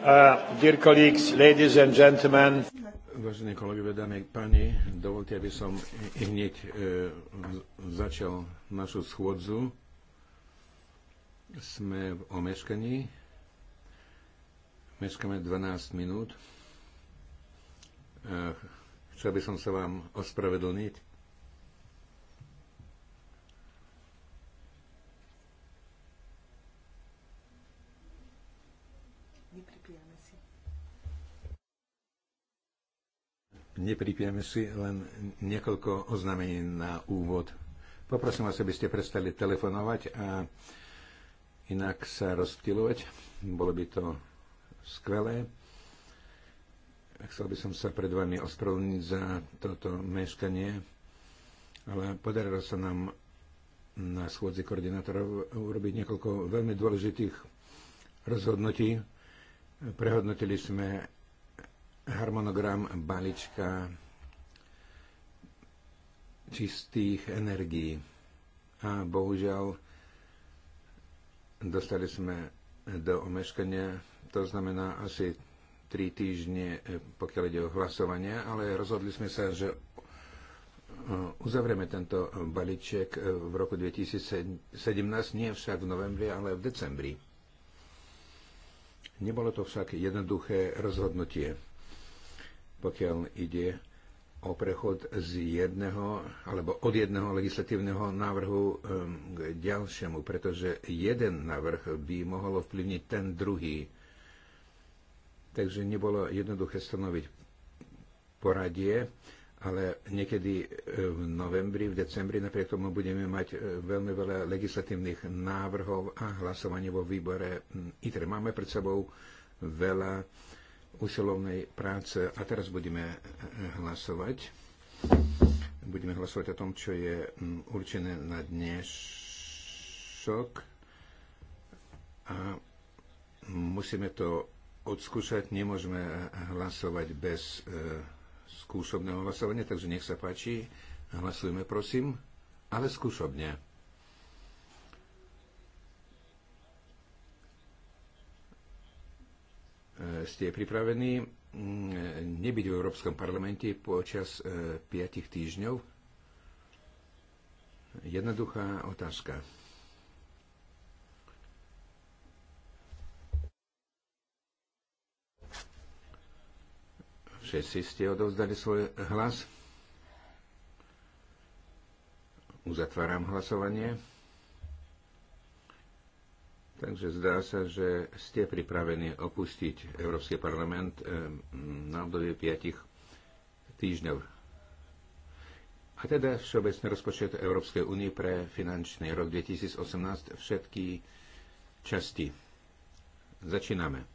Uh, Vážení kolegovia, dámy a páni, dovolte, aby som hneď e, začal našu schôdzu. Sme v omeškaní. Meškáme 12 minút. E, Chcel by som sa vám ospravedlniť. Nepripijame si. Nepripijame si len niekoľko oznamení na úvod. Poprosím vás, aby ste prestali telefonovať a inak sa rozptilovať. Bolo by to skvelé. Chcel by som sa pred vami ospravedlniť za toto meškanie, ale podarilo sa nám na schôdzi koordinátorov urobiť niekoľko veľmi dôležitých rozhodnutí. Prehodnotili sme harmonogram balíčka čistých energií. A bohužiaľ, dostali sme do omeškania, to znamená asi tri týždne, e, pokiaľ ide o hlasovania, ale rozhodli sme sa, že e, uzavrieme tento balíček e, v roku 2017, nie však v novembri, ale v decembri. Nebolo to však jednoduché rozhodnutie, pokiaľ ide o prechod z jedného alebo od jedného legislatívneho návrhu k ďalšiemu, pretože jeden návrh by mohol ovplyvniť ten druhý takže nebolo jednoduché stanoviť poradie, ale niekedy e, v novembri, v decembri, napriek tomu budeme mať e, veľmi veľa legislatívnych návrhov a hlasovanie vo výbore ITRE. Máme pred sebou veľa usilovnej práce a teraz budeme e, hlasovať. Budeme hlasovať o tom, čo je určené na dnešok a musíme to odskúšať, nemôžeme hlasovať bez e, skúšobného hlasovania, takže nech sa páči, hlasujme prosím, ale skúšobne. E, ste pripravení nebyť v Európskom parlamente počas e, 5 týždňov? Jednoduchá otázka. Všetci ste odovzdali svoj hlas. Uzatváram hlasovanie. Takže zdá sa, že ste pripravení opustiť Európsky parlament eh, na obdobie 5 týždňov. A teda Všeobecný rozpočet Európskej únie pre finančný rok 2018 všetky časti. Začíname.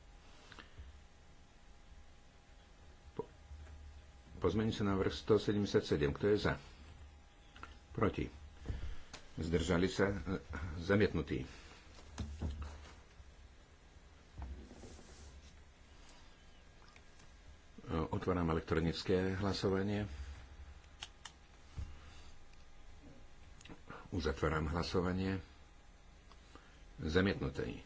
na vrch 177. Kto je za? Proti. Zdržali sa zamietnutí. Otváram elektronické hlasovanie. Uzatváram hlasovanie. Zamietnuté.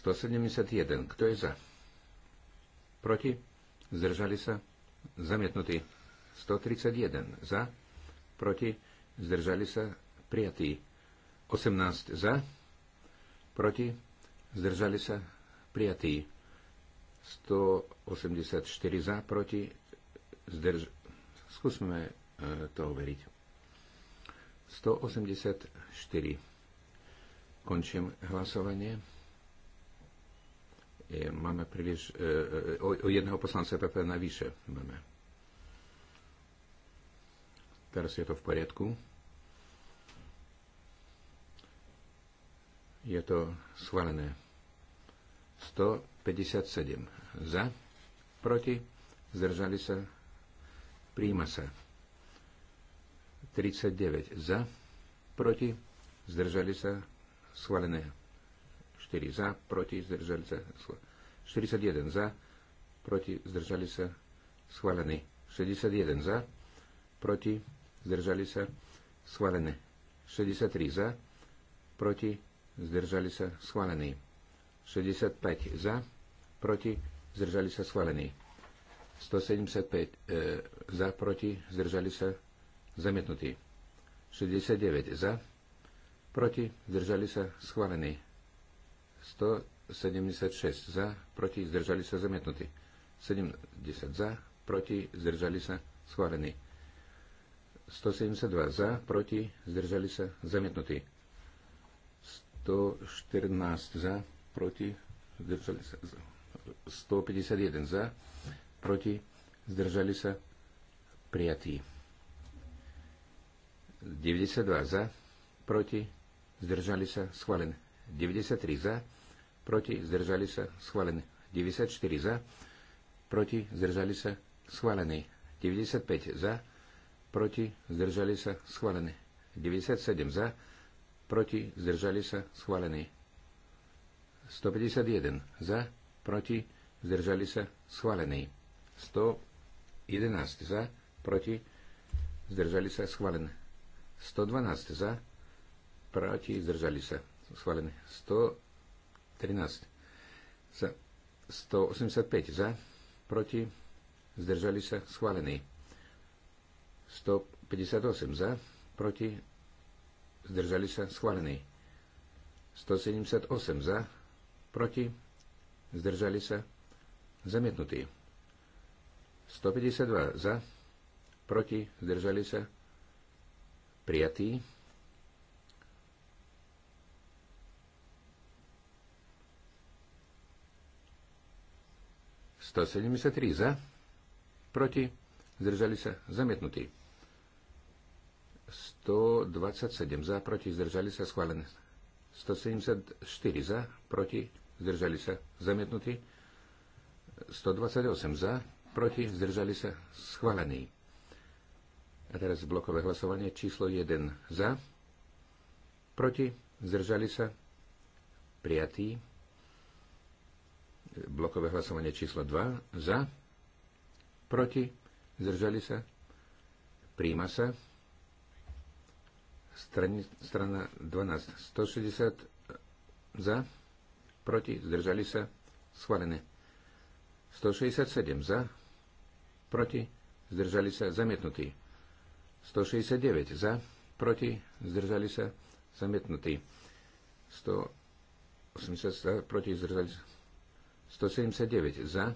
171. Kto je za? proti, zdržali sa, zamietnutí. 131 za, proti, zdržali sa, prijatí. 18 za, proti, zdržali sa, prijatí. 184 za, proti, zdrž... Skúsme e, to overiť. 184. Končím hlasovanie. E, máme príliš... E, e, o, o jedného poslanca PP najvyššie máme. Teraz je to v poriadku. Je to schválené. 157 za, proti, zdržali sa, príjma sa. 39 za, proti, zdržali sa, schválené 44 za, proti, zdržali sa, 41 za, proti, zdržali sa, schválený. 61 za, proti, zdržali sa, schválené. 63 za, proti, zdržali sa, schválený. 65 za, proti, zdržali sa, schválený. 175 e, za, proti, zdržali sa, zamietnutý. 69 za, proti, zdržali sa, schválený. 176 za, proti, zdržali sa zamietnutí. 70 za, proti, zdržali sa schválení. 172 za, proti, zdržali sa zamietnutí. 114 za, proti, zdržali sa 151 za, proti, zdržali sa prijatí. 92 za, proti, zdržali sa schválení. 93 za, proti zdržali sa schválený. 94 za, proti zdržali sa schválený. 95 za, proti zdržali sa schválený. 97 za, proti zdržali sa schválený. 151 za, proti zdržali sa schválený. 111 za, proti zdržali sa schválený. 112 za, proti zdržali sa schválené. 113 za, 185 za, proti, zdržali sa, schválený. 158 za, proti, zdržali sa, schválený. 178 za, proti, zdržali sa, zamietnutý. 152 za, proti, zdržali sa, prijatý. 173 za, proti, zdržali sa, zamietnutí. 127 za, proti, zdržali sa, schválené. 174 za, proti, zdržali sa, zamietnutí. 128 za, proti, zdržali sa, schválený. A teraz blokové hlasovanie číslo 1 za, proti, zdržali sa, prijatý blokové hlasovanie číslo 2 za, proti, zdržali sa, príjma sa. Strani, strana 12, 160 za, proti, zdržali sa, schválené. 167 za, proti, zdržali sa, Zamietnutý. 169 za, proti, zdržali sa, Zamietnutý. 180 za, proti, zdržali sa, 179 za,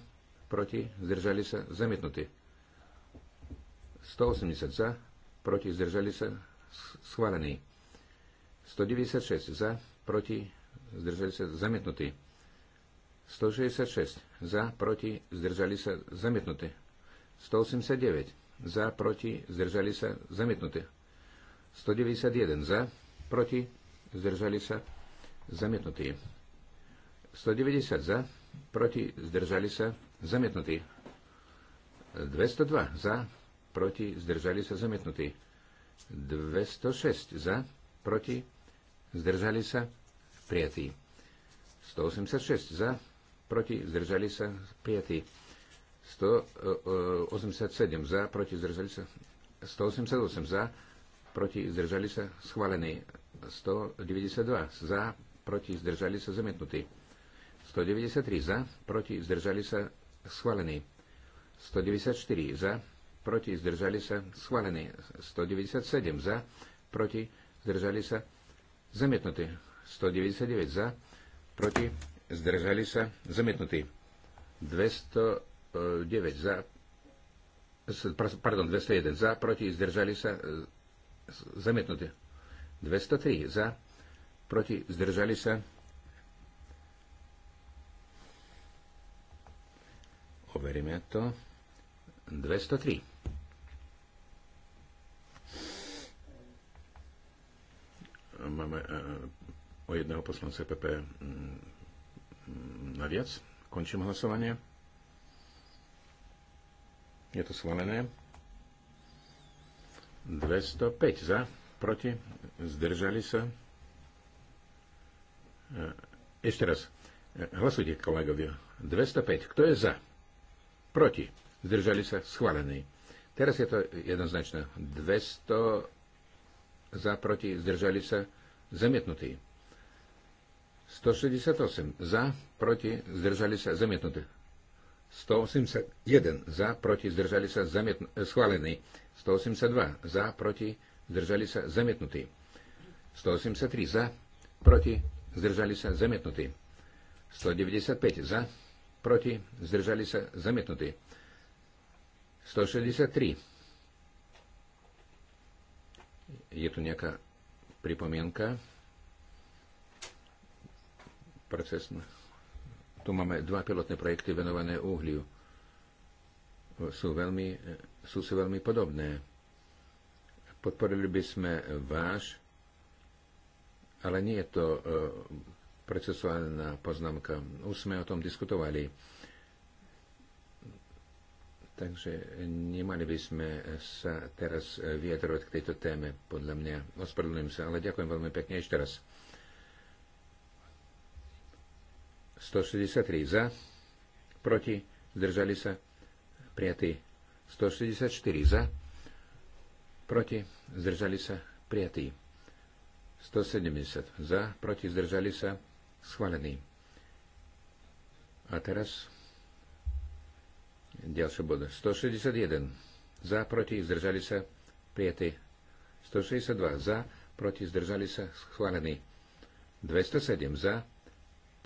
proti, zdržali sa, zamietnutí. 180 za, proti, zdržali sa, schválený. 196 za, proti, zdržali sa, zamietnutí. 166 za, proti, zdržali sa, zamietnutí. 189 za, proti, zdržali sa, zamietnutí. 191 za, proti, zdržali sa, zamietnutí. 190 za, proti, zdržali sa, zamietnutí. 202 za, proti, zdržali sa, zamietnutí. 206 za, proti, zdržali sa, prijatí. 186 za, proti, zdržali sa, prijatí. 187 za, proti, zdržali sa, 188 za, proti, zdržali sa, schválený. 192 za, proti, zdržali sa, zamietnutí. 193 za, proti zdržali sa schválený. 194 za, proti zdržali sa schválený. 197 za, proti zdržali sa zamietnutý. 199 za, proti zdržali sa zamietnutý. 209 za, pardon, 201 za, proti zdržali sa e, zamietnutý. 203 za, proti zdržali sa zamietnutý. Overíme to. 203. Máme e, o jedného poslanca PP naviac. Končím hlasovanie. Je to schválené. 205 za, proti, zdržali sa. E, ešte raz. E, hlasujte, kolegovia. 205. Kto je za? Proti. Zdržali sa schválení. Teraz je to jednoznačné. 200 za, proti, zdržali sa zamietnutí. 168 za, proti, zdržali sa zamietnutí. 181 za, proti, zdržali sa zamietn- schválení. 182 za, proti, zdržali sa zamietnutí. 183 za, proti, zdržali sa zamietnutí. 195 za, proti, zdržali sa zamietnutí. 163. Je tu nejaká pripomienka? Procesná. Tu máme dva pilotné projekty venované uhliu. Sú, veľmi, sú si veľmi podobné. Podporili by sme váš, ale nie je to procesuálna poznámka. Už sme o tom diskutovali. Takže nemali by sme sa teraz vyjadrovať k tejto téme, podľa mňa. Ospravedlňujem sa, ale ďakujem veľmi pekne ešte raz. 163 za, proti, zdržali sa, prijatí. 164 za, proti, zdržali sa, prijatí. 170 za, proti, zdržali sa, Schválený. A teraz ďalšie bod. 161. Za, proti, zdržali sa, prijatý. 162. Za, proti, zdržali sa, schválený. 207. Za,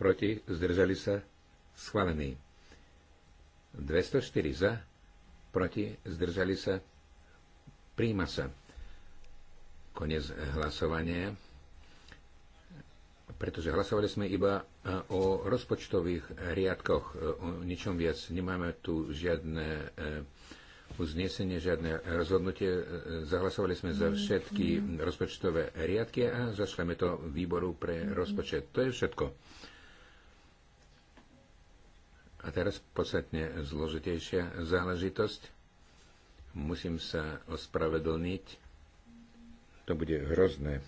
proti, zdržali sa, schválený. 204. Za, proti, zdržali sa, príjma sa. Konec hlasovania pretože hlasovali sme iba e, o rozpočtových riadkoch, e, o ničom viac. Nemáme tu žiadne e, uznesenie, žiadne rozhodnutie. Zahlasovali sme za všetky rozpočtové riadky a zašleme to výboru pre rozpočet. To je všetko. A teraz podstatne zložitejšia záležitosť. Musím sa ospravedlniť. To bude hrozné.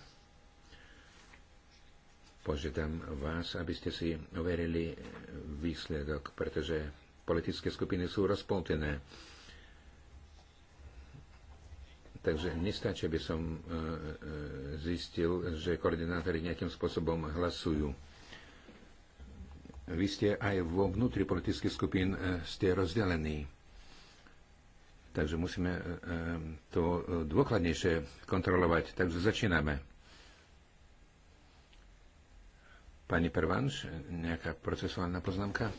Požiadam vás, aby ste si overili výsledok, pretože politické skupiny sú rozpoltené. Takže nestačí, aby som e, e, zistil, že koordinátori nejakým spôsobom hlasujú. Vy ste aj vo vnútri politických skupín e, ste rozdelení. Takže musíme to dôkladnejšie kontrolovať. Takže začíname. Pani Pervanš, nejaká procesuálna poznámka?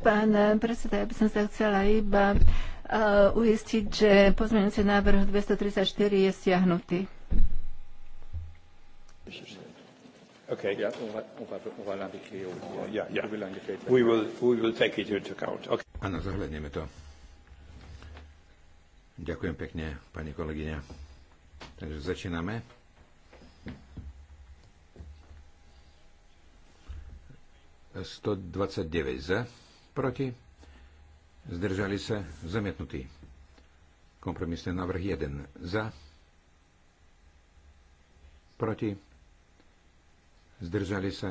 Pán predseda, ja by som sa chcela iba uh, uistiť, že pozmeňujúci návrh 234 je stiahnutý. Áno, zohľadneme to. Ďakujem pekne, pani kolegyňa. Takže začíname. 129 za, proti, zdržali sa, zamietnutý. Kompromisný návrh 1 za, proti, zdržali sa,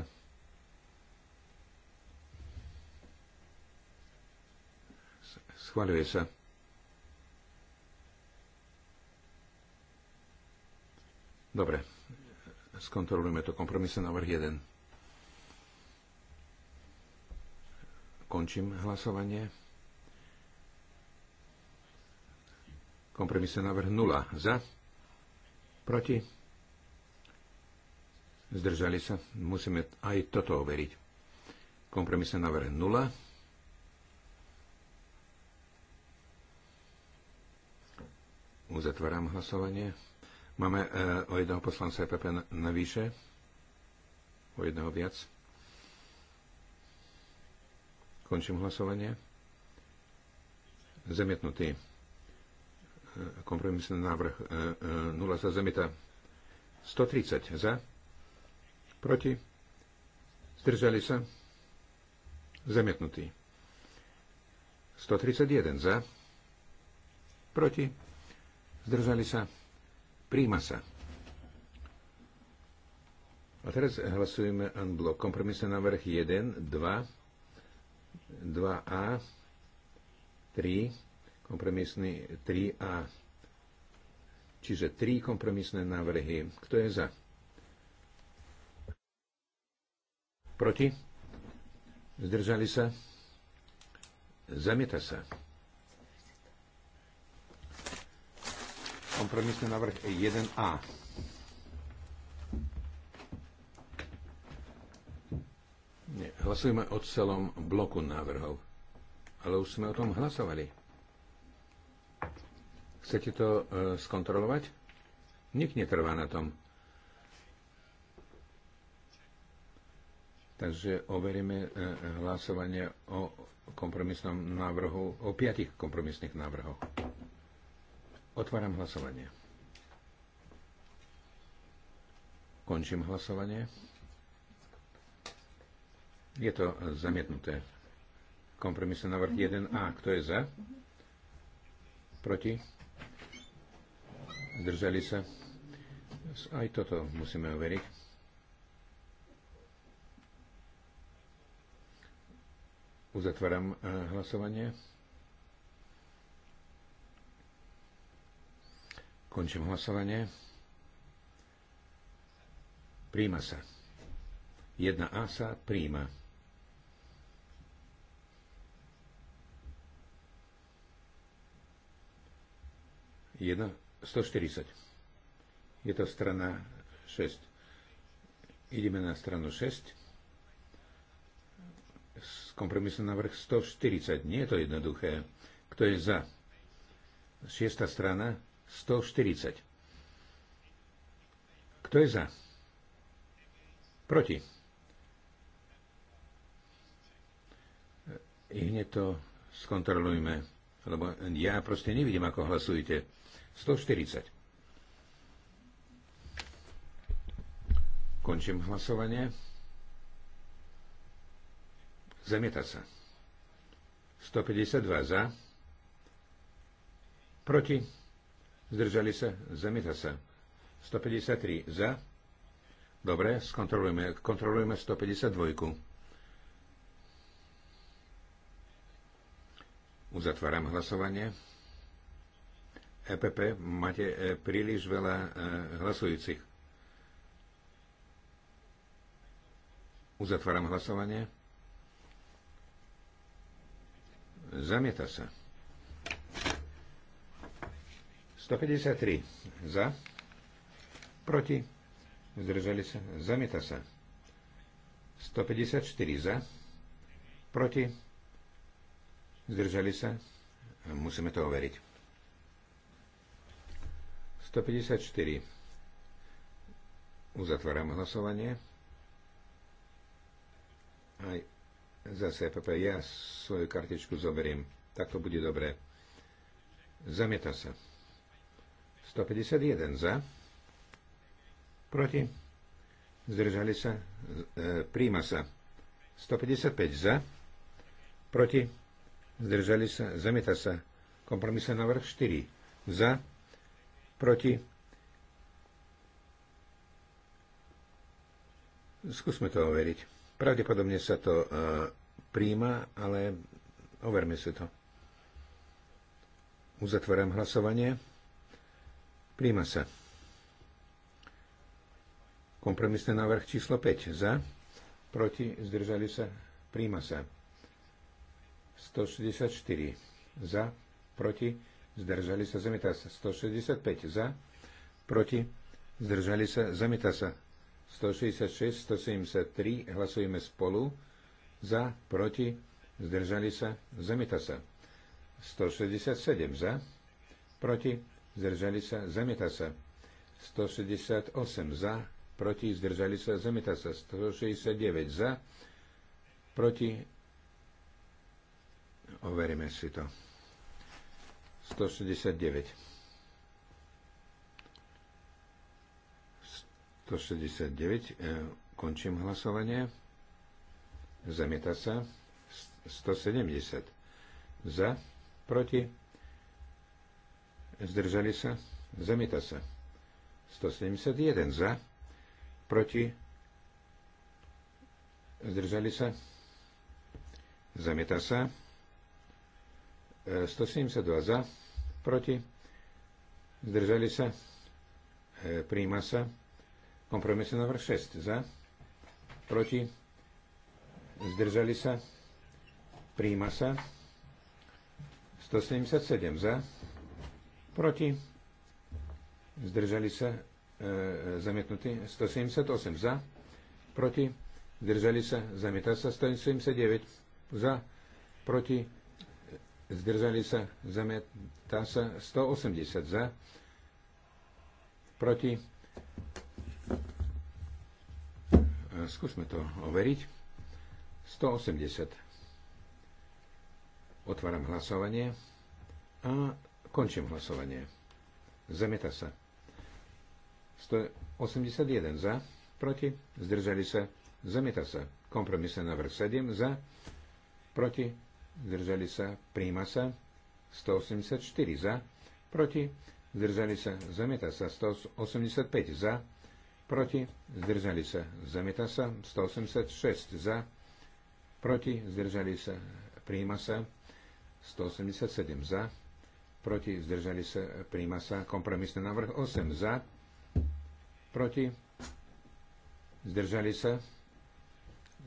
schváľuje sa. Dobre, skontrolujeme to kompromisný návrh 1. Končím hlasovanie. Kompromisný návrh 0. Za? Proti? Zdržali sa? Musíme aj toto overiť. Kompromisný návrh 0. Uzatváram hlasovanie. Máme eh, o jedného poslanca EPP navyše. O jedného viac. Končím hlasovanie. Zamietnutý. E, kompromisný návrh 0 e, za e, zamieta. 130 za. Proti. Zdržali sa. Zamietnutý. 131 za. Proti. Zdržali sa. Príjma sa. A teraz hlasujeme en bloc. Kompromisný návrh 1, 2, 2A, 3, kompromisný 3A. Čiže 3 kompromisné návrhy. Kto je za? Proti? Zdržali sa? Zamieta sa. Kompromisný návrh 1A. E Nie, hlasujeme o celom bloku návrhov. Ale už sme o tom hlasovali. Chcete to e, skontrolovať? Nik netrvá na tom. Takže overíme e, hlasovanie o kompromisnom návrhu, o piatich kompromisných návrhoch. Otváram hlasovanie. Končím hlasovanie. Je to zamietnuté. Kompromisný návrh 1A. Kto je za? Proti? Zdržali sa? Aj toto musíme overiť. Uzatváram e, hlasovanie. Končím hlasovanie. Príjma sa. 1A sa príjma. 1, 140. Je to strana 6. Ideme na stranu 6 kompromisný návrh 140. Nie je to jednoduché. Kto je za? 6. strana 140. Kto je za? Proti. I hneď to skontrolujme, lebo ja proste nevidím, ako hlasujete. 140. Končím hlasovanie. Zamieta sa. 152 za. Proti. Zdržali sa. Zamieta sa. 153 za. Dobre, skontrolujeme. Kontrolujeme 152. Uzatváram hlasovanie. EPP máte e, príliš veľa e, hlasujúcich. Uzatváram hlasovanie. Zamieta sa. 153 za, proti, zdržali sa, zamieta sa. 154 za, proti, zdržali sa, musíme to overiť. 154. Uzatváram hlasovanie. Aj zase EPP, ja svoju kartičku zoberiem. Tak to bude dobré. Zamieta sa. 151 za. Proti. Zdržali sa. E, príjma sa. 155 za. Proti. Zdržali sa. Zamieta sa. Kompromisný návrh 4. Za proti. Skúsme to overiť. Pravdepodobne sa to e, príjma, ale overme si to. Uzatváram hlasovanie. Príjma sa. Kompromisný návrh číslo 5. Za. Proti. Zdržali sa. Príjma sa. 164. Za. Proti zdržali sa, zamieta sa. 165 za, proti, zdržali sa, zamieta sa. 166, 173, hlasujeme spolu, za, proti, zdržali sa, zamieta sa. 167 za, proti, zdržali sa, zamieta sa. 168 za, proti, zdržali sa, zamieta sa. 169 za, proti, overíme si to. 169. 169. E, končím hlasovanie. Zamieta sa. 170. Za. Proti. Zdržali sa. Zamieta sa. 171. Za. Proti. Zdržali sa. Zamieta sa. 172 e, za, proti, zdržali sa, príjma sa. Kompromisný návrh 6 za, proti, zdržali sa, príjma sa. 177 za, proti, zdržali sa, e, 178 e, za, proti, zdržali sa, zamieta sa. 179 za, proti, zdržali sa, zamietá sa 180 za, proti. E, skúsme to overiť. 180. Otváram hlasovanie a končím hlasovanie. Zamieta sa. 181 za, proti, zdržali sa, zamieta sa. Kompromisný návrh 7 za, proti, zdržali sa, príjma sa, 184 za, proti, zdržali sa, zamieta sa, 185 za, proti, zdržali sa, zamieta sa, 186 za, proti, zdržali sa, príjma sa, 187 za, proti, zdržali sa, príjma sa, kompromisný návrh 8 za, proti, zdržali sa,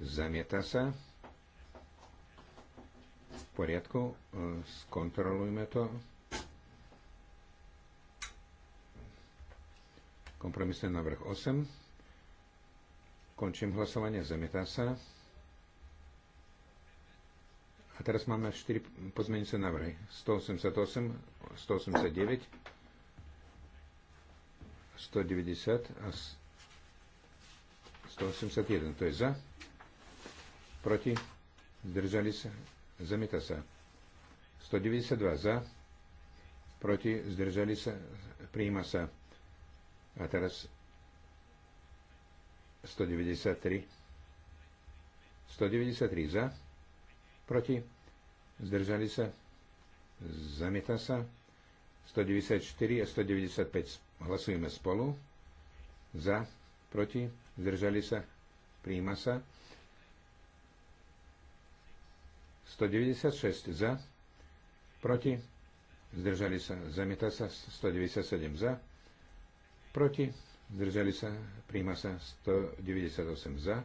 zamieta sa, poriadku, e, skontrolujme to. Kompromisný návrh 8. Končím hlasovanie, zamietá sa. A teraz máme 4 pozmeňujúce návrhy. 188, 189, 190 a 181. To je za. Proti. Zdržali sa Zemita sa. 192 za. Proti. Zdržali sa. Prijíma sa. A teraz 193. 193 za. Proti. Zdržali sa. Zamieta sa. 194 a 195 hlasujeme spolu. Za. Proti. Zdržali sa. Prijíma sa. 196 za, proti, zdržali sa, zamieta sa, 197 za, proti, zdržali sa, príjma sa, 198 za,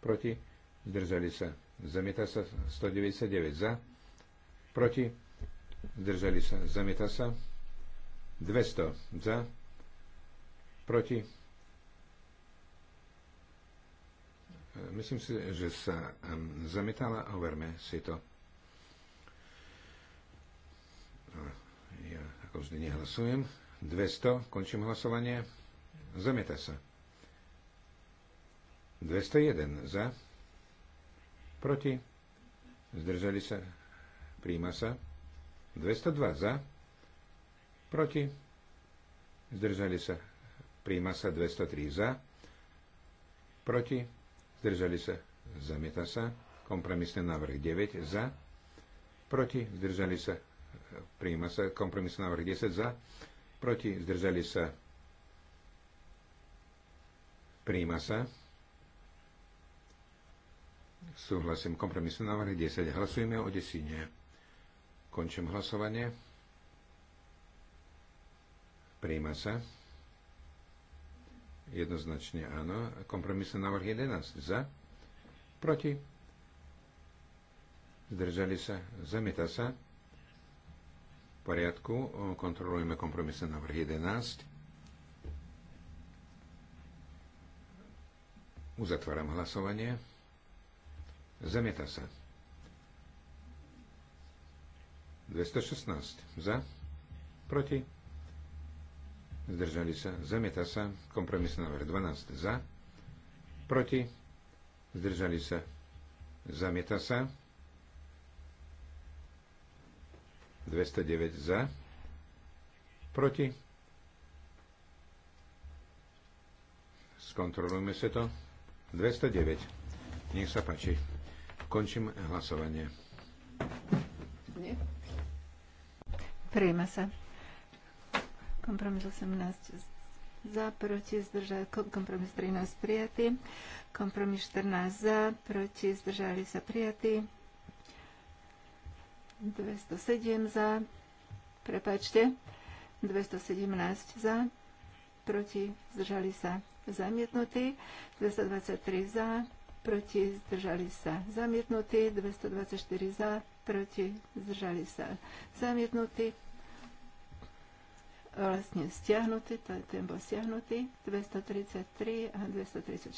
proti, zdržali sa, zamieta sa, 199 za, proti, zdržali sa, zamieta sa, 200 za, proti, Myslím si, že sa zametala. Overme si to. No, ja ako vždy nehlasujem. 200. Končím hlasovanie. Zameta sa. 201 za. Proti. Zdržali sa. Príjma sa. 202 za. Proti. Zdržali sa. Príjma sa 203 za. Proti zdržali sa, zamieta sa. Kompromisný návrh 9 za, proti, zdržali sa, prijíma sa. Kompromisný návrh 10 za, proti, zdržali sa, prijíma sa. Súhlasím, kompromisný návrh 10. Hlasujeme o desíne. Končím hlasovanie. Prijíma sa. Jednoznačne áno. Kompromisný návrh 11. Za? Proti? Zdržali sa? Zamieta sa? V poriadku. Kontrolujeme kompromisný návrh 11. Uzatváram hlasovanie. Zamieta sa. 216. Za? Proti? zdržali sa, zamieta sa, kompromis návrh 12 za, proti, zdržali sa, zamieta sa, 209 za, proti, skontrolujme sa to, 209, nech sa páči, končím hlasovanie. Nie. Príjme sa kompromis 18 za, proti, zdržali, kompromis 13 prijatý, kompromis 14 za, proti, zdržali sa prijatý, 207 za, prepačte, 217 za, proti, zdržali sa zamietnutí, 223 za, proti, zdržali sa zamietnutí, 224 za, proti, zdržali sa zamietnutí, vlastne stiahnutý, to, ten bol stiahnutý, 233 a 234.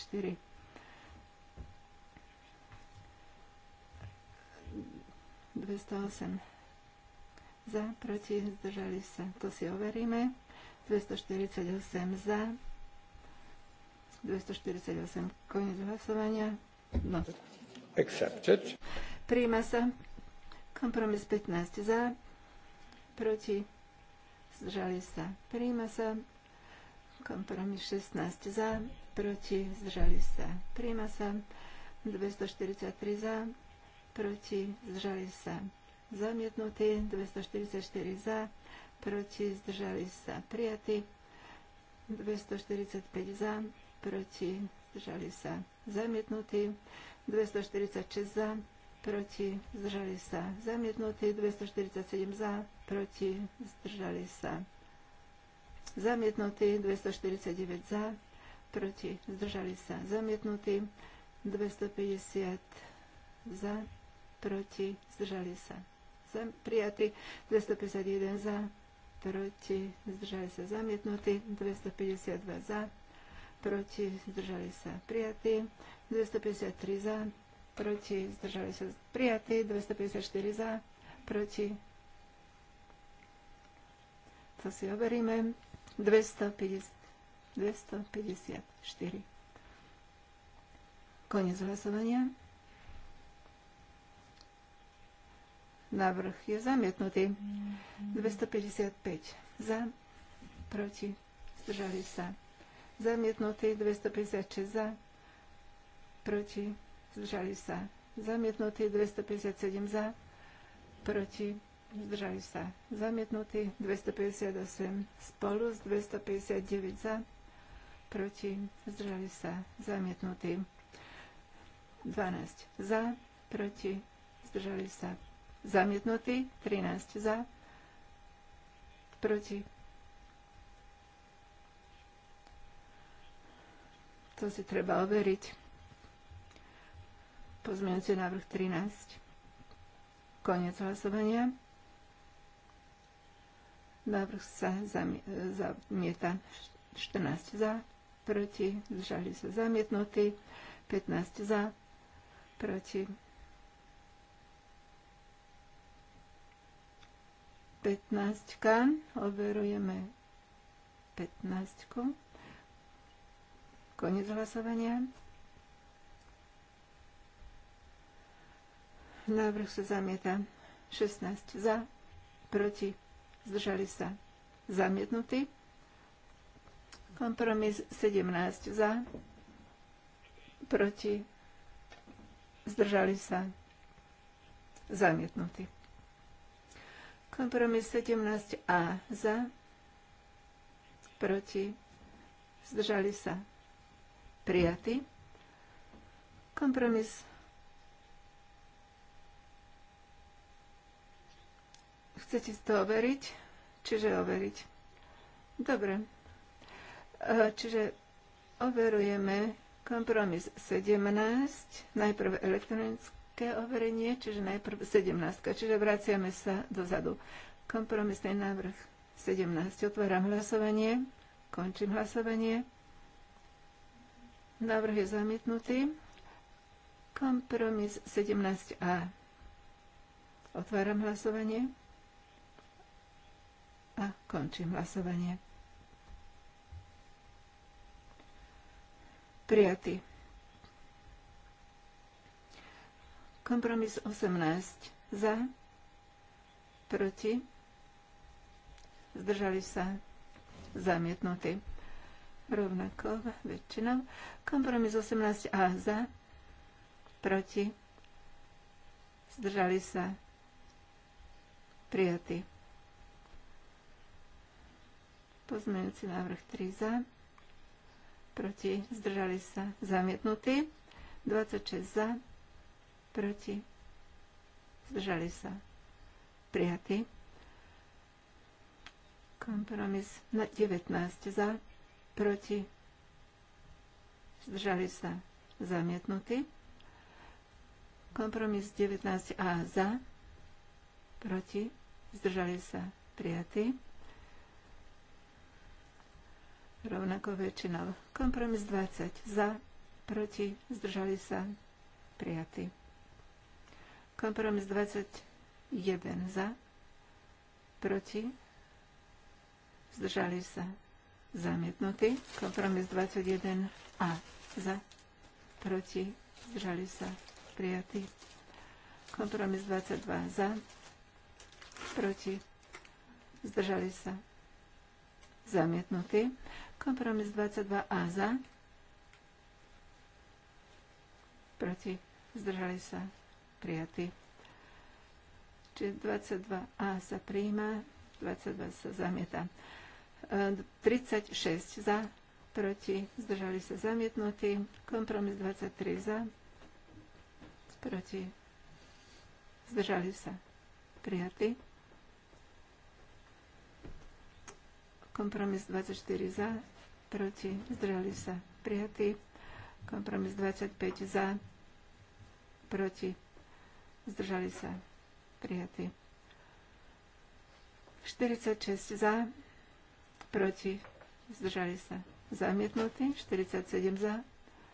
...208 za, proti, zdržali sa, to si overíme. 248 za, 248 koniec hlasovania. No. Accepted. Príjma sa kompromis 15 za, proti, zdržali sa, prijíma sa. Kompromis 16 za, proti, zdržali sa, prijíma sa. 243 za, proti, zdržali sa, zamietnutý. 244 za, proti, zdržali sa, prijatý. 245 za, proti, zdržali sa, zamietnutý. 246 za, proti, zdržali sa Zamietnutý 247 za, proti, zdržali sa Zamietnutý 249 za, proti, zdržali sa Zamietnutý 250 za, proti, zdržali sa zam, 251 za, proti, zdržali sa Zamietnutý 252 za, proti, zdržali sa Prijatý 253 za, proti, zdržali sa prijatí, 254 za, proti. To si overíme. 254. Konec hlasovania. Návrh je zamietnutý. 255 za, proti, zdržali sa. Zamietnutý 256 za, proti, zdržali sa. Zamietnutý 257 za, proti, zdržali sa. Zamietnutý 258 spolu s 259 za, proti, zdržali sa. Zamietnutý 12 za, proti, zdržali sa. Zamietnutý 13 za, proti. To si treba overiť. Pozmeňujúci návrh 13. Koniec hlasovania. Návrh sa zamieta 14 za, proti, zdržali sa zamietnutí, 15 za, proti, 15. Overujeme 15. Konec hlasovania. Návrh sa zamieta. 16 za, proti, zdržali sa. Zamietnutý. Kompromis 17 za, proti, zdržali sa. Zamietnutý. Kompromis 17a za, proti, zdržali sa. Prijatý. Kompromis Chcete si to overiť? Čiže overiť. Dobre. E, čiže overujeme kompromis 17, najprv elektronické overenie, čiže najprv 17, čiže vraciame sa dozadu. Kompromisný návrh 17. Otváram hlasovanie. Končím hlasovanie. Návrh je zamietnutý. Kompromis 17a. Otváram hlasovanie. A končím hlasovanie. Prijatý. Kompromis 18. Za. Proti. Zdržali sa. Zamietnutý. Rovnako väčšinou. Kompromis 18a za. Proti. Zdržali sa. Prijatý. Pozmeňujúci návrh 3 za. Proti. Zdržali sa. zamietnutí, 26 za. Proti. Zdržali sa. prijatí, Kompromis 19 za. Proti. Zdržali sa. zamietnutí, Kompromis 19a za. Proti. Zdržali sa. prijatí. Rovnako väčšinou. Kompromis 20 za, proti, zdržali sa, prijatý. Kompromis 21 za, proti, zdržali sa, zamietnutý. Kompromis 21 a za, proti, zdržali sa, prijatý. Kompromis 22 za, proti, zdržali sa, zamietnutý. Kompromis 22A za. Proti. Zdržali sa. Prijatý. Čiže 22A sa príjma, 22 sa zamieta. 36 e, za, proti, zdržali sa zamietnutí. Kompromis 23 za, proti, zdržali sa prijatí. Kompromis 24 za, proti, zdržali sa prijatí. Kompromis 25 za, proti, zdržali sa prijatí. 46 za, proti, zdržali sa zamietnutý. 47 za,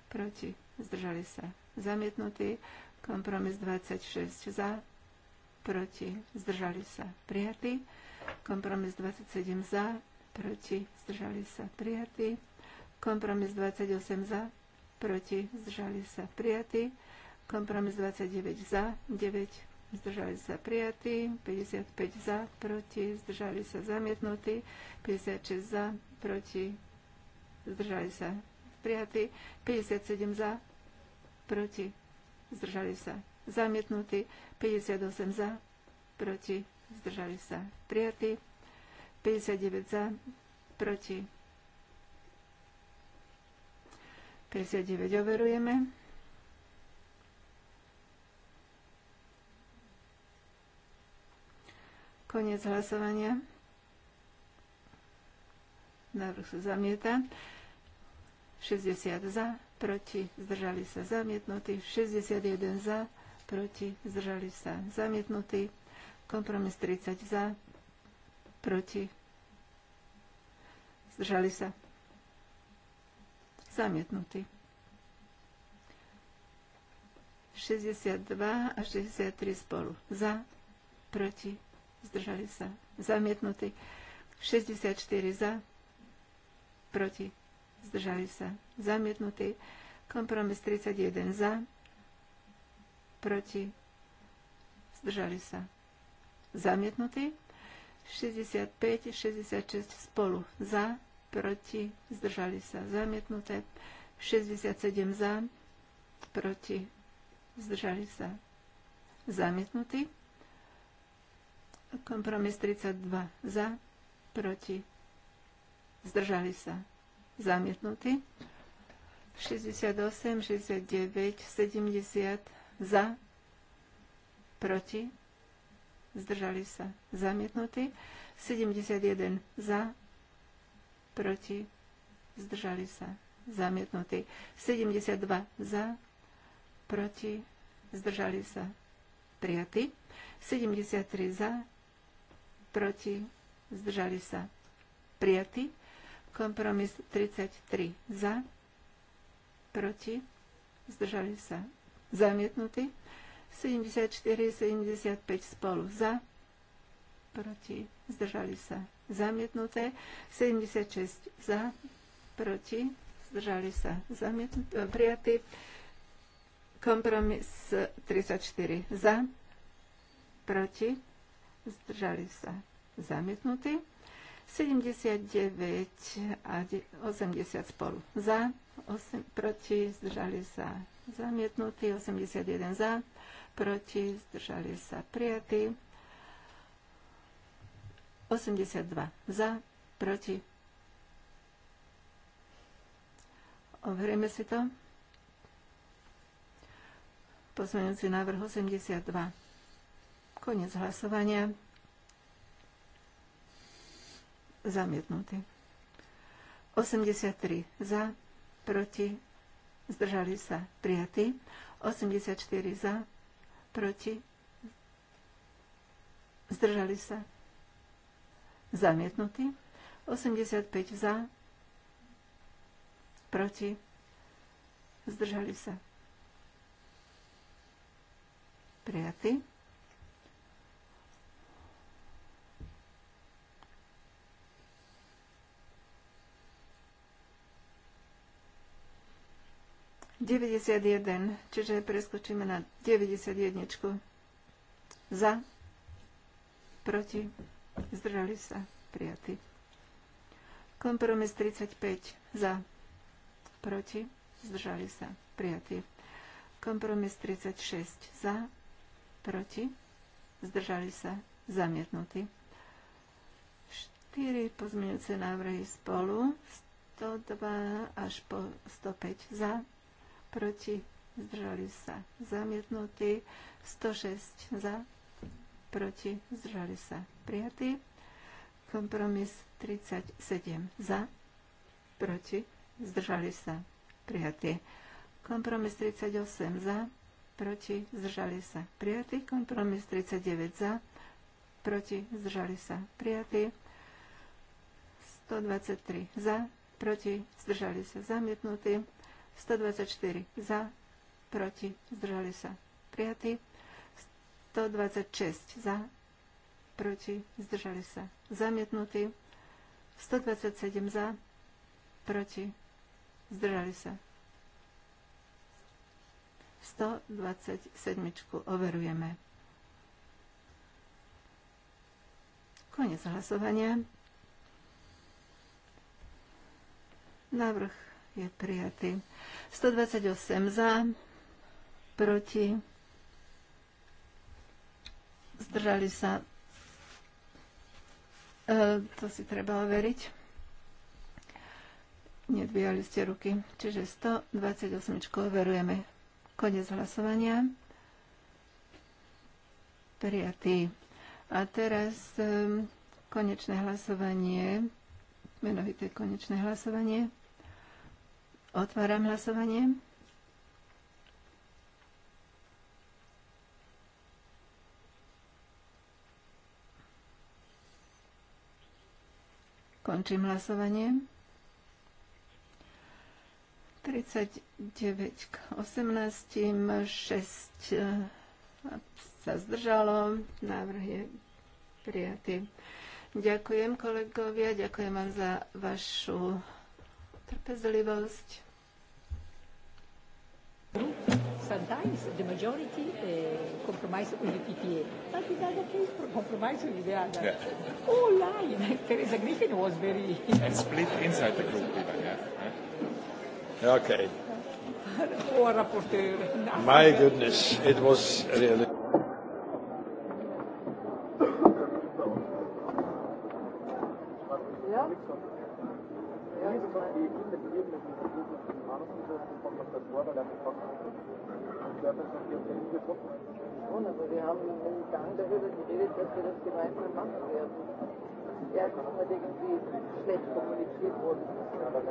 proti, zdržali sa zamietnutí. Kompromis 26 za, proti, zdržali sa prijatí. Kompromis 27 za, proti, zdržali sa prijatí. Kompromis 28 za, proti, zdržali sa prijatí. Kompromis 29 za, 9, zdržali sa prijatí. 55 za, proti, zdržali sa zamietnutí. 56 za, proti, zdržali sa prijatí. 57 za, proti, zdržali sa zamietnutí. 58 za, proti, zdržali sa prijatí. 59 za, proti. 59 overujeme. Koniec hlasovania. Návrh sa zamieta. 60 za, proti, zdržali sa zamietnutí. 61 za, proti, zdržali sa zamietnutí. Kompromis 30 za, proti, zdržali sa, Zamietnutí. 62 a 63 spolu. Za, proti, zdržali sa, Zamietnutí. 64 za, proti, zdržali sa, Zamietnutí. Kompromis 31 za, proti, zdržali sa, Zamietnutí. 65, 66 spolu za, proti, zdržali sa zamietnuté, 67 za, proti, zdržali sa zamietnutí, kompromis 32 za, proti, zdržali sa zamietnutí, 68, 69, 70 za, proti, zdržali sa zamietnutí, 71 za, proti, zdržali sa zamietnutí, 72 za, proti, zdržali sa prijatí, 73 za, proti, zdržali sa prijatí, kompromis 33 za, proti, zdržali sa zamietnutí, 74, 75 spolu za, proti, zdržali sa zamietnuté, 76 za, proti, zdržali sa zamietnuté, e, prijatý, kompromis 34 za, proti, zdržali sa zamietnutí, 79 a 80 spolu za, 8, proti, zdržali sa zamietnutí, 81 za, proti, zdržali sa prijatí. 82 za, proti. Overíme si to. Pozmeňujúci návrh 82. Konec hlasovania. Zamietnutý. 83 za, proti, zdržali sa prijatí. 84 za, proti, zdržali sa, zamietnutí, 85 za, proti, zdržali sa, prijatí. 91, čiže preskočíme na 91. Za, proti, zdržali sa, prijatí. Kompromis 35, za, proti, zdržali sa, prijatí. Kompromis 36, za, proti, zdržali sa, zamietnutí. 4 pozmeňujúce návrhy spolu, 102 až po 105 za, proti, zdržali sa zamietnutí, 106 za, proti, zdržali sa prijatí, kompromis 37 za, proti, zdržali sa prijatí, kompromis 38 za, proti, zdržali sa prijatí, kompromis 39 za, proti, zdržali sa prijatí, 123 za, proti, zdržali sa zamietnutí, 124 za, proti, zdržali sa prijatí. 126 za, proti, zdržali sa zamietnutí. 127 za, proti, zdržali sa. 127 overujeme. Konec hlasovania. Návrh je prijatý. 128 za, proti, zdržali sa. E, to si treba overiť. Nedvíjali ste ruky. Čiže 128 overujeme. Konec hlasovania. Prijatý. A teraz e, konečné hlasovanie, menovité konečné hlasovanie. Otváram hlasovanie. Končím hlasovanie. 39 k 18, 6 eh, sa zdržalo, návrh je prijatý. Ďakujem kolegovia, ďakujem vám za vašu trpezlivosť. Sometimes the majority uh, compromise with the PPA, but in other case compromise with the other. Yeah. Oh, line. Teresa Griffin was very. and split inside the group, even, yeah. Okay. My goodness, it was really. Schon, aber wir haben im Gang darüber geredet, dass wir das gemeinsam machen werden. Ja, es ist halt irgendwie schlecht kommuniziert worden. Aber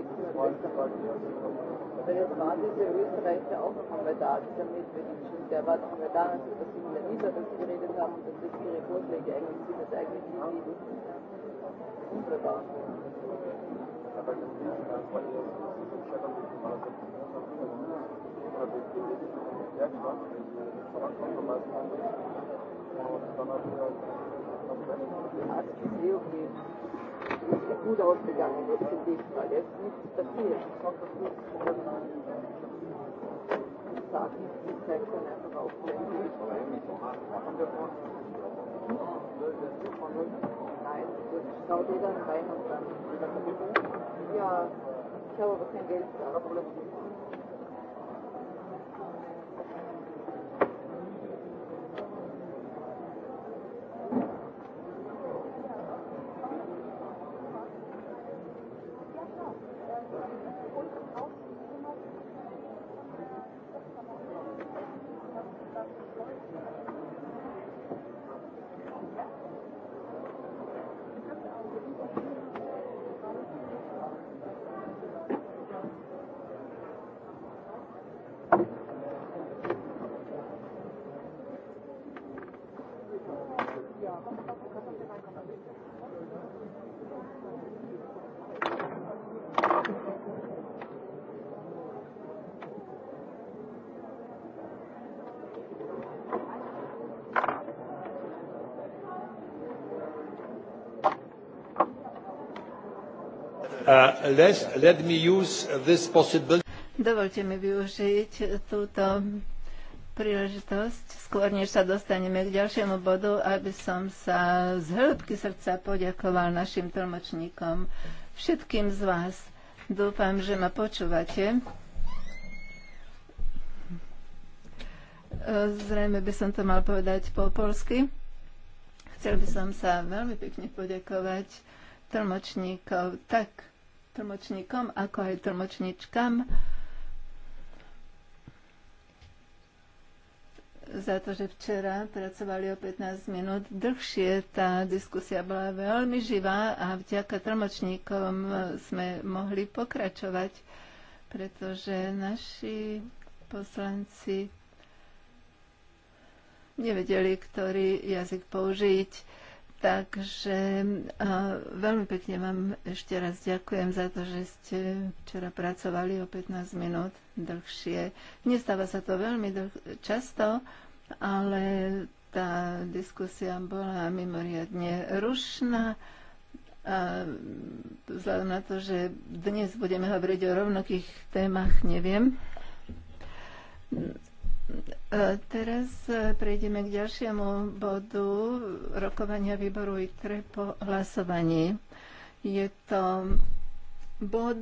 jetzt war dieser Österreicher auch noch einmal da, dieser Medvedic, und der war noch einmal da, also dass sie mit der Nieder das geredet haben und dass das ihre Vorschläge eigentlich sind, das eigentlich nicht wunderbar. Also ich sehe, okay, ist rein und dann wieder ja, ich habe aber kein Geld. Ja, kein Problem. Uh, Dovolte mi využiť túto príležitosť, skôr než sa dostaneme k ďalšiemu bodu, aby som sa z hĺbky srdca poďakoval našim tlmočníkom, všetkým z vás. Dúfam, že ma počúvate. Zrejme by som to mal povedať po polsky. Chcel by som sa veľmi pekne poďakovať tlmočníkov tak tlmočníkom, ako aj tlmočníčkam za to, že včera pracovali o 15 minút dlhšie. Tá diskusia bola veľmi živá a vďaka tlmočníkom sme mohli pokračovať, pretože naši poslanci nevedeli, ktorý jazyk použiť Takže veľmi pekne vám ešte raz ďakujem za to, že ste včera pracovali o 15 minút dlhšie. Nestáva sa to veľmi dlh- často, ale tá diskusia bola mimoriadne rušná. A vzhľadom na to, že dnes budeme hovoriť o rovnakých témach, neviem E, teraz e, prejdeme k ďalšiemu bodu rokovania výboru ITRE po hlasovaní. Je to bod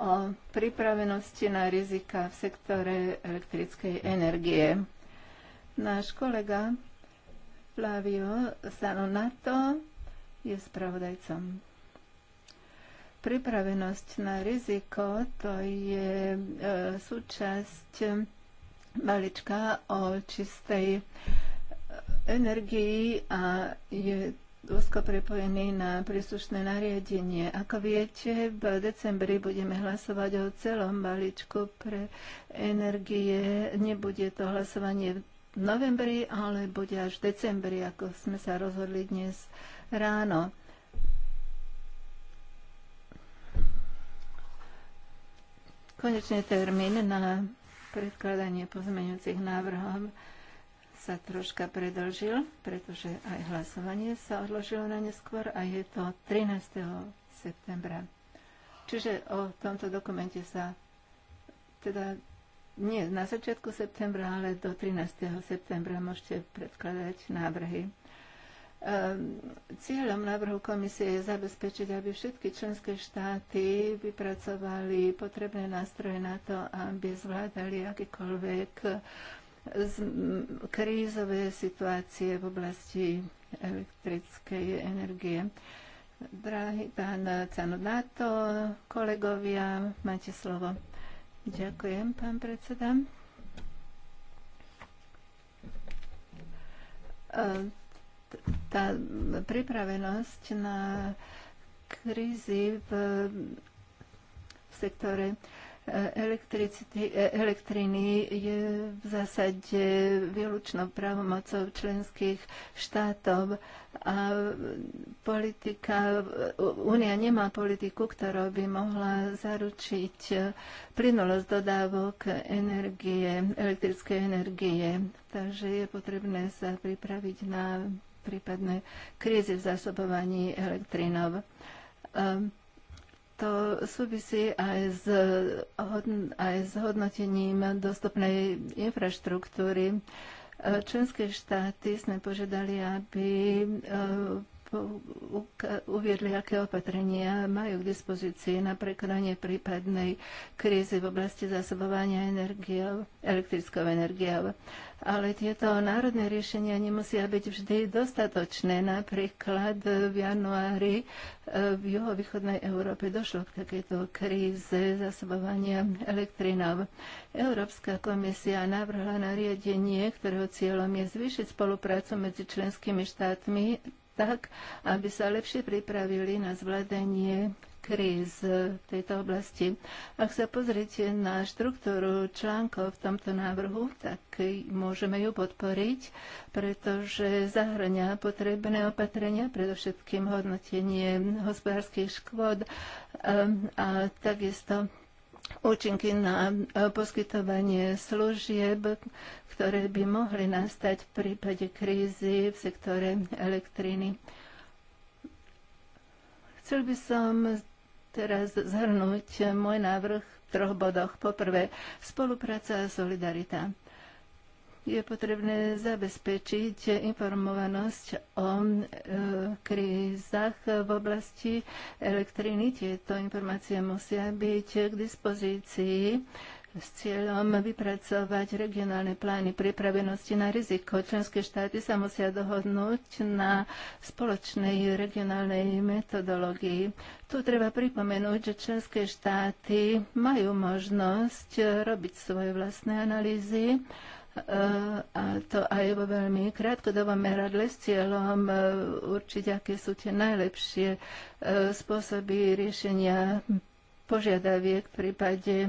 o pripravenosti na rizika v sektore elektrickej energie. Náš kolega Flavio Sanonato je spravodajcom. Pripravenosť na riziko to je e, súčasť balíčka o čistej eh, energii a je úzko prepojený na príslušné nariadenie. Ako viete, v decembri budeme hlasovať o celom balíčku pre energie. Nebude to hlasovanie v novembri, ale bude až v decembri, ako sme sa rozhodli dnes ráno. Konečný termín na predkladanie pozmeňujúcich návrhov sa troška predlžil, pretože aj hlasovanie sa odložilo na neskôr a je to 13. septembra. Čiže o tomto dokumente sa teda nie na začiatku septembra, ale do 13. septembra môžete predkladať návrhy. Ehm, cieľom návrhu komisie je zabezpečiť, aby všetky členské štáty vypracovali potrebné nástroje na to, aby zvládali akýkoľvek krízové situácie v oblasti elektrickej energie. Drahý pán Canodato, kolegovia, máte slovo. Ďakujem, pán predseda. Ehm, tá pripravenosť na krízy v, v sektore eh, eh, elektriny je v zásade výlučnou právomocou členských štátov a politika, Únia nemá politiku, ktorá by mohla zaručiť plynulosť dodávok energie, elektrickej energie. Takže je potrebné sa pripraviť na prípadné krízy v zásobovaní elektrinov. Ehm, to súvisí aj s, aj s hodnotením dostupnej infraštruktúry. Ehm, členské štáty sme požiadali, aby ehm, uviedli, aké opatrenia majú k dispozícii na prekonanie prípadnej krízy v oblasti zásobovania energiou, elektrickou energiou. Ale tieto národné riešenia nemusia byť vždy dostatočné. Napríklad v januári e, v juhovýchodnej Európe došlo k takejto kríze zásobovania elektrinov. Európska komisia navrhla nariadenie, ktorého cieľom je zvýšiť spoluprácu medzi členskými štátmi tak, aby sa lepšie pripravili na zvládanie kríz v tejto oblasti. Ak sa pozrite na štruktúru článkov v tomto návrhu, tak môžeme ju podporiť, pretože zahrania potrebné opatrenia, predovšetkým hodnotenie hospodárskych škôd a, a takisto účinky na eh, poskytovanie služieb, ktoré by mohli nastať v prípade krízy v sektore elektriny. Chcel by som teraz zhrnúť môj návrh v troch bodoch. Poprvé, spolupráca a solidarita je potrebné zabezpečiť informovanosť o e, krízach v oblasti elektriny. Tieto informácie musia byť k dispozícii s cieľom vypracovať regionálne plány pripravenosti na riziko. Členské štáty sa musia dohodnúť na spoločnej regionálnej metodológii. Tu treba pripomenúť, že členské štáty majú možnosť robiť svoje vlastné analýzy uh a to aj vo veľmi krátkodobom meradle s cieľom e, určiť, aké sú tie najlepšie e, spôsoby riešenia požiadaviek v prípade e,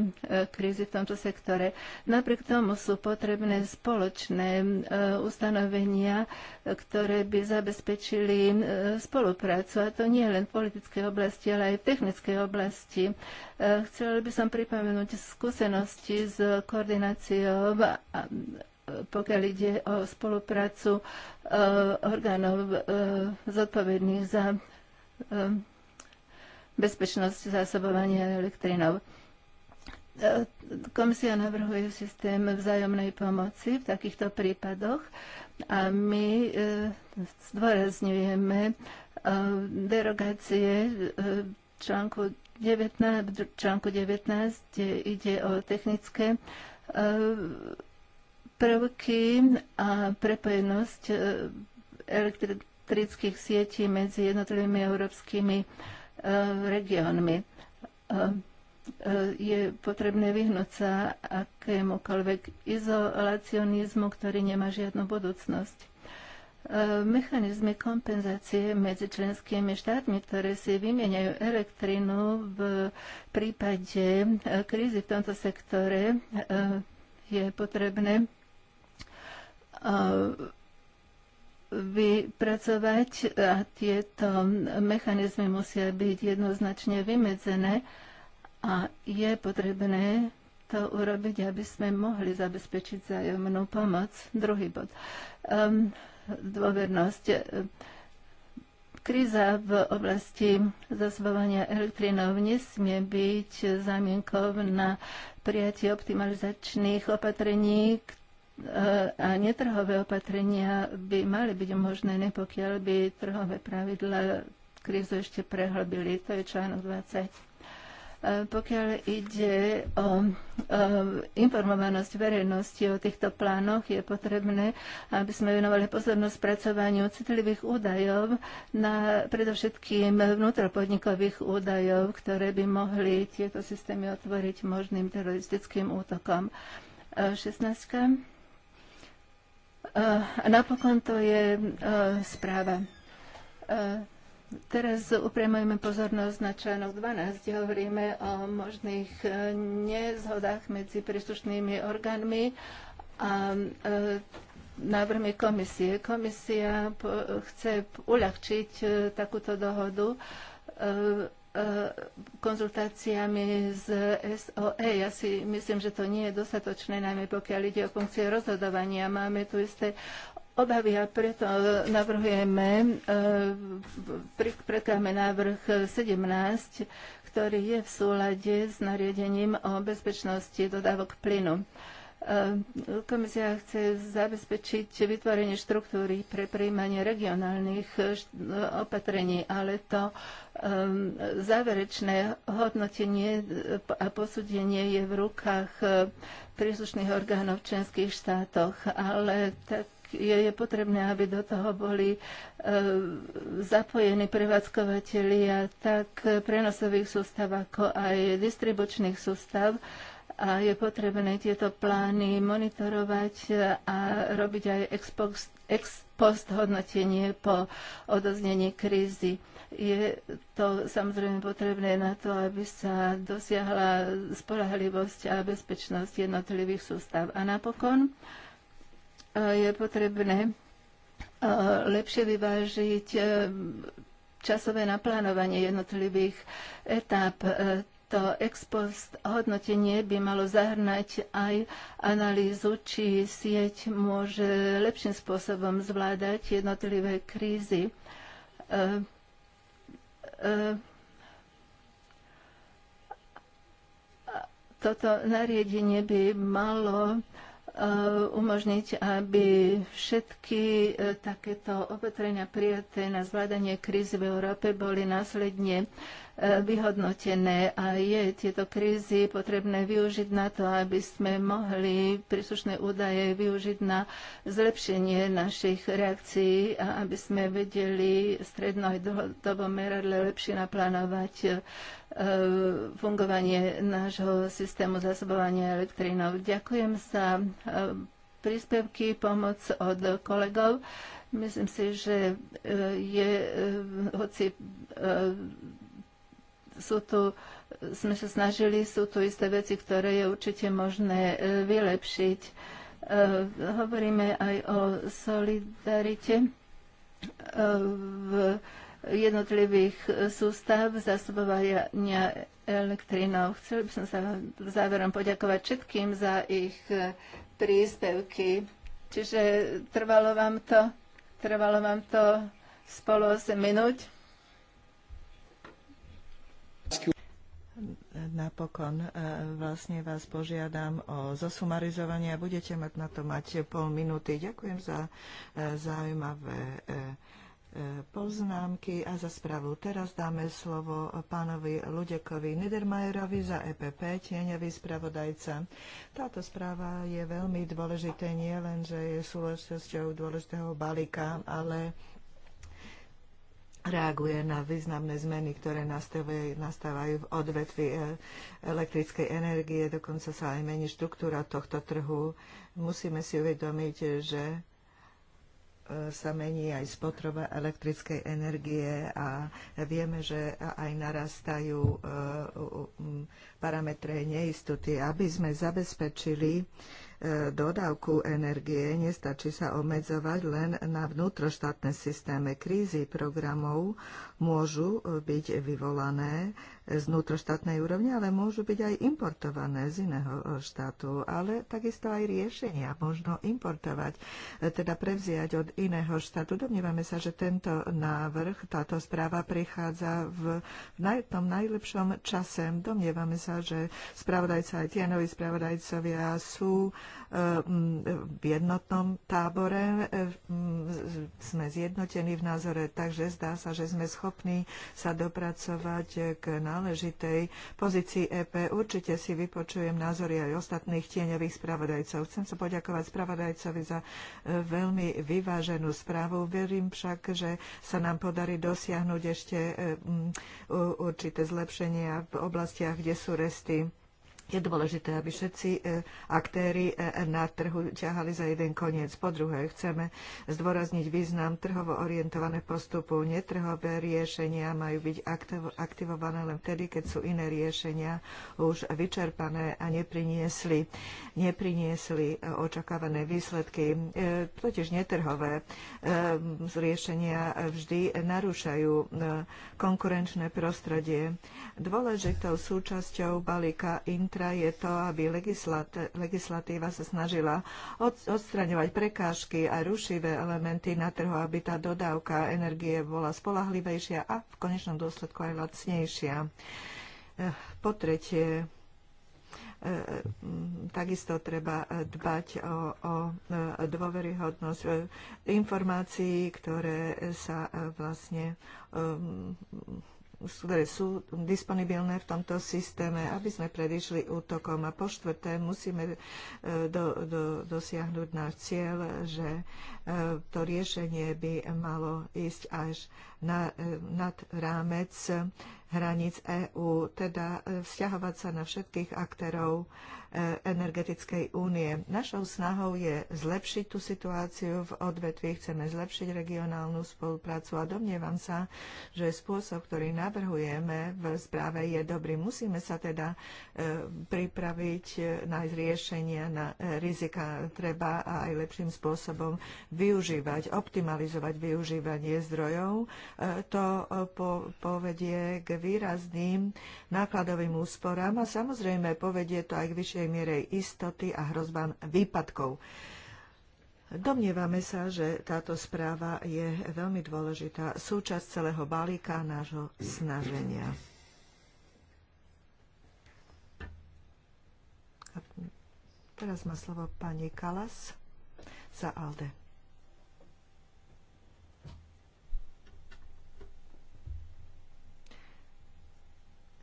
krízy v tomto sektore. Napriek tomu sú potrebné spoločné e, ustanovenia, e, ktoré by zabezpečili spoluprácu, a to nie len v politickej oblasti, ale aj v technickej oblasti. Chcela by som pripomenúť skúsenosti s koordináciou pokiaľ ide o spoluprácu orgánov zodpovedných za bezpečnosť zásobovania elektrinov. E, Komisia navrhuje systém vzájomnej pomoci v takýchto prípadoch a my e, zdôrazňujeme e, derogácie článku 19, článku 19, kde ide o technické prvky a prepojenosť elektrických sietí medzi jednotlivými európskymi Eh, regiónmi. Eh, eh, je potrebné vyhnúť sa akémukoľvek izolacionizmu, ktorý nemá žiadnu budúcnosť mechanizmy kompenzácie medzi členskými štátmi, ktoré si vymieňajú elektrinu v prípade krízy v tomto sektore, je potrebné vypracovať a tieto mechanizmy musia byť jednoznačne vymedzené a je potrebné to urobiť, aby sme mohli zabezpečiť zájomnú pomoc. Druhý bod. Um, dôvernosť. Kríza v oblasti zasobovania elektrinov nesmie byť zámienkou na prijatie optimalizačných opatrení, a netrhové opatrenia by mali byť možné, nepokiaľ by trhové pravidla krízu ešte prehlbili. To je článok 20 pokiaľ ide o informovanosť verejnosti o týchto plánoch, je potrebné, aby sme venovali pozornosť spracovaniu citlivých údajov, na predovšetkým vnútropodnikových údajov, ktoré by mohli tieto systémy otvoriť možným teroristickým útokom. 16. A eh, napokon to je eh, správa. Eh, teraz upriamujeme pozornosť na článok 12, kde hovoríme o možných nezhodách medzi príslušnými orgánmi a návrhmi komisie. Komisia chce uľahčiť takúto dohodu E, konzultáciami z SOE. Ja si myslím, že to nie je dostatočné, najmä pokiaľ ide o funkcie rozhodovania. Máme tu isté obavy a preto navrhujeme, e, predkáme návrh 17, ktorý je v súlade s nariadením o bezpečnosti dodávok plynu. E, komisia chce zabezpečiť vytvorenie štruktúry pre prijímanie regionálnych e, e, opatrení, ale to záverečné hodnotenie a posúdenie je v rukách príslušných orgánov v členských štátoch, ale tak je, potrebné, aby do toho boli zapojení zapojení prevádzkovateľia tak prenosových sústav, ako aj distribučných sústav, a je potrebné tieto plány monitorovať a robiť aj ex post, ex post hodnotenie po odoznení krízy. Je to samozrejme potrebné na to, aby sa dosiahla spolahlivosť a bezpečnosť jednotlivých sústav. A napokon e, je potrebné e, lepšie vyvážiť e, časové naplánovanie jednotlivých etáp to ex post hodnotenie by malo zahrnať aj analýzu, či sieť môže lepším spôsobom zvládať jednotlivé krízy. E, e, toto nariadenie by malo e, umožniť, aby všetky e, takéto opatrenia prijaté na zvládanie krízy v Európe boli následne E, vyhodnotené a je tieto krízy potrebné využiť na to, aby sme mohli príslušné údaje využiť na zlepšenie našich reakcií a aby sme vedeli stredno aj dlhodobo meradle lepšie naplánovať e, fungovanie nášho systému zasobovania elektrínou. Ďakujem za e, príspevky, pomoc od kolegov. Myslím si, že je, hoci sú tu, sme sa snažili, sú tu isté veci, ktoré je určite možné e, vylepšiť. E, hovoríme aj o solidarite e, v jednotlivých sústav zásobovania elektrinou. Chcel by som sa záverom poďakovať všetkým za ich príspevky. Čiže trvalo vám to, trvalo vám to spolu 8 minút. napokon e, vlastne vás požiadam o zosumarizovanie a budete mať na to mať pol minúty. Ďakujem za e, zaujímavé e, poznámky a za správu. Teraz dáme slovo pánovi Ludekovi Niedermayerovi za EPP, tieňový spravodajca. Táto správa je veľmi dôležité, nie len, že je súležitosťou dôležitého balíka, ale reaguje na významné zmeny, ktoré nastávajú v odvetvi e, elektrickej energie, dokonca sa aj mení štruktúra tohto trhu. Musíme si uvedomiť, že e, sa mení aj spotroba elektrickej energie a vieme, že aj narastajú e, parametre neistoty. Aby sme zabezpečili dodávku energie. Nestačí sa obmedzovať len na vnútroštátne systémy. Krízy programov môžu byť vyvolané z vnútroštátnej úrovne, ale môžu byť aj importované z iného e, štátu, ale takisto aj riešenia možno importovať, e, teda prevziať od iného štátu. Domnievame sa, že tento návrh, táto správa prichádza v, naj, tom najlepšom čase. Domnievame sa, že spravodajca aj tienovi spravodajcovia sú e, v jednotnom tábore, sme zjednotení v názore, takže zdá sa, že sme schopní sa dopracovať k návrhu náležitej pozícii EP. Určite si vypočujem názory aj ostatných tieňových spravodajcov. Chcem sa poďakovať spravodajcovi za e, veľmi vyváženú správu. Verím však, že sa nám podarí dosiahnuť ešte e, určité zlepšenia v oblastiach, kde sú resty je dôležité, aby všetci e, aktéry e, na trhu ťahali za jeden koniec. Po druhé, chceme zdôrazniť význam trhovo orientované postupu. Netrhové riešenia majú byť aktivované len vtedy, keď sú iné riešenia už vyčerpané a nepriniesli, nepriniesli e, očakávané výsledky. Totiž netrhové riešenia vždy narúšajú konkurenčné prostredie. Dôležitou súčasťou balíka in vnútra je to, aby legislatíva sa snažila odstraňovať prekážky a rušivé elementy na trhu, aby tá dodávka energie bola spolahlivejšia a v konečnom dôsledku aj lacnejšia. Eh, po tretie, eh, mm, takisto treba eh, dbať o, o dôveryhodnosť informácií, ktoré sa vlastne ktoré sú disponibilné v tomto systéme, aby sme predišli útokom. A po štvrté musíme e, do, do, dosiahnuť náš cieľ, že E, to riešenie by malo ísť až na, e, nad rámec hraníc EÚ, teda e, vzťahovať sa na všetkých aktérov energetickej únie. Našou snahou je zlepšiť tú situáciu v odvetví, chceme zlepšiť regionálnu spoluprácu a domnievam sa, že spôsob, ktorý navrhujeme v správe je dobrý. Musíme sa teda pripraviť, nájsť riešenia na rizika treba a aj lepším spôsobom využívať, optimalizovať využívanie zdrojov. E, to e, povedie k výrazným nákladovým úsporám a samozrejme povedie to aj k vyššej miere istoty a hrozbám výpadkov. Domnievame sa, že táto správa je veľmi dôležitá súčasť celého balíka nášho snaženia. teraz má slovo pani Kalas za ALDE.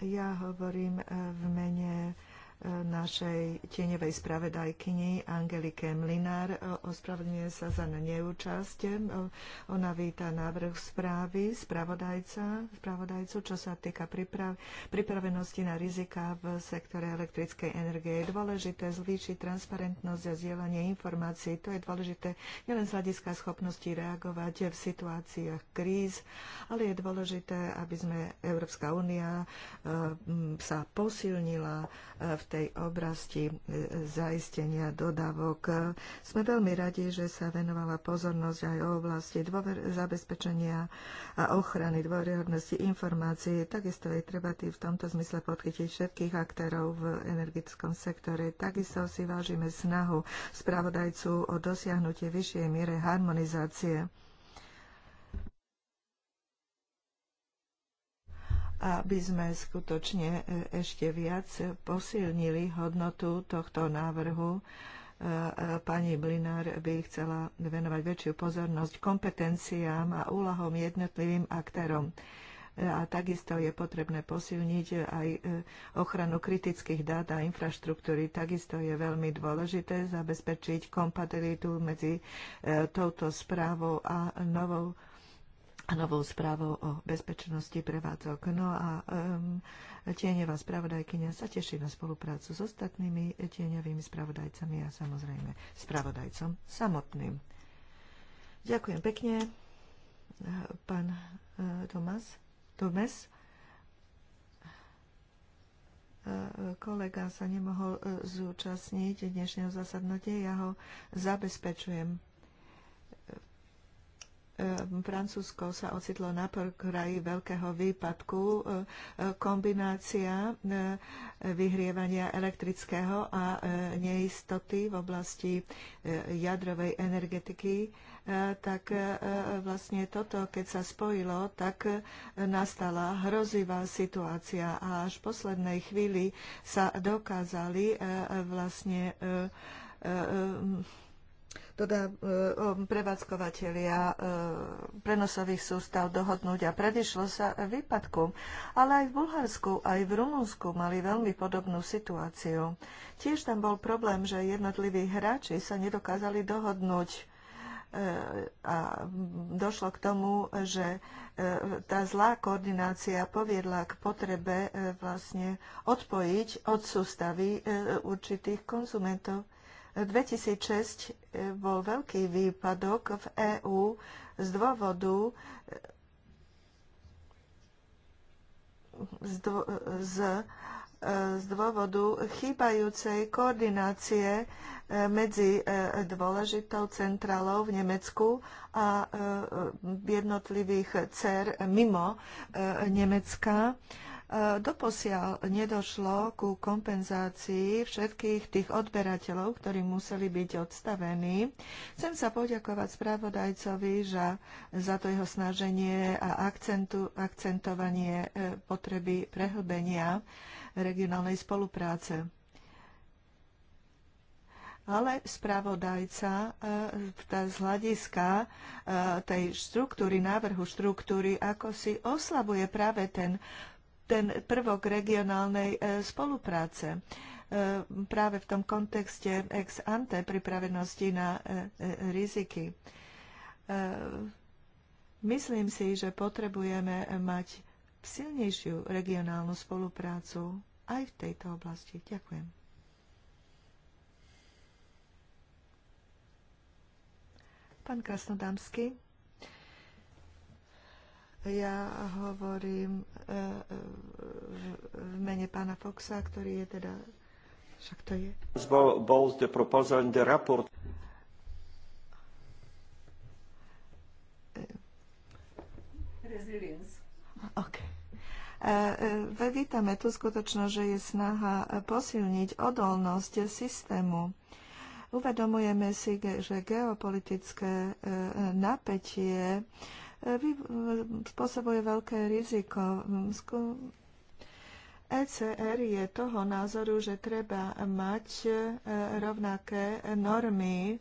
Ja hovorím eh, v mene našej tieňovej spravedajkyni Angelike Mlinár. Ospravedlňuje sa za neúčasť. Ona víta návrh správy spravodajca, spravodajcu, čo sa týka priprav, pripravenosti na rizika v sektore elektrickej energie. Je dôležité zvýšiť transparentnosť a zdieľanie informácií. To je dôležité nielen z hľadiska schopnosti reagovať v situáciách kríz, ale je dôležité, aby sme Európska únia eh, sa posilnila eh, v tej oblasti e, zaistenia dodávok. Sme veľmi radi, že sa venovala pozornosť aj o oblasti dôver, zabezpečenia a ochrany dôveryhodnosti informácií. Takisto je treba v tomto zmysle podchytiť všetkých aktérov v energetickom sektore. Takisto si vážime snahu spravodajcu o dosiahnutie vyššej miere harmonizácie aby sme skutočne e, ešte viac posilnili hodnotu tohto návrhu. E, e, pani Blinár by chcela venovať väčšiu pozornosť kompetenciám a úlohom jednotlivým aktérom. A takisto je potrebné posilniť aj ochranu kritických dát a infraštruktúry. Takisto je veľmi dôležité zabezpečiť kompatibilitu medzi touto správou a novou a novou správou o bezpečnosti prevádzok. No a um, tieňová spravodajkynia sa teší na spoluprácu s ostatnými tieňovými spravodajcami a samozrejme spravodajcom samotným. Ďakujem pekne, eh, pán eh, Tomas, Tomes. Eh, kolega sa nemohol zúčastniť dnešného zasadnutia, ja ho zabezpečujem Ehm, Francúzsko sa ocitlo na kraji veľkého výpadku. Ehm, kombinácia ehm, vyhrievania elektrického a neistoty v oblasti jadrovej energetiky tak vlastne toto, keď sa spojilo, tak nastala hrozivá situácia a až v poslednej chvíli sa dokázali vlastne teda e, prevádzkovateľia e, prenosových sústav dohodnúť a predišlo sa výpadku. Ale aj v Bulharsku, aj v Rumunsku mali veľmi podobnú situáciu. Tiež tam bol problém, že jednotliví hráči sa nedokázali dohodnúť e, a došlo k tomu, že tá zlá koordinácia poviedla k potrebe vlastne odpojiť od sústavy určitých konzumentov. 2006 e, bol veľký výpadok v EÚ z dôvodu e, z, z, e, z dôvodu chýbajúcej koordinácie medzi dôležitou centrálou v Nemecku a jednotlivých CER mimo Nemecka. Doposiaľ nedošlo ku kompenzácii všetkých tých odberateľov, ktorí museli byť odstavení. Chcem sa poďakovať správodajcovi že za to jeho snaženie a akcentu, akcentovanie e, potreby prehlbenia regionálnej spolupráce. Ale spravodajca e, z hľadiska e, tej štruktúry, návrhu štruktúry, ako si oslabuje práve ten ten prvok regionálnej e, spolupráce e, práve v tom kontexte ex ante pripravenosti na e, riziky. Myslím si, že potrebujeme mať silnejšiu regionálnu spoluprácu aj v tejto oblasti. Ďakujem. Pán Krasnodamský. Ja hovorím e, e, v mene pána Foxa, ktorý je teda... Však to je. Bol zde proposal and the report. Resilience. Okay. E, vítame tu skutočno, že je snaha posilniť odolnosť systému. Uvedomujeme si, že geopolitické napätie Eh, spôsobuje veľké riziko. ECR je toho názoru, že treba mať eh, rovnaké normy,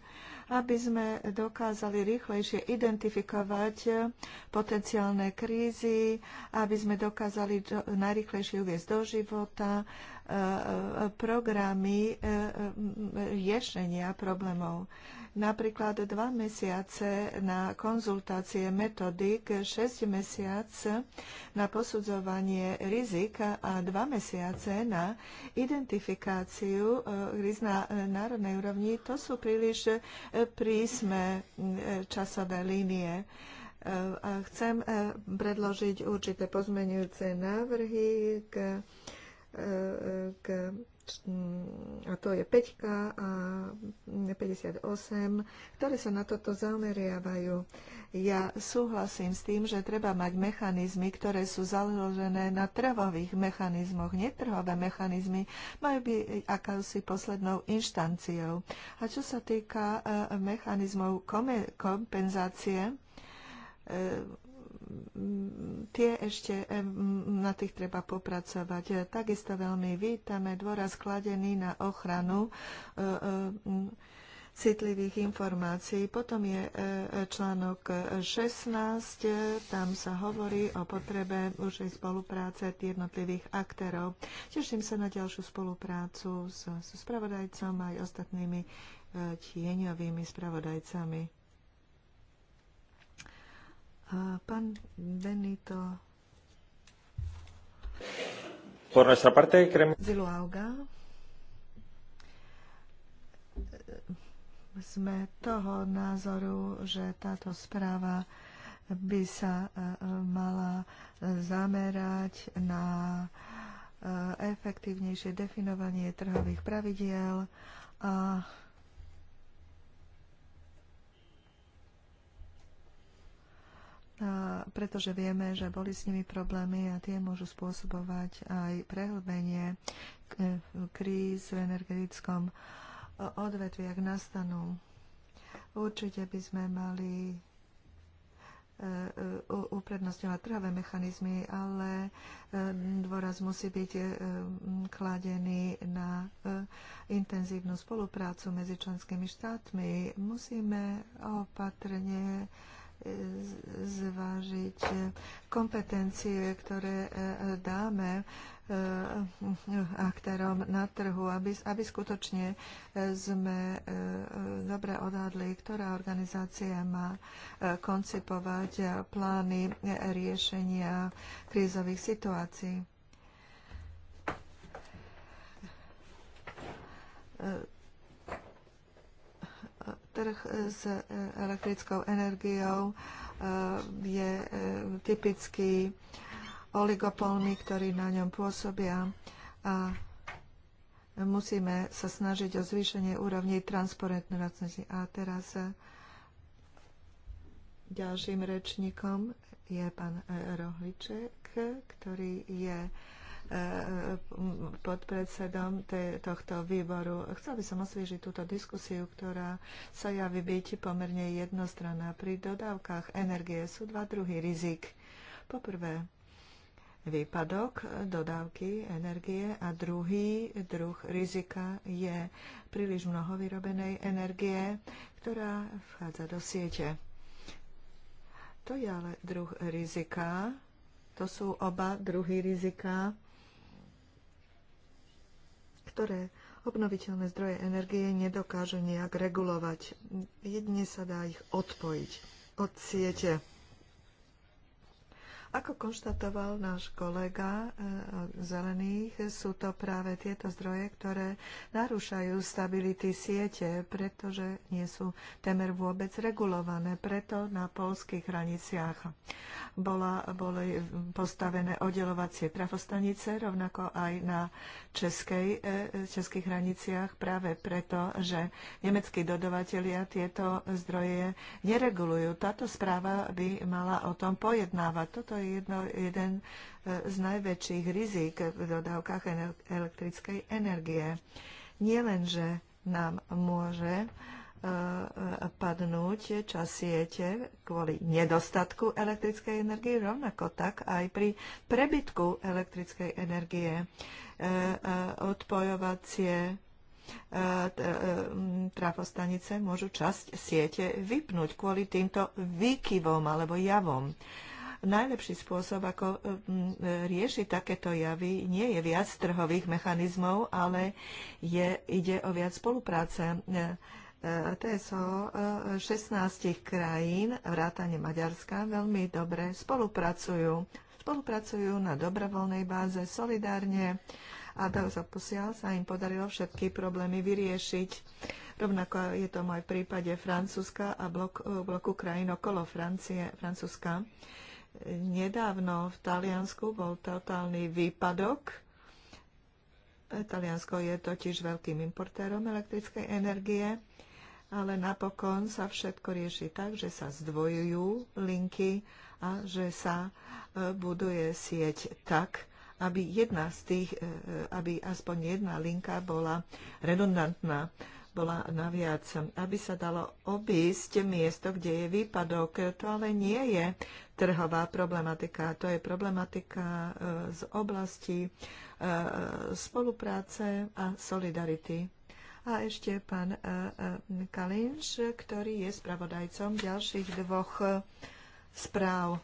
aby sme dokázali rýchlejšie identifikovať eh, potenciálne krízy, aby sme dokázali najrýchlejšie uviezť do života programy e, e, riešenia problémov. Napríklad dva mesiace na konzultácie metodik, 6 mesiac na posudzovanie rizik a dva mesiace na identifikáciu e, rizik na národnej úrovni. To sú príliš prísme časové línie. Chcem predložiť určité pozmenujúce návrhy k k, a to je 5 a 58, ktoré sa na toto zameriavajú. Ja súhlasím s tým, že treba mať mechanizmy, ktoré sú založené na trhových mechanizmoch. Netrhové mechanizmy majú byť akousi poslednou inštanciou. A čo sa týka eh, mechanizmov kompenzácie, eh, tie ešte na tých treba popracovať. Takisto veľmi vítame dôraz kladený na ochranu e, e, citlivých informácií. Potom je e, článok 16, tam sa hovorí o potrebe užej spolupráce jednotlivých aktérov. Teším sa na ďalšiu spoluprácu s, s spravodajcom aj ostatnými tieňovými spravodajcami. Benito. Por nuestra parte, creemos... Ziluauga. Sme toho názoru, že táto správa by sa e, mala zamerať na e, efektívnejšie definovanie trhových pravidiel a pretože vieme, že boli s nimi problémy a tie môžu spôsobovať aj prehlbenie e, kríz v energetickom e, odvetvi, ak nastanú. Určite by sme mali e, uprednostňovať trhové mechanizmy, ale dôraz musí byť kladený na intenzívnu spoluprácu medzi členskými štátmi. Musíme opatrne zvážiť kompetencie, ktoré e, dáme e, aktérom na trhu, aby, aby skutočne e, sme dobre odhadli, ktorá organizácia má koncipovať plány riešenia krízových situácií trh s e, elektrickou energiou e, je e, typický oligopolmi, ktorý na ňom pôsobia a musíme sa snažiť o zvýšenie úrovni transparentnosti. A teraz ďalším rečníkom je pán Rohliček, ktorý je podpredsedom tohto výboru. Chcel by som osviežiť túto diskusiu, ktorá sa javí byť pomerne jednostranná. Pri dodávkach energie sú dva druhy rizik. Poprvé, výpadok dodávky energie a druhý druh rizika je príliš mnoho vyrobenej energie, ktorá vchádza do siete. To je ale druh rizika, to sú oba druhy rizika, ktoré obnoviteľné zdroje energie nedokážu nejak regulovať. Jedine sa dá ich odpojiť od siete. Ako konštatoval náš kolega e, Zelených, sú to práve tieto zdroje, ktoré narúšajú stability siete, pretože nie sú temer vôbec regulované. Preto na polských hraniciach bola, boli postavené oddelovacie trafostanice, rovnako aj na českej, e, českých hraniciach, práve preto, že nemeckí dodovatelia tieto zdroje neregulujú. Táto správa by mala o tom pojednávať. Toto je jedno, jeden e, z najväčších rizik v dodávkach elektrickej energie. Nie len, že nám môže e, e, padnúť čas siete kvôli nedostatku elektrickej energie, rovnako tak aj pri prebytku elektrickej energie. Odpojovacie trafostanice môžu časť siete vypnúť kvôli týmto výkyvom alebo javom najlepší spôsob, ako e, e, riešiť takéto javy, nie je viac trhových mechanizmov, ale je, ide o viac spolupráce. E, TSO 16 krajín, vrátane Maďarska, veľmi dobre spolupracujú. Spolupracujú na dobrovoľnej báze, solidárne a doposiaľ sa im podarilo všetky problémy vyriešiť. Rovnako je to aj v prípade Francúzska a blok, bloku krajín okolo Francie, Francúzska. Uh, Nedávno v Taliansku bol totálny výpadok. Taliansko je totiž veľkým importérom elektrickej energie, ale napokon sa všetko rieši tak, že sa zdvojujú linky a že sa e, buduje sieť tak, aby, jedna z tých, e, aby aspoň jedna linka bola redundantná bola naviac, aby sa dalo obísť miesto, kde je výpadok. To ale nie je trhová problematika. To je problematika e, z oblasti e, spolupráce a solidarity. A ešte pán e, Kalinš, ktorý je spravodajcom ďalších dvoch správ.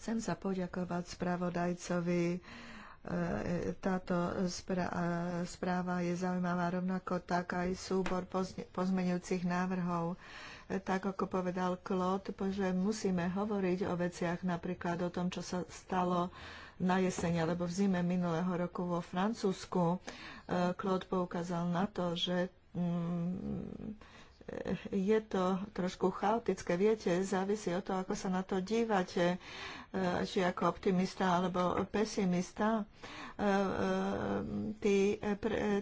Chcem sa poďakovať spravodajcovi táto správa je zaujímavá, rovnako tak aj súbor pozmeňujúcich návrhov tak ako povedal Klot, že musíme hovoriť o veciach napríklad o tom, čo sa stalo na jeseň alebo v zime minulého roku vo Francúzsku. Klot eh, poukázal na to, že mm, je to trošku chaotické. Viete, závisí od toho, ako sa na to dívate, eh, či ako optimista alebo pesimista. Eh, eh, tí,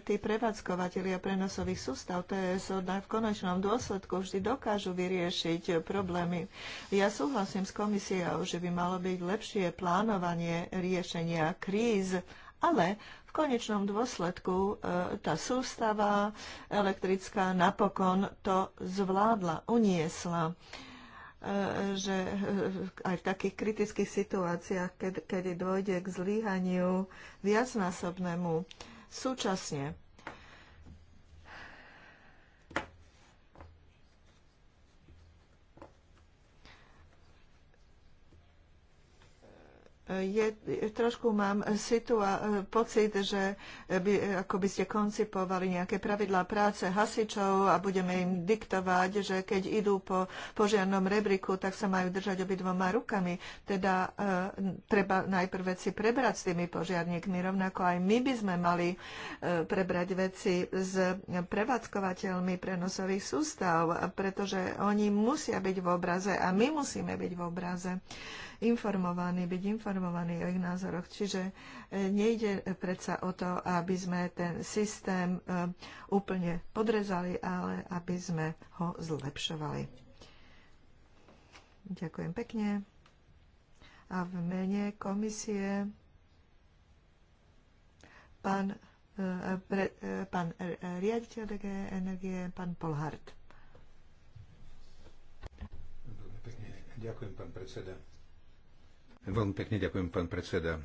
tí prevádzkovateľia prenosových sústav je v konečnom dôsledku vždy dokážu vyriešiť problémy. Ja súhlasím s komisiou, že by malo byť lepšie plánovanie riešenia kríz, ale konečnom dôsledku e, tá sústava elektrická napokon to zvládla, uniesla e, že e, aj v takých kritických situáciách, kedy, kedy dôjde k zlíhaniu viacnásobnému súčasne je, trošku mám situa- pocit, že by, ako by ste koncipovali nejaké pravidlá práce hasičov a budeme im diktovať, že keď idú po požiarnom rebriku, tak sa majú držať obidvoma rukami. Teda e, treba najprv veci prebrať s tými požiarníkmi. Rovnako aj my by sme mali e, prebrať veci s prevádzkovateľmi prenosových sústav, pretože oni musia byť v obraze a my musíme byť v obraze informovaní, byť informovaní informovaní o ich názoroch. Čiže e, nejde predsa o to, aby sme ten systém e, úplne podrezali, ale aby sme ho zlepšovali. Ďakujem pekne. A v mene komisie pán, e, pre, pán riaditeľ DG Energie, pán Polhart. Ďakujem, pán predseda. Veľmi pekne ďakujem, pán predseda. E,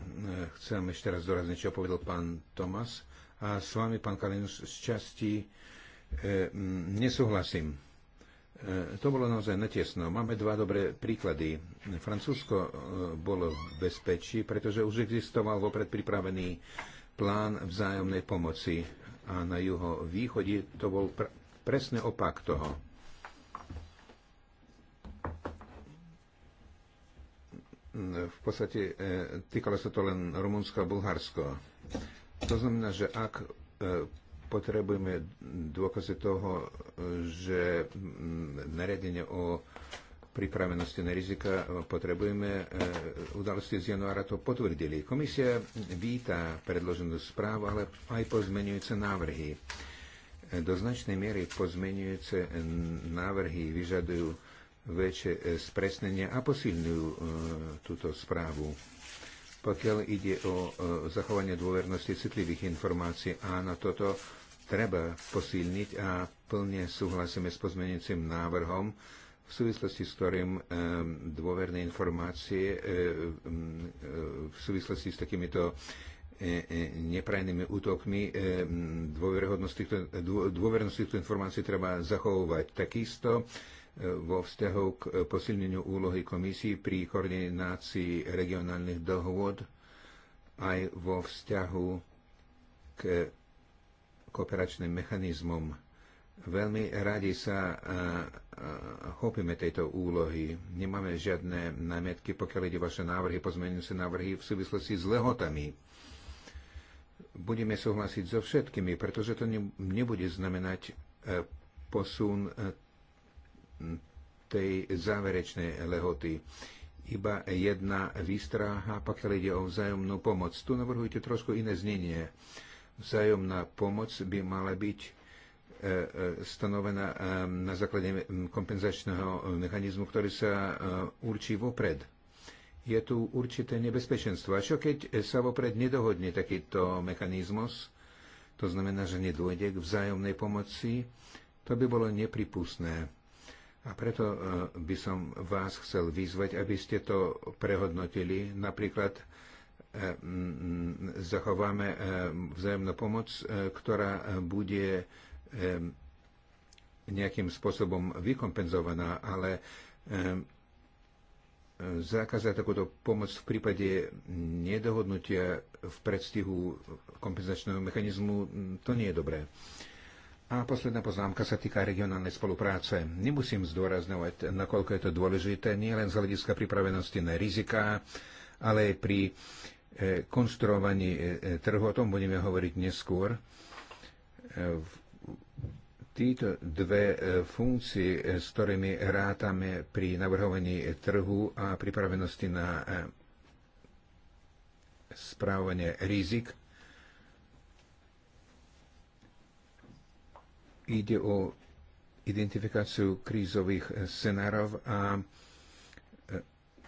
chcem ešte raz dorazniť, čo povedal pán Tomas. A s vami, pán Kalinus, z časti e, nesúhlasím. E, to bolo naozaj netiesno. Máme dva dobré príklady. Francúzsko e, bolo v bezpečí, pretože už existoval vopred pripravený plán vzájomnej pomoci. A na juho východe to bol pr- presne opak toho. v podstate e, týkalo sa to len Rumunsko a Bulharsko. To znamená, že ak e, potrebujeme dôkazy toho, že nariadenie o pripravenosti na rizika e, potrebujeme. Udalosti z januára to potvrdili. Komisia víta predloženú správu, ale aj pozmenujúce návrhy. Do značnej miery pozmenujúce návrhy vyžadujú väčšie e, spresnenie a posilňujú e, túto správu. Pokiaľ ide o e, zachovanie dôvernosti citlivých informácií, áno, toto treba posilniť a plne súhlasíme s pozmenujúcim návrhom, v súvislosti s ktorým dôverné informácie v súvislosti s takýmito neprajnými útokmi dôvernosť týchto, týchto informácií treba zachovovať Takisto vo vzťahu k posilneniu úlohy komisii pri koordinácii regionálnych dohôd aj vo vzťahu k kooperačným mechanizmom. Veľmi radi sa chopíme tejto úlohy. Nemáme žiadne námietky, pokiaľ ide vaše návrhy, pozmeňujúce návrhy v súvislosti s lehotami. Budeme súhlasiť so všetkými, pretože to nebude znamenať e, posun e, tej záverečnej lehoty. Iba jedna výstraha, pokiaľ ide o vzájomnú pomoc. Tu navrhujete trošku iné znenie. Vzájomná pomoc by mala byť e, e, stanovená e, na základe kompenzačného mechanizmu, ktorý sa určí vopred. Je tu určité nebezpečenstvo. A čo keď sa vopred nedohodne takýto mechanizmus? To znamená, že nedôjde k vzájomnej pomoci? To by bolo nepripustné a preto e, by som vás chcel vyzvať, aby ste to prehodnotili. Napríklad e, zachováme e, vzájomnú pomoc, ktorá bude nejakým spôsobom vykompenzovaná, ale zakázať takúto pomoc v prípade nedohodnutia v predstihu kompenzačného mechanizmu, to nie je dobré. A posledná poznámka sa týka regionálnej spolupráce. Nemusím zdôrazňovať, nakoľko je to dôležité, nielen z hľadiska pripravenosti na rizika, ale aj pri e, konštruovaní e, e, trhu. O tom budeme hovoriť neskôr. Títo dve funkcie, s ktorými rátame pri navrhovaní trhu a pripravenosti na správanie rizik, ide o identifikáciu krízových eh, scenárov a eh,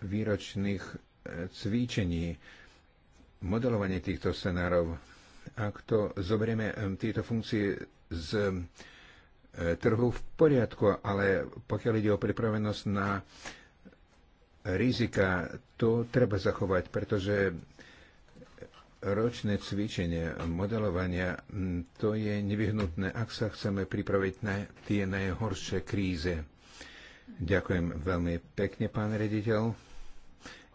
výročných eh, cvičení, modelovanie týchto scenárov. Ak to zoberieme tieto funkcie z trhu v poriadku, ale pokiaľ ide o pripravenosť na rizika, to treba zachovať, pretože ročné cvičenie modelovania mm, to je nevyhnutné, ak sa chceme pripraviť na tie najhoršie kríze. Ďakujem veľmi pekne, pán rediteľ.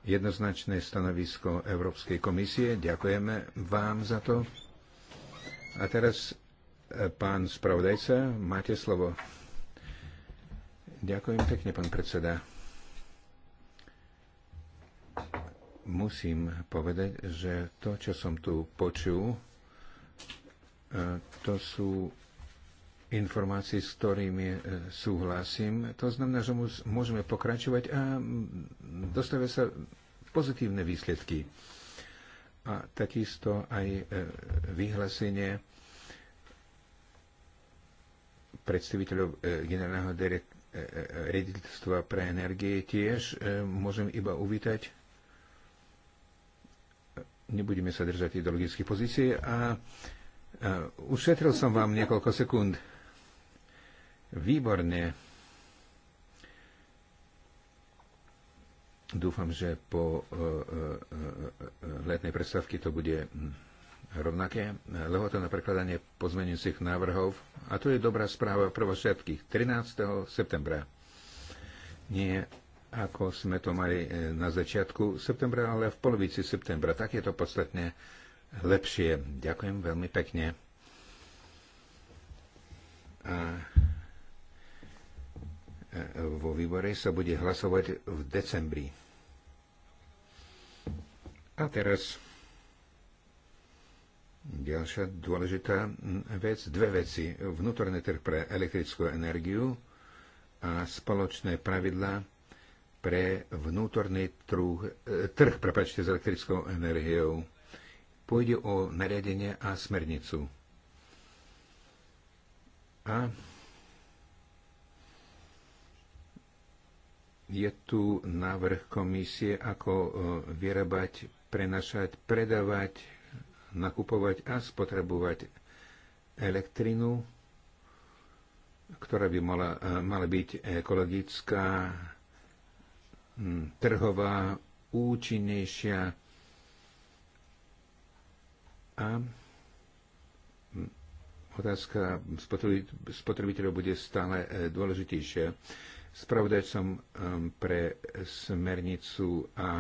Jednoznačné stanovisko Európskej komisie. Ďakujeme vám za to. A teraz, e, pán spravodajca, máte slovo. Ďakujem pekne, pán predseda. musím povedať, že to, čo som tu počul, e, to sú informácie, s ktorými e, súhlasím. To znamená, že môžeme pokračovať a dostavia sa pozitívne výsledky. A takisto aj e, vyhlásenie predstaviteľov generálneho rediteľstva pre energie tiež môžem iba uvítať nebudeme sa držať ideologických pozícií a ušetril som vám niekoľko sekúnd. Výborne. Dúfam, že po e, e, e, letnej predstavke to bude hm, rovnaké. Lehota na prekladanie pozmenujúcich návrhov. A to je dobrá správa pre všetkých. 13. septembra. Nie ako sme to mali e, na začiatku septembra, ale v polovici septembra. Tak je to podstatne lepšie. Ďakujem veľmi pekne. A e, vo výbore sa bude hlasovať v decembri. A teraz ďalšia dôležitá vec, dve veci. Vnútorný trh pre elektrickú energiu a spoločné pravidlá pre vnútorný trh, e, trh prepačte, s elektrickou energiou. Pôjde o nariadenie a smernicu. A je tu návrh komisie, ako e, vyrábať, prenašať, predávať, nakupovať a spotrebovať elektrinu, ktorá by mala, e, mala byť ekologická, Mm, trhová, účinnejšia a mm, otázka spotrebiteľov bude stále e, dôležitejšia. Spravodajcom e, pre smernicu a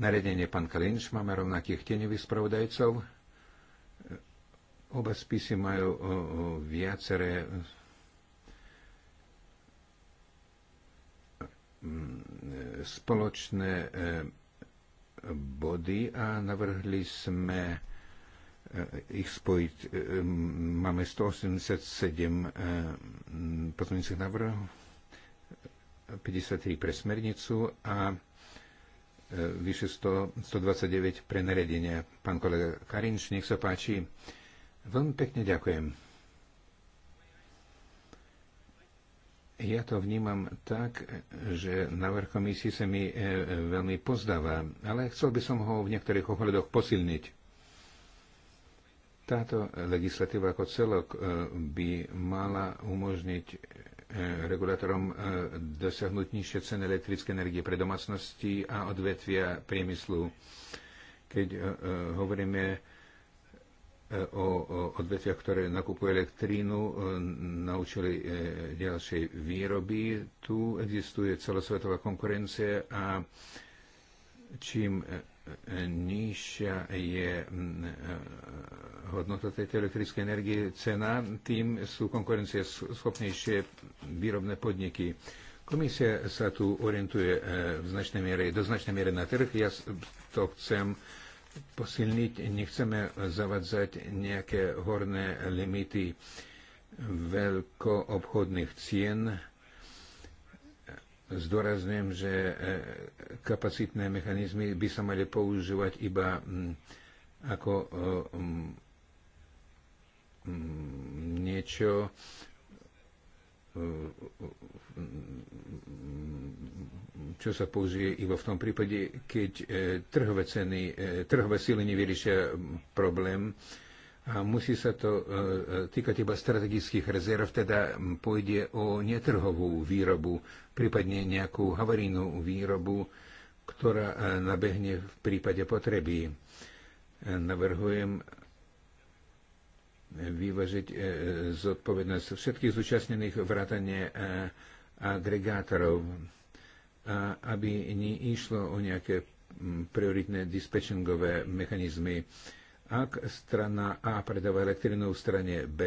naredenie pán Kalinč máme rovnakých tenevých spravodajcov. E, oba spisy majú viaceré Mm, e, spoločné e, body a navrhli sme e, ich spojiť. Máme 187 pozmeňujúcich návrhov, 53 pre smernicu a vyše 100, 129 pre naredenie. Pán kolega Karinč, nech sa páči. Veľmi pekne ďakujem. Ja to vnímam tak, že návrh komisii sa mi e, veľmi pozdáva, ale chcel by som ho v niektorých ohľadoch posilniť. Táto legislatíva ako celok e, by mala umožniť e, regulátorom dosiahnuť nižšie ceny elektrické energie pre domácnosti a odvetvia priemyslu. Keď hovoríme o odvetviach, ktoré nakupujú elektrínu, e, naučili e, ďalšej výroby. Tu existuje celosvetová konkurencia a čím e, nižšia je hodnota tejto elektrickej energie, cena, tým sú konkurencie schopnejšie výrobné podniky. Komisia sa tu orientuje v značnej miere, do značnej miery na trh. Ja to chcem posilniť, nechceme zavadzať nejaké horné limity veľkoobchodných cien. Zdôrazňujem, že e, kapacitné mechanizmy by sa mali používať iba ako niečo, e, čo sa použije iba v tom prípade, keď e, trhové, ceny, e, trhové síly nevyriešia problém a musí sa to e, týkať iba strategických rezerv, teda pôjde o netrhovú výrobu, prípadne nejakú havarínu výrobu, ktorá nabehne v prípade potreby. Navrhujem vyvažiť zodpovednosť všetkých zúčastnených vrátane agregátorov a aby neišlo o nejaké mm, prioritné dispečingové mechanizmy. Ak strana A predáva elektrinu v strane B,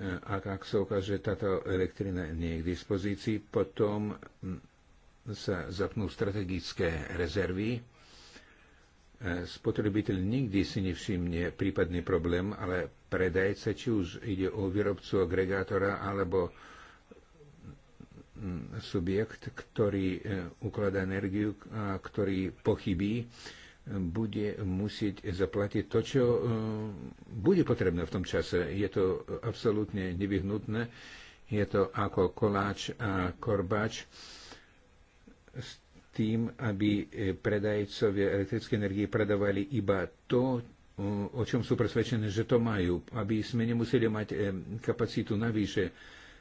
ak, ak sa ukáže, že táto elektrina nie je k dispozícii, potom mm, sa zapnú strategické rezervy. E, spotrebiteľ nikdy si nevšimne prípadný problém, ale predajca, či už ide o výrobcu agregátora alebo subjekt, ktorý e, ukladá energiu a ktorý pochybí, e, bude musieť zaplatiť to, čo e, bude potrebné v tom čase. Je to absolútne nevyhnutné. Je to ako koláč a korbač s tým, aby predajcovia elektrické energie predávali iba to, o čom sú presvedčené, že to majú, aby sme nemuseli mať kapacitu navýše.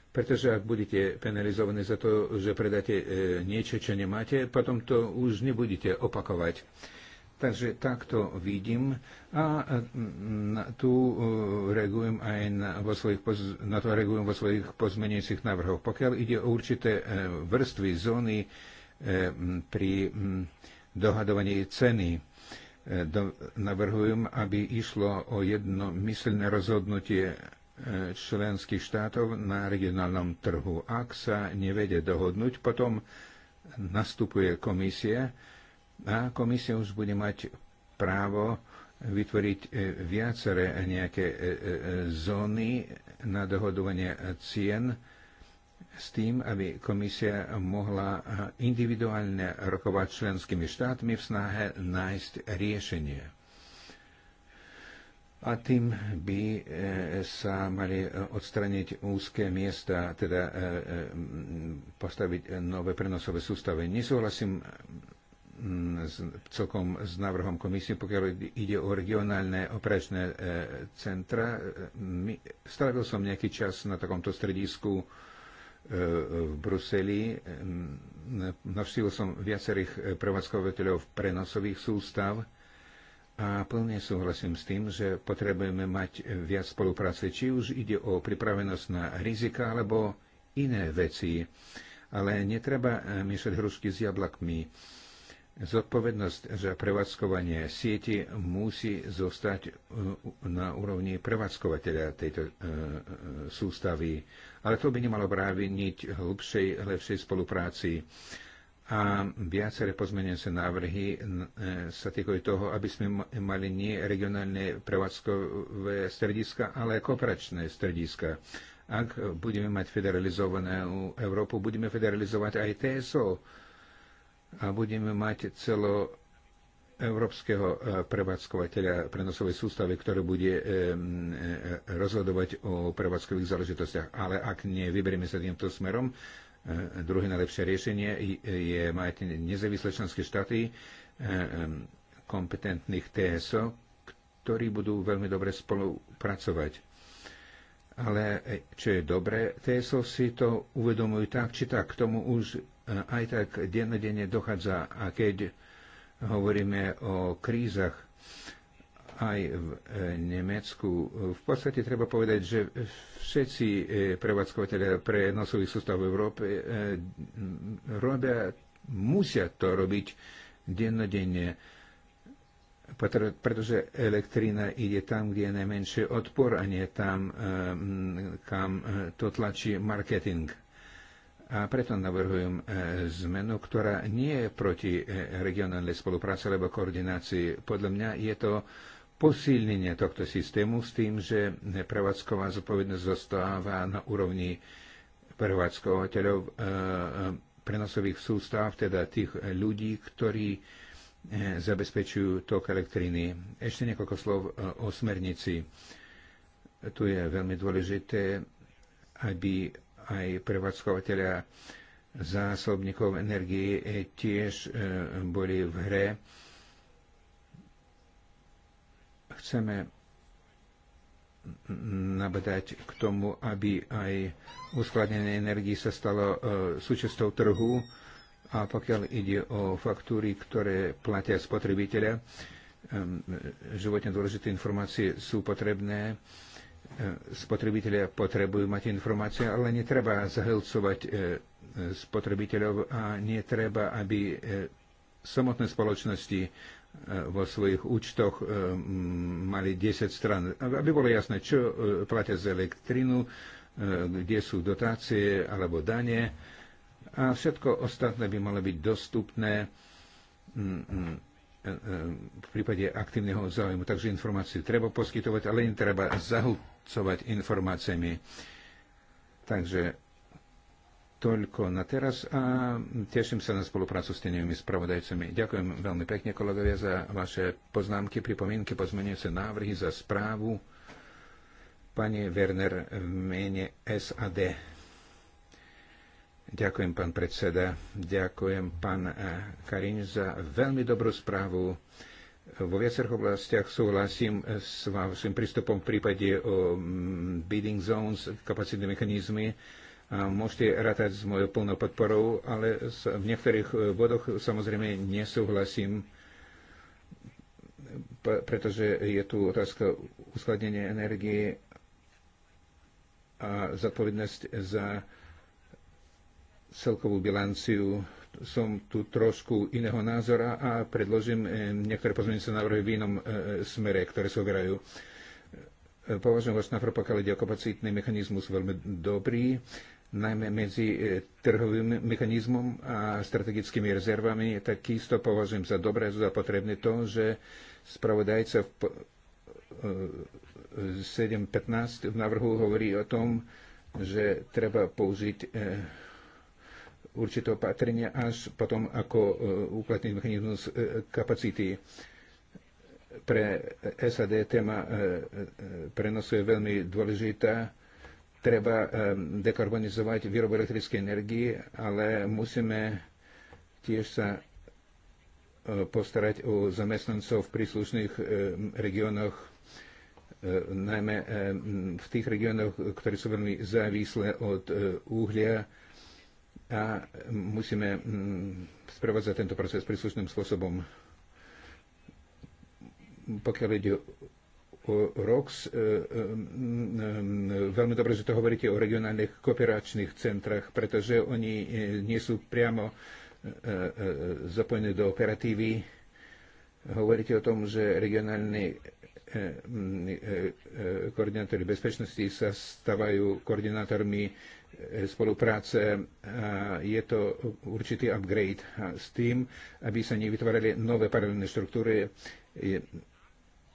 Pretože ak budete penalizovaní za to, že predáte e, niečo, čo nemáte, potom to už nebudete opakovať. Takže takto vidím a e, tu e, reagujem aj na, vo svojich poz, na to reagujem vo svojich pozmenujúcich návrhoch. Pokiaľ ide o určité vrstvy zóny pri dohadovaní ceny, navrhujem, aby išlo o jednomyselné rozhodnutie členských štátov na regionálnom trhu. Ak sa nevede dohodnúť, potom nastupuje komisia a komisia už bude mať právo vytvoriť e, viaceré nejaké e, e, zóny na dohodovanie cien s tým, aby komisia mohla individuálne rokovať členskými štátmi v snahe nájsť riešenie a tým by e, sa mali e, odstraniť úzke miesta, teda e, postaviť nové prenosové sústavy. Nesúhlasím celkom s návrhom komisie, pokiaľ ide o regionálne operačné centra. Stavil som nejaký čas na takomto stredisku v Bruseli. Navštívil som viacerých prevádzkovateľov prenosových sústav a plne súhlasím s tým, že potrebujeme mať viac spolupráce, či už ide o pripravenosť na rizika alebo iné veci. Ale netreba eh, myšať hrušky s jablakmi. Zodpovednosť za prevádzkovanie sieti musí zostať eh, na úrovni prevádzkovateľa tejto eh, sústavy, ale to by nemalo bráviť hlbšej, lepšej spolupráci. A viaceré pozmenujúce návrhy e, sa týkajú toho, aby sme mali nie regionálne prevádzkové strediska, ale kooperačné strediska. Ak budeme mať federalizovanú Európu, budeme federalizovať aj TSO a budeme mať celo európskeho e, prevádzkovateľa prenosovej sústavy, ktorý bude e, rozhodovať o prevádzkových záležitostiach. Ale ak nevyberieme sa týmto smerom, Eh, druhé najlepšie riešenie je mať nezávislé členské štáty eh, kompetentných TSO, ktorí budú veľmi dobre spolupracovať. Ale eh, čo je dobré, TSO si to uvedomujú tak, či tak. K tomu už aj tak dennodenne dochádza. A keď hovoríme o krízach, aj v e, Nemecku. V podstate treba povedať, že všetci e, prevádzkovateľe prenosových sústav v Európe e, robia, musia to robiť dennodenne, pretože elektrina ide tam, kde je najmenší odpor a nie tam, kam to tlačí marketing. A preto navrhujem zmenu, ktorá nie je proti regionálnej spolupráci alebo koordinácii. Podľa mňa je to posilnenie tohto systému s tým, že prevádzková zodpovednosť zostáva na úrovni prevádzkovateľov e, e, prenosových sústav, teda tých ľudí, ktorí e, zabezpečujú tok elektriny. Ešte niekoľko slov o smernici. Tu je veľmi dôležité, aby aj prevádzkovateľia zásobníkov energie tiež boli v hre chceme nabadať k tomu, aby aj uskladnené energii sa stalo e, súčasťou trhu a pokiaľ ide o faktúry, ktoré platia spotrebiteľa, životne dôležité informácie sú potrebné. E, spotrebiteľa potrebujú mať informácie, ale netreba zahlcovať e, spotrebiteľov a netreba, aby samotné spoločnosti E, vo svojich účtoch e, mali 10 stran, aby bolo jasné, čo e, platia za elektrinu, kde sú dotácie alebo dane a všetko ostatné by malo byť dostupné v prípade aktívneho záujmu. Takže informáciu treba poskytovať, ale netreba zahlcovať informáciami. Takže toľko na teraz a teším sa na spoluprácu s tenými spravodajcami. Ďakujem veľmi pekne, kolegovia, za vaše poznámky, pripomienky, pozmenujúce návrhy, za správu. Pani Werner v mene SAD. Ďakujem, pán predseda. Ďakujem, pán eh, Karin, za veľmi dobrú správu. Vo viacerých oblastiach súhlasím eh, s vašim prístupom v prípade o mm, bidding zones, kapacitné mechanizmy. Môžete rátať s mojou plnou podporou, ale v niektorých e, bodoch samozrejme nesúhlasím, pretože je tu otázka uskladnenia energie a zodpovednosť za celkovú bilanciu. Som tu trošku iného názora a predložím e, niektoré pozmeňujúce návrhy v inom e, smere, ktoré sa uberajú. Považujem vás na pokiaľ ide kapacitný mechanizmus veľmi dobrý najmä medzi e, trhovým mechanizmom a strategickými rezervami. Takisto považujem za dobré, za potrebné to, že spravodajca v 7.15 e, v návrhu hovorí o tom, že treba použiť e, určité opatrenia až potom ako uplatný mechanizmus kapacity. Pre SAD téma prenosu je veľmi dôležitá treba eh, dekarbonizovať výrobu elektrickej energie, ale musíme tiež sa eh, postarať o zamestnancov v príslušných eh, regiónoch, najmä v tých regiónoch, ktoré sú veľmi závislé od uhlia a musíme mm, sprevádzať tento proces príslušným spôsobom. Pokiaľ ide Rox. E, e, e, veľmi dobre, že to hovoríte o regionálnych kooperačných centrách, pretože oni nie sú priamo zapojení do operatívy. Hovoríte o tom, že regionálni koordinátori bezpečnosti sa stávajú koordinátormi spolupráce. Je to určitý upgrade s tým, aby sa nevytvárali nové paralelné štruktúry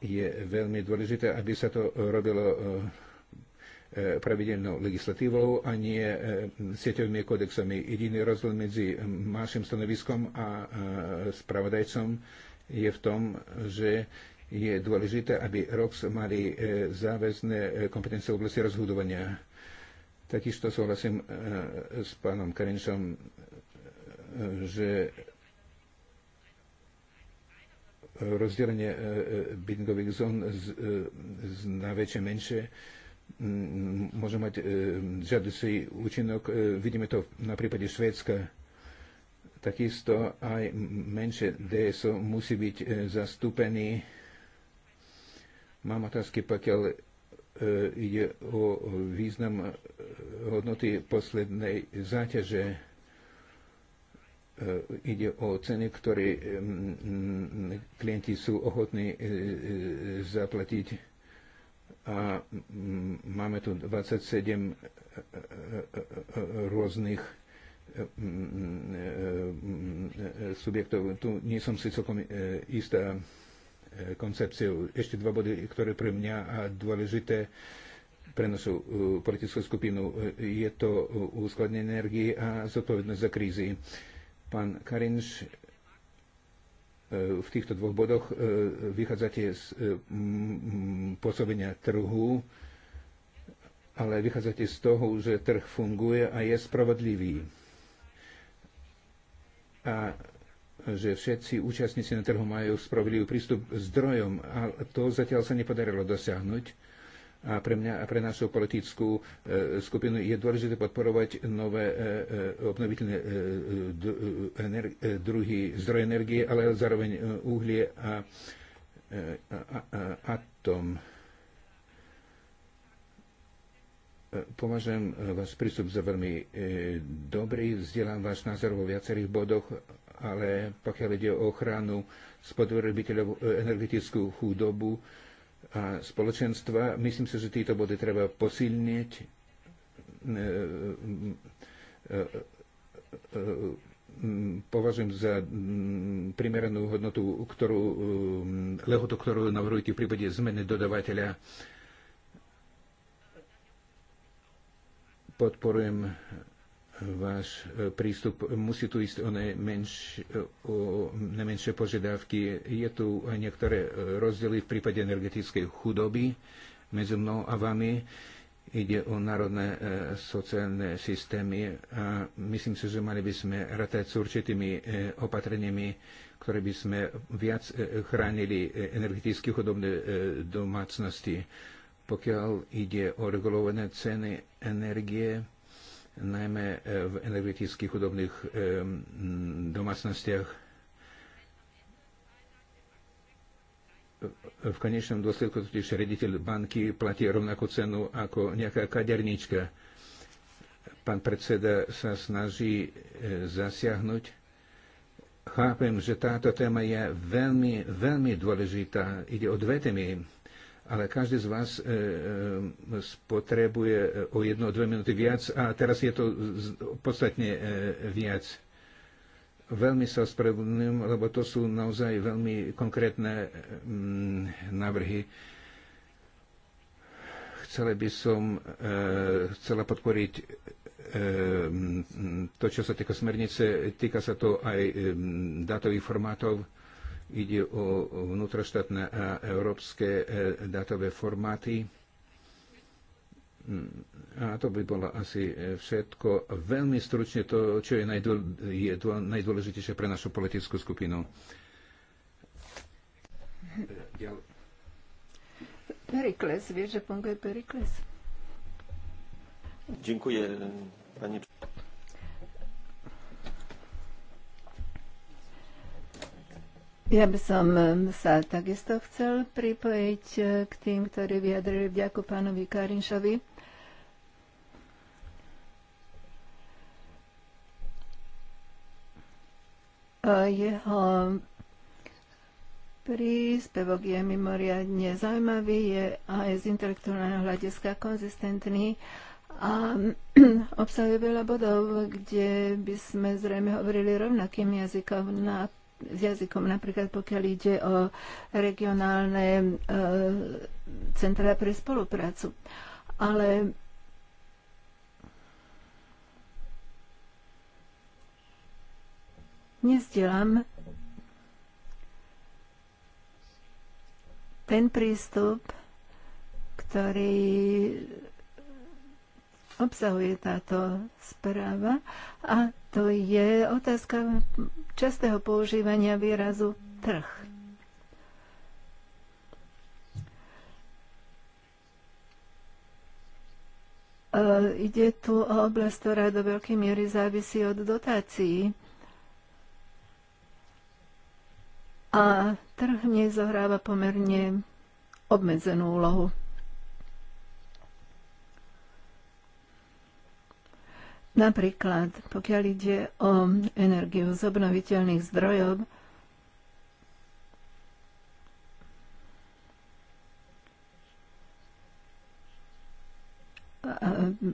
je veľmi dôležité, aby sa to robilo eh, eh, pravidelnou legislatívou a nie eh, sieťovými kodexami. Jediný rozdiel medzi našim stanoviskom a spravodajcom je v tom, že je dôležité, aby ROX mali záväzné kompetencie v oblasti rozhodovania. Takisto súhlasím s pánom Karinčom, že rozdelenie e, e, bindingových zón e, na väčšie, menšie môže mať žiaducí účinok. Vidíme to na prípade Švédska. Takisto aj menšie DSO musí byť zastúpený. Mám otázky, pokiaľ ide o význam hodnoty poslednej záťaže E, ide o ceny, ktoré e, klienti sú ochotní e, zaplatiť. A máme tu 27 rôznych subjektov. Tu nie som si celkom istá koncepciou. Ešte dva body, ktoré pre mňa a dôležité pre našu politickú skupinu. Je to úskladne energie a zodpovednosť za krízy. Pán Karinš, e, v týchto dvoch bodoch e, vychádzate z e, pôsobenia trhu, ale vychádzate z toho, že trh funguje a je spravodlivý. A že všetci účastníci na trhu majú spravodlivý prístup k zdrojom, ale to zatiaľ sa nepodarilo dosiahnuť a pre mňa a pre našu politickú e, skupinu je dôležité podporovať nové e, e, obnoviteľné druhy zdroje energie, ale zároveň uhlie a atom. Považujem váš prístup za veľmi dobrý, vzdielam váš názor vo viacerých bodoch, ale pokiaľ ide o ochranu spotrebiteľov energetickú chudobu, a spoločenstva. Myslím si, že títo body treba posilniť e, e, e, považujem za primeranú hodnotu, ktorú, lehotu, ktorú navrhujete v prípade zmeny dodavateľa. Podporujem váš e, prístup musí tu ísť o, najmenš, najmenšie požiadavky. Je tu aj niektoré e, rozdiely v prípade energetickej chudoby medzi mnou a vami. Ide o národné e, sociálne systémy a myslím si, že mali by sme ratať s určitými e, opatreniami, ktoré by sme viac e, chránili e, energeticky chudobné e, domácnosti. Pokiaľ ide o regulované ceny energie, najmä e, v energeticky chudobných e, domácnostiach. E, v konečnom dôsledku totiž rediteľ banky platí rovnakú cenu ako nejaká kaderníčka. Pán predseda sa snaží zasiahnuť. Chápem, že táto téma je veľmi, veľmi dôležitá. Ide o dve témy ale každý z vás e, e, spotrebuje e, o jedno, dve minúty viac a teraz je to podstatne viac. Veľmi sa ospravedlňujem, lebo to sú naozaj veľmi konkrétne mm, návrhy. Chcela by som chcela podporiť mm, to, čo sa týka smernice, týka sa to aj datových formátov Ide o vnútroštátne a európske e, datové formáty. Mm, a to by bolo asi e, všetko. Veľmi stručne to, čo je, najdôl, je najdôležitejšie pre našu politickú skupinu. Perikles, vieš, že funguje Perikles? Ďakujem, pani Ja by som sa takisto chcel pripojiť e, k tým, ktorí vyjadrili vďaku pánovi Karinšovi. E, jeho príspevok je mimoriadne zaujímavý, je aj z intelektuálneho hľadiska konzistentný a obsahuje veľa bodov, kde by sme zrejme hovorili rovnakým jazykom. Na s jazykom, napríklad pokiaľ ide o regionálne e, centra pre spoluprácu. Ale nezdielam ten prístup, ktorý obsahuje táto správa a to je otázka častého používania výrazu trh. E, ide tu o oblasť, ktorá do veľkej miery závisí od dotácií. A trh v nej zohráva pomerne obmedzenú úlohu. Napríklad, pokiaľ ide o energiu z obnoviteľných zdrojov,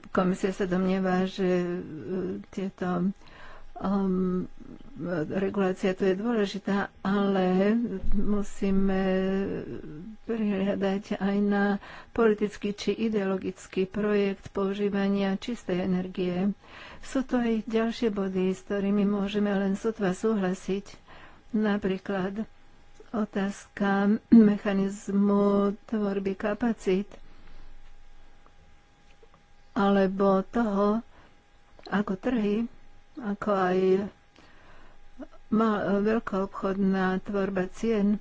komisia sa domnieva, že e, tieto um, regulácia tu je dôležitá, ale musíme prihľadať aj na politický či ideologický projekt používania čistej energie. Sú to aj ďalšie body, s ktorými môžeme len sotva súhlasiť. Napríklad otázka mechanizmu tvorby kapacít alebo toho, ako trhy ako aj veľká obchodná tvorba cien.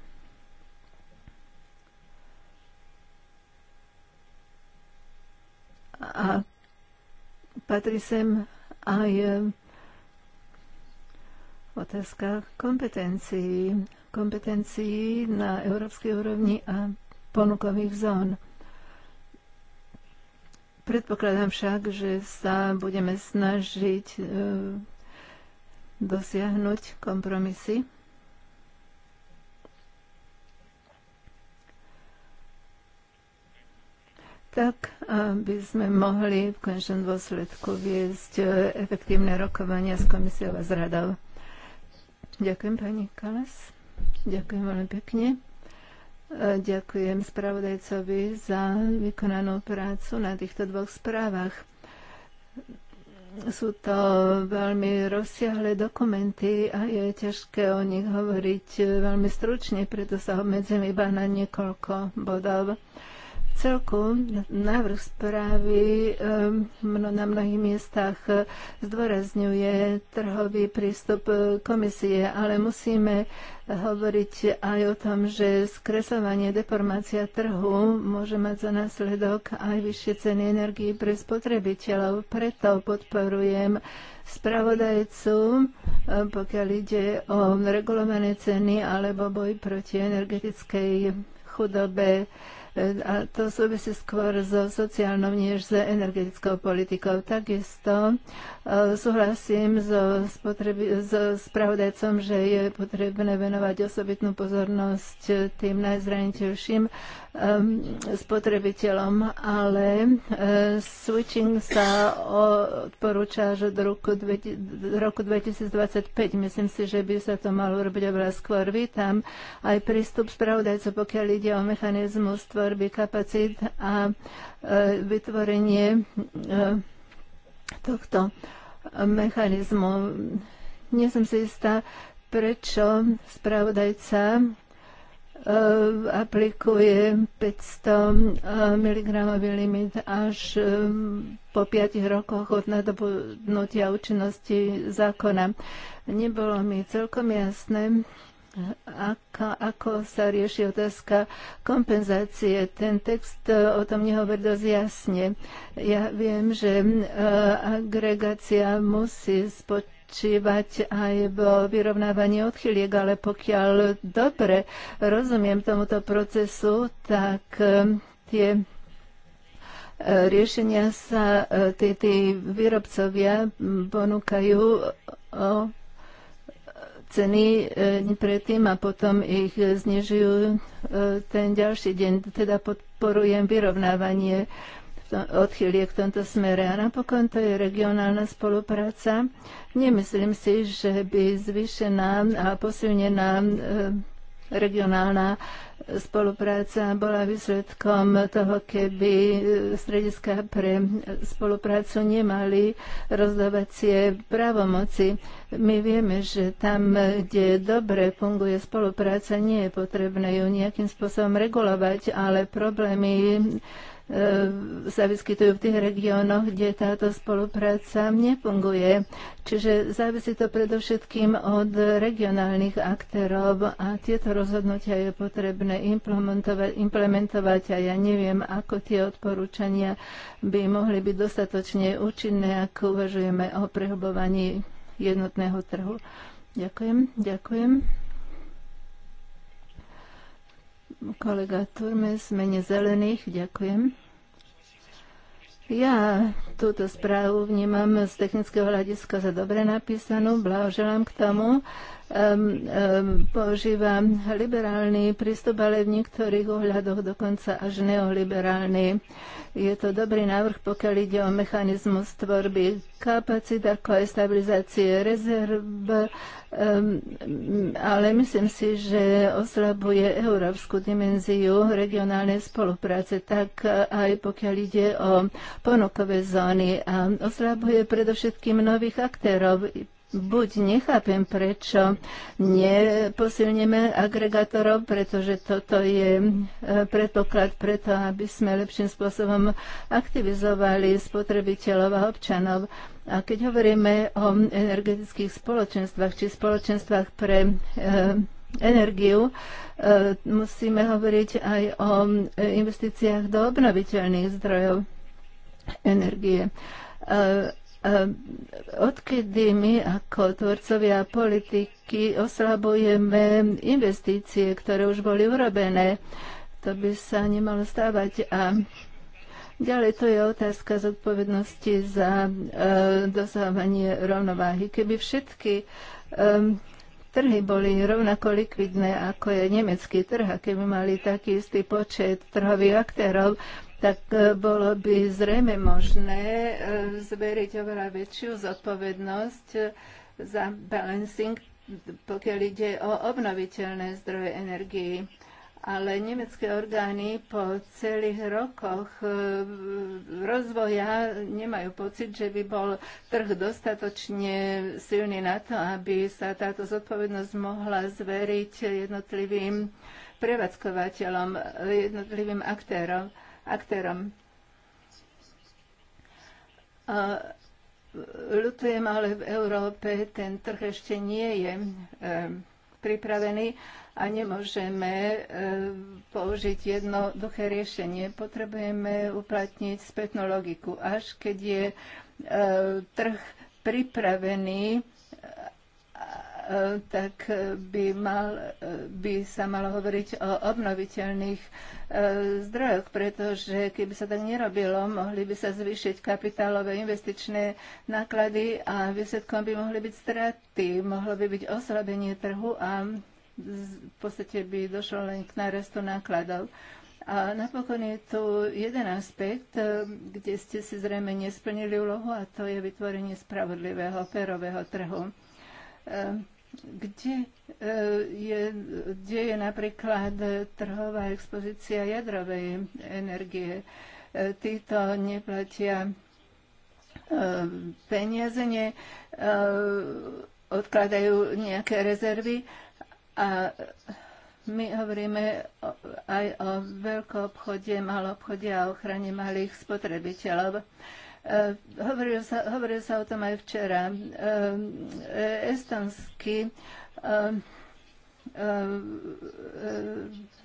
A patrí sem aj otázka kompetencií, kompetencií na európskej úrovni a ponukových zón. Predpokladám však, že sa budeme snažiť e, dosiahnuť kompromisy. tak, aby sme mohli v končnom dôsledku viesť e, efektívne rokovania s komisiou a s radou. Ďakujem pani Kales. Ďakujem veľmi pekne. E, ďakujem spravodajcovi za vykonanú prácu na týchto dvoch správach sú to veľmi rozsiahle dokumenty a je ťažké o nich hovoriť veľmi stručne, preto sa obmedzím iba na niekoľko bodov celku návrh správy na mnohých miestach eh, zdôrazňuje trhový prístup eh, komisie, ale musíme hovoriť aj o tom, že skresovanie, deformácia trhu môže mať za následok aj vyššie ceny energii pre spotrebiteľov. Preto podporujem spravodajcu, eh, pokiaľ ide o regulované ceny alebo boj proti energetickej chudobe a to súvisí skôr so sociálnou než s energetickou politikou. Takisto e, súhlasím so, spotreby, so spravodajcom, že je potrebné venovať osobitnú pozornosť tým najzraniteľším Um, spotrebiteľom, ale uh, switching sa odporúča až do roku, roku 2025. Myslím si, že by sa to malo robiť oveľa skôr. Vítam aj prístup spravodajcov, pokiaľ ide o mechanizmus tvorby kapacít a uh, vytvorenie uh, tohto mechanizmu. Nie som si istá, prečo spravodajca aplikuje 500 mg limit až ehm, po 5 rokoch od nadobudnutia účinnosti zákona. Nebolo mi celkom jasné, ako, ako sa rieši otázka kompenzácie. Ten text e, o tom nehovorí dosť jasne. Ja viem, že e, agregácia musí spočítať spočívať aj vo vyrovnávaní odchyliek, ale pokiaľ dobre rozumiem tomuto procesu, tak eh, tie eh, riešenia sa, eh, tí, tí výrobcovia hm, ponúkajú o ceny predtým a potom ich znižujú ten ďalší deň. Teda podporujem vyrovnávanie odchyliek v tomto smere. A napokon to je regionálna spolupráca. Nemyslím si, že by zvýšená a posilnená e, regionálna spolupráca bola výsledkom toho, keby e, strediska pre spoluprácu nemali rozdávacie právomoci. My vieme, že tam, kde dobre funguje spolupráca, nie je potrebné ju nejakým spôsobom regulovať, ale problémy E, sa vyskytujú v tých regiónoch, kde táto spolupráca nefunguje. Čiže závisí to predovšetkým od regionálnych aktérov a tieto rozhodnutia je potrebné implementovať, implementovať a ja neviem, ako tie odporúčania by mohli byť dostatočne účinné, ak uvažujeme o prehlbovaní jednotného trhu. Ďakujem, ďakujem kolega Turmes, mene zelených, ďakujem. Ja túto správu vnímam z technického hľadiska za dobre napísanú, blahoželám k tomu um, ehm, um, ehm, používa liberálny prístup, ale v niektorých ohľadoch dokonca až neoliberálny. Je to dobrý návrh, pokiaľ ide o mechanizmus tvorby kapacít, ako aj stabilizácie rezerv, um, ale myslím si, že oslabuje európsku dimenziu regionálnej spolupráce, tak aj pokiaľ ide o ponukové zóny a oslabuje predovšetkým nových aktérov, buď nechápem, prečo neposilneme agregátorov, pretože toto je e, predpoklad preto, aby sme lepším spôsobom aktivizovali spotrebiteľov a občanov. A keď hovoríme o energetických spoločenstvách či spoločenstvách pre e, energiu, e, musíme hovoriť aj o investíciách do obnoviteľných zdrojov energie Ehm, odkedy my ako tvorcovia politiky oslabujeme investície, ktoré už boli urobené, to by sa nemalo stávať. A Ďalej to je otázka zodpovednosti za e, rovnováhy. Keby všetky ehm, trhy boli rovnako likvidné, ako je nemecký trh, a keby mali taký istý počet trhových aktérov, tak e, bolo by zrejme možné e, zveriť oveľa väčšiu zodpovednosť e, za balancing, pokiaľ ide o obnoviteľné zdroje energii. Ale nemecké orgány po celých rokoch rozvoja nemajú pocit, že by bol trh dostatočne silný na to, aby sa táto zodpovednosť mohla zveriť jednotlivým prevádzkovateľom, jednotlivým aktérom aktérom. Ľutujem, ale v Európe ten trh ešte nie je e, pripravený a nemôžeme e, použiť jednoduché riešenie. Potrebujeme uplatniť spätnú logiku. Až keď je e, trh pripravený tak by, mal, by sa malo hovoriť o obnoviteľných e, zdrojoch, pretože keby sa tak nerobilo, mohli by sa zvýšiť kapitálové investičné náklady a výsledkom by mohli byť straty, mohlo by byť oslabenie trhu a v podstate by došlo len k nárastu nákladov. A napokon je tu jeden aspekt, e, kde ste si zrejme nesplnili úlohu a to je vytvorenie spravodlivého, férového trhu. E, kde e, je, kde je napríklad trhová expozícia jadrovej energie. E, títo neplatia e, peniaze, ne, odkladajú nejaké rezervy a my hovoríme aj o veľkom obchode, malom obchode a ochrane malých spotrebiteľov. E, hovorilo sa, hovoril sa o tom aj včera. E, e, estonský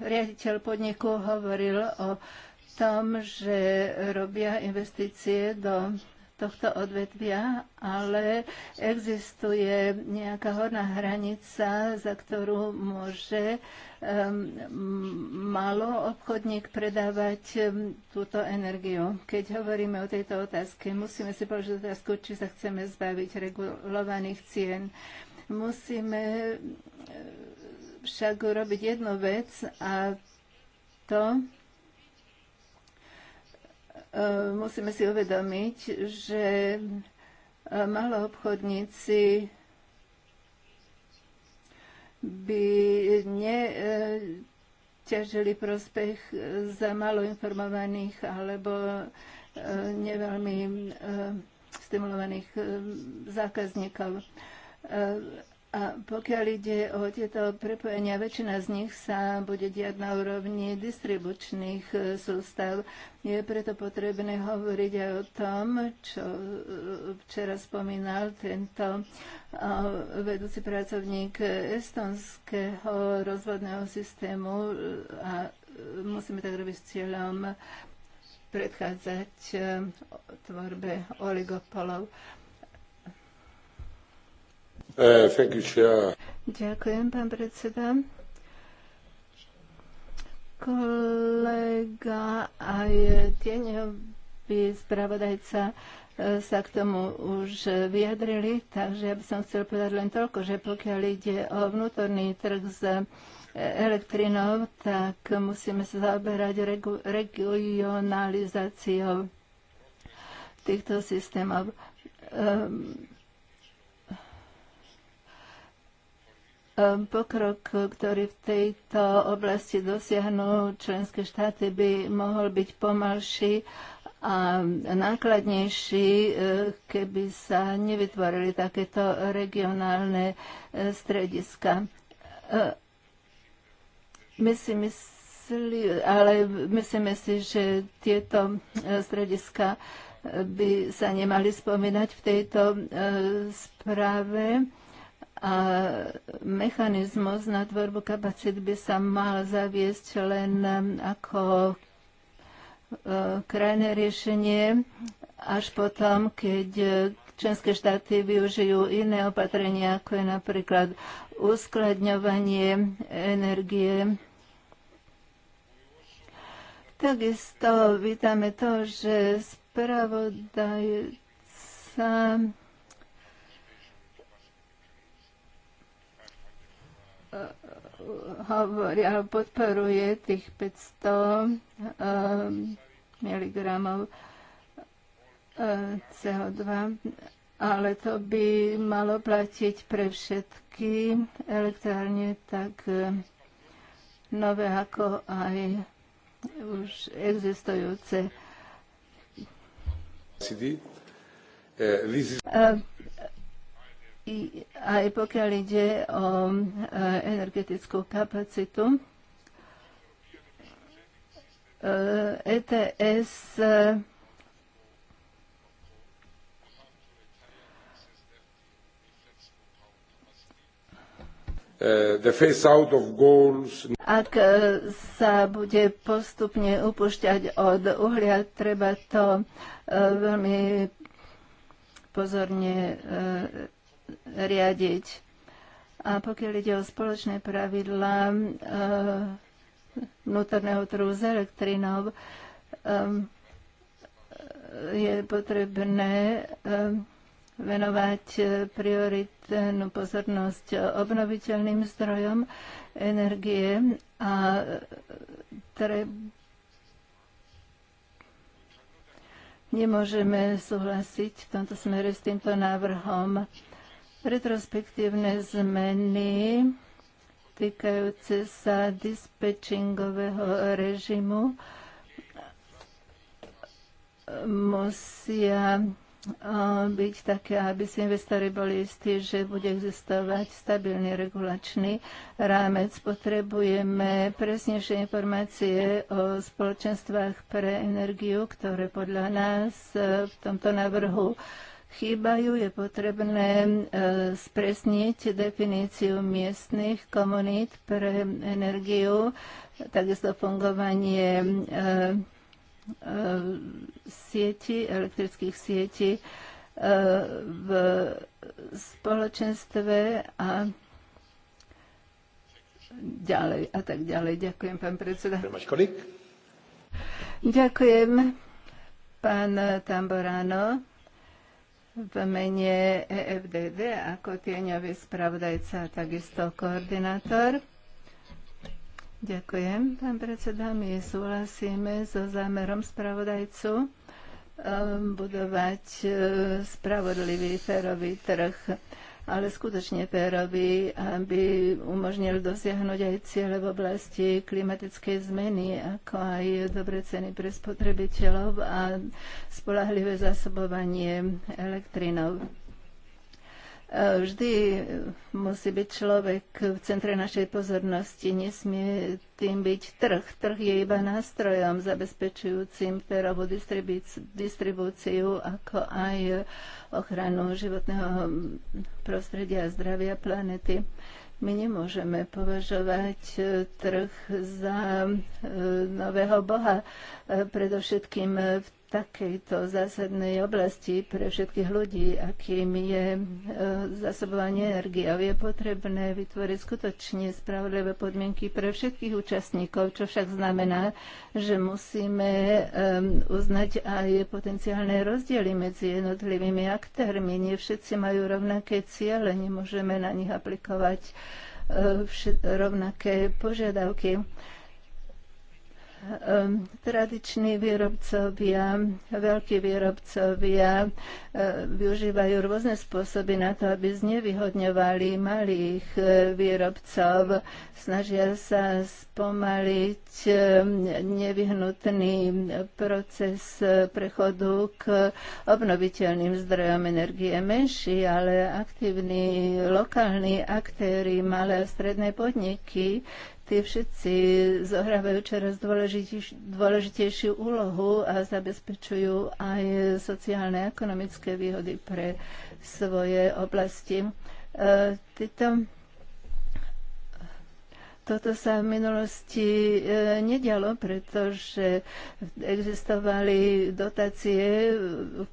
riaditeľ podniku hovoril o tom, že robia investície do tohto odvetvia, ale existuje nejaká horná hranica, za ktorú môže um, malo obchodník predávať um, túto energiu. Keď hovoríme o tejto otázke, musíme si položiť otázku, či sa chceme zbaviť regulovaných cien. Musíme však urobiť jednu vec a to E, musíme si uvedomiť, že e, obchodníci by ne prospech za malo informovaných alebo e, neveľmi stimulovaných zákazníkov. A pokiaľ ide o tieto prepojenia, väčšina z nich sa bude diať na úrovni distribučných e, sústav. Je preto potrebné hovoriť aj o tom, čo e, včera spomínal tento e, vedúci pracovník estonského rozvodného systému a musíme tak robiť s cieľom predchádzať tvorbe oligopolov. Uh, Ďakujem, pán predseda. Kolega aj tieňový spravodajca uh, sa k tomu už vyjadrili, takže ja by som chcel povedať len toľko, že pokiaľ ide o vnútorný trh s uh, elektrinou, tak musíme sa zaoberať regu- regionalizáciou týchto systémov. Um, Ehm, pokrok, ktorý v tejto oblasti dosiahnu členské štáty, by mohol byť pomalší a nákladnejší, eh, keby sa nevytvorili takéto regionálne eh, strediska. Eh, my si myslí, ale myslíme si, že tieto strediska by sa nemali spomínať v tejto správe a mechanizmus na tvorbu kapacit by sa mal zaviesť len um, ako uh, krajné riešenie až potom, keď uh, členské štáty využijú iné opatrenia, ako je napríklad uskladňovanie energie. Takisto vítame to, že spravodajca Eh, hovorí alebo podporuje tých 500 mg CO2, ale to by malo platiť pre všetky elektrárne, tak eh, nové ako aj už existujúce. I aj pokiaľ ide o e, energetickú kapacitu. ETS e e, Ak sa bude postupne upúšťať od uhlia, treba to veľmi pozorne riadiť. A pokiaľ ide o spoločné pravidlá eh, vnútorného trhu s elektrinou, eh, je potrebné eh, venovať prioritnú pozornosť obnoviteľným zdrojom energie a treba nemôžeme súhlasiť v tomto smere s týmto návrhom Retrospektívne zmeny týkajúce sa dispečingového režimu musia eh, byť také, aby si investori boli istí, že bude existovať stabilný regulačný rámec. Potrebujeme presnejšie informácie o spoločenstvách pre energiu, ktoré podľa nás eh, v tomto návrhu chýbajú, je potrebné e, spresniť definíciu miestnych komunít pre energiu, takisto fungovanie e, e, sieti, elektrických sietí v spoločenstve a ďalej a tak ďalej. Ďakujem, pán predseda. Ďakujem, pán Tamborano v mene EFDD ako tieňový spravodajca a takisto koordinátor. Ďakujem, pán predseda. My súhlasíme so zámerom spravodajcu um, budovať uh, spravodlivý, ferový trh ale skutočne férový, aby umožnil dosiahnuť aj ciele v oblasti klimatickej zmeny, ako aj dobre ceny pre spotrebiteľov a spolahlivé zásobovanie elektrinov. Vždy musí byť človek v centre našej pozornosti. Nesmie tým byť trh. Trh je iba nástrojom zabezpečujúcim férovú distribúciu, ako aj ochranu životného prostredia a zdravia planety. My nemôžeme považovať e, trh za e, nového boha, e, predovšetkým v takejto zásadnej oblasti pre všetkých ľudí, akým je e, zasobovanie energiou. Je potrebné vytvoriť skutočne spravodlivé podmienky pre všetkých účastníkov, čo však znamená, že musíme uznať aj potenciálne rozdiely medzi jednotlivými aktérmi. Nie všetci majú rovnaké ciele, nemôžeme na nich aplikovať e, rovnaké požiadavky. Ehm, tradiční výrobcovia, veľkí výrobcovia ehm, využívajú rôzne spôsoby na to, aby znevýhodňovali malých ehm, výrobcov. Snažia sa spomaliť nevyhnutný proces prechodu k obnoviteľným zdrojom energie. Menší, ale aktívni lokálni aktéry, malé a stredné podniky Tí všetci zohrávajú čoraz dôležitejšiu úlohu a zabezpečujú aj sociálne a ekonomické výhody pre svoje oblasti. E, Tyto toto sa v minulosti e, nedialo, pretože existovali dotácie,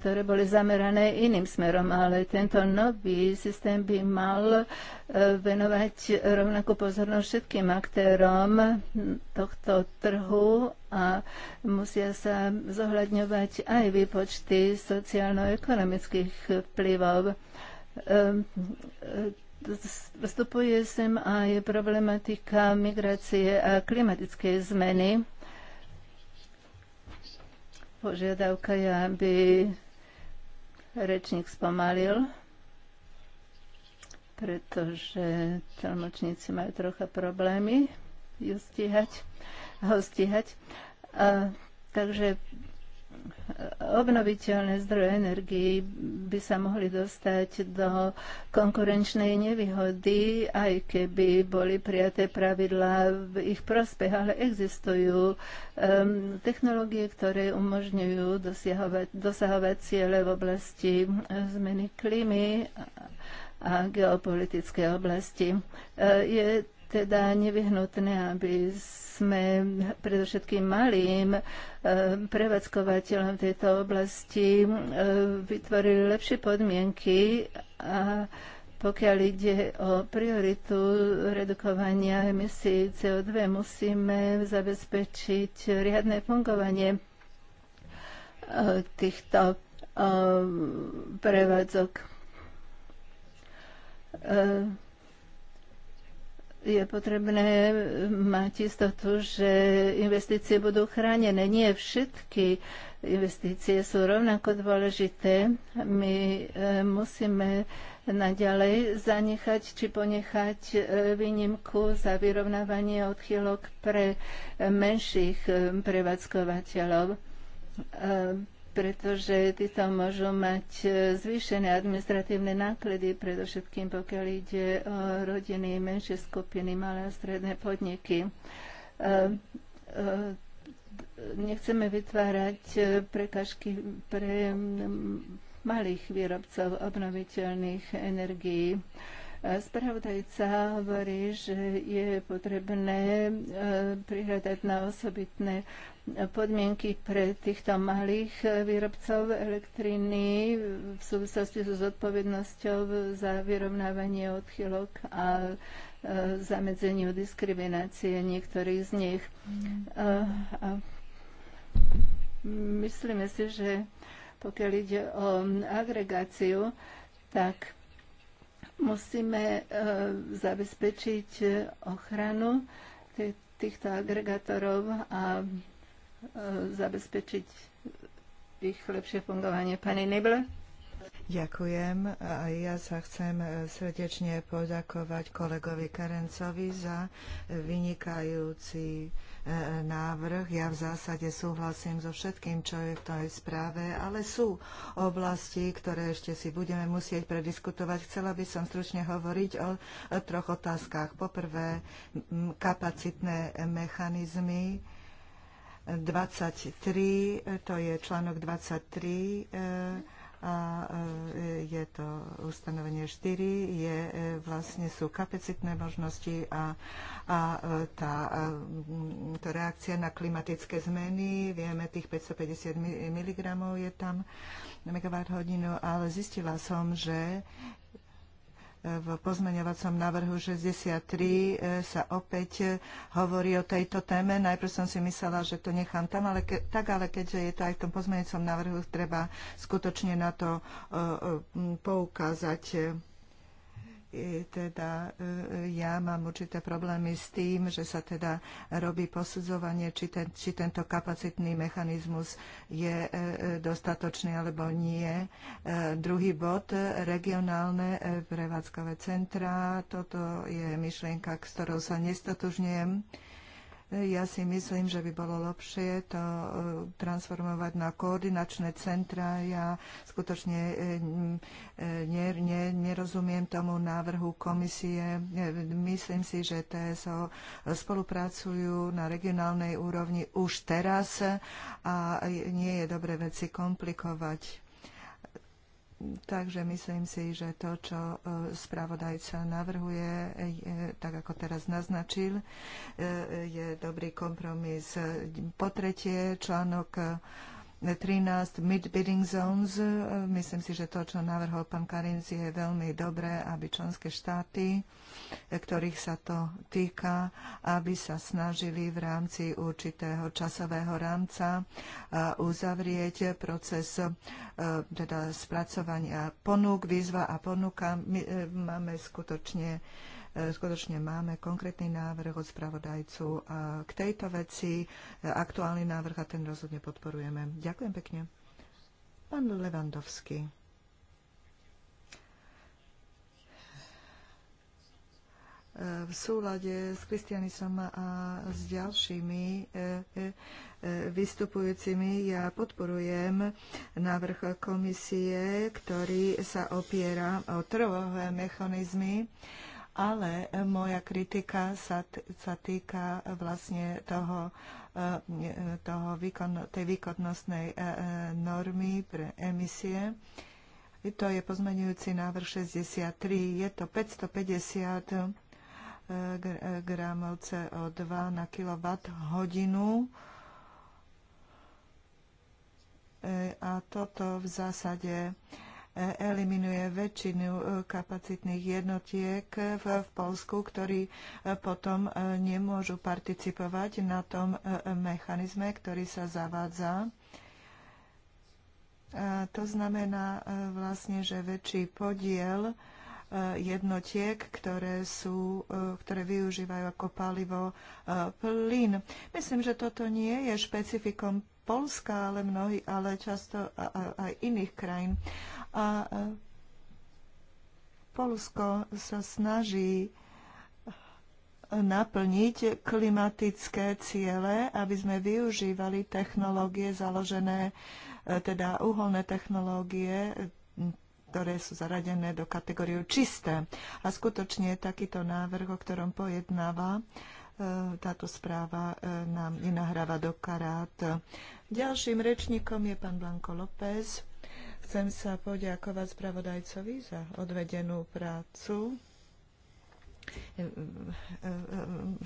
ktoré boli zamerané iným smerom, ale tento nový systém by mal e, venovať rovnakú pozornosť všetkým aktérom tohto trhu a musia sa zohľadňovať aj výpočty sociálno-ekonomických vplyvov e, vstupuje sem aj problematika migrácie a klimatické zmeny. Požiadavka je, aby rečník spomalil, pretože tlmočníci majú trocha problémy ju stíhať, ho stíhať. A, takže obnoviteľné zdroje energii by sa mohli dostať do konkurenčnej nevýhody, aj keby boli prijaté pravidlá v ich prospech, ale existujú um, technológie, ktoré umožňujú dosahovať, ciele v oblasti uh, zmeny klímy a geopolitické oblasti. Uh, je teda nevyhnutné, aby sme predovšetkým malým eh, prevádzkovateľom v tejto oblasti eh, vytvorili lepšie podmienky a pokiaľ ide o prioritu redukovania emisí CO2, musíme zabezpečiť riadne fungovanie eh, týchto prevádzok je potrebné mať istotu, že investície budú chránené. Nie všetky investície sú rovnako dôležité. My e, musíme naďalej zanechať či ponechať e, výnimku za vyrovnávanie odchýlok pre menších e, prevádzkovateľov pretože títo môžu mať e, zvýšené administratívne náklady, predovšetkým pokiaľ ide o rodiny, menšie skupiny, malé a stredné podniky. E, e, nechceme vytvárať prekažky pre malých výrobcov obnoviteľných energií. Spravodajca hovorí, že je potrebné prihľadať na osobitné podmienky pre týchto malých eh, výrobcov elektriny v súvislosti so zodpovednosťou za vyrovnávanie odchylok a eh, zamedzeniu diskriminácie niektorých z nich. Eh, a myslíme si, že pokiaľ ide o agregáciu, tak musíme zabezpečiť ochranu týchto agregátorov a E, zabezpečiť ich lepšie fungovanie. Pani Nible? Ďakujem. A ja sa chcem e, srdečne poďakovať kolegovi Karencovi za vynikajúci e, návrh. Ja v zásade súhlasím so všetkým, čo je v tej správe, ale sú oblasti, ktoré ešte si budeme musieť prediskutovať. Chcela by som stručne hovoriť o troch otázkach. Poprvé, kapacitné mechanizmy 23, e, to je článok 23 e, a e, je to ustanovenie 4, je, vlastne sú kapacitné možnosti a, a tá to reakcia na klimatické zmeny, vieme, tých 550 mg je tam megawatt hodinu, ale zistila som, že v pozmeňovacom návrhu 63 e, sa opäť hovorí o tejto téme. Najprv som si myslela, že to nechám tam, ale ke, tak ale keďže je to aj v tom pozmeňovacom návrhu, treba skutočne na to e, e, poukázať E, teda e, ja mám určité problémy s tým, že sa teda robí posudzovanie, či, ten, či tento kapacitný mechanizmus je e, dostatočný alebo nie. Druhý bod, regionálne prevádzkové centra, Toto je myšlienka, s ktorou sa nestatužňujem. Ja si myslím, že by bolo lepšie to e, transformovať na koordinačné centra. Ja skutočne e, e, nerozumiem tomu návrhu komisie. Myslím si, že TSO spolupracujú na regionálnej úrovni už teraz a nie je dobre veci komplikovať. Takže myslím si, že to, čo e, spravodajca navrhuje, je, tak ako teraz naznačil, e, je dobrý kompromis. Po tretie, článok 13 mid-bidding zones. E, myslím si, že to, čo navrhol pán Karinc, je veľmi dobré, aby členské štáty, e, ktorých sa to týka, aby sa snažili v rámci určitého časového rámca e, uzavrieť proces teda spracovania ponúk, výzva a ponuka. My máme skutočne E, skutočne máme konkrétny návrh od spravodajcu e, k tejto veci, e, aktuálny návrh a ten rozhodne podporujeme. Ďakujem pekne. Pán Levandovský. v súlade s Kristianisom a s ďalšími vystupujúcimi ja podporujem návrh komisie, ktorý sa opiera o trhové mechanizmy ale moja kritika sa, sa týka vlastne toho, eh, toho výkon, tej výkonnostnej eh, eh, normy pre emisie. To je pozmenujúci návrh 63. Je to 550 gramov CO2 na kilowatt hodinu. A toto v zásade eliminuje väčšinu e, kapacitných jednotiek v, v Polsku, ktorí e, potom e, nemôžu participovať na tom mechanizme, ktorý sa zavádza. To znamená vlastne, že väčší podiel jednotiek, ktoré, sú, ktoré využívajú ako palivo plyn. Myslím, že toto nie je špecifikom Polska, ale mnohí, ale často aj iných krajín a e, Polsko sa snaží naplniť klimatické ciele, aby sme využívali technológie založené, e, teda uholné technológie, ktoré sú zaradené do kategóriu čisté. A skutočne takýto návrh, o ktorom pojednáva e, táto správa, nám nenahráva do karát. Ďalším rečníkom je pán Blanko López. Chcem sa poďakovať spravodajcovi za odvedenú prácu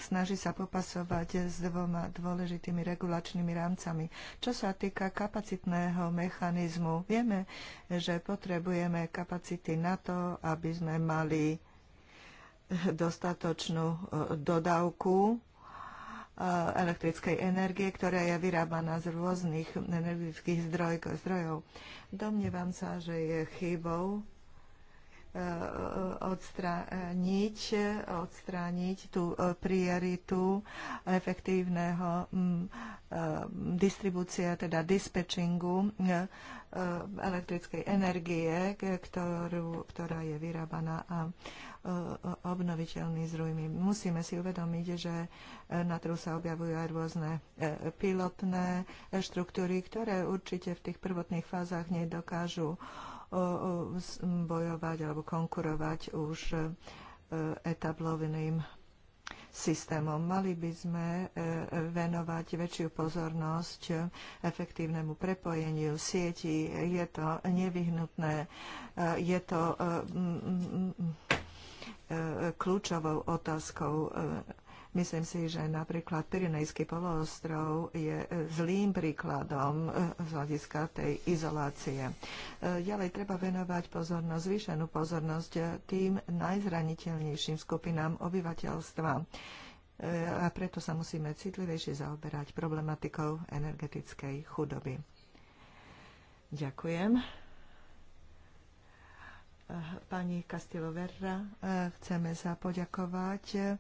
snaží sa popasovať s dvoma dôležitými regulačnými rámcami. Čo sa týka kapacitného mechanizmu, vieme, že potrebujeme kapacity na to, aby sme mali dostatočnú dodávku Eh, elektrickej energie, ktorá je vyrábaná z rôznych energetických zdrojov. Domnievam sa, že je chybou eh, odstrániť, odstrániť tú eh, prioritu efektívneho mm, distribúcia, teda dispečingu elektrickej energie, ktorú, ktorá je vyrábaná a obnoviteľný zdrojmi. Musíme si uvedomiť, že e, na trhu sa objavujú aj rôzne e, pilotné e, štruktúry, ktoré určite v tých prvotných fázach nedokážu bojovať alebo konkurovať už etablovaným systémom. Mali by sme venovať väčšiu pozornosť efektívnemu prepojeniu sieti, Je to nevyhnutné, je to kľúčovou otázkou. Myslím si, že napríklad Pirinejský poloostrov je zlým príkladom eh, z hľadiska tej izolácie. Eh, ďalej treba venovať pozornosť, zvýšenú pozornosť eh, tým najzraniteľnejším skupinám obyvateľstva. A preto sa musíme citlivejšie zaoberať problematikou energetickej chudoby. Ďakujem. Eh, pani Castillo Verra. Eh, chceme sa poďakovať eh,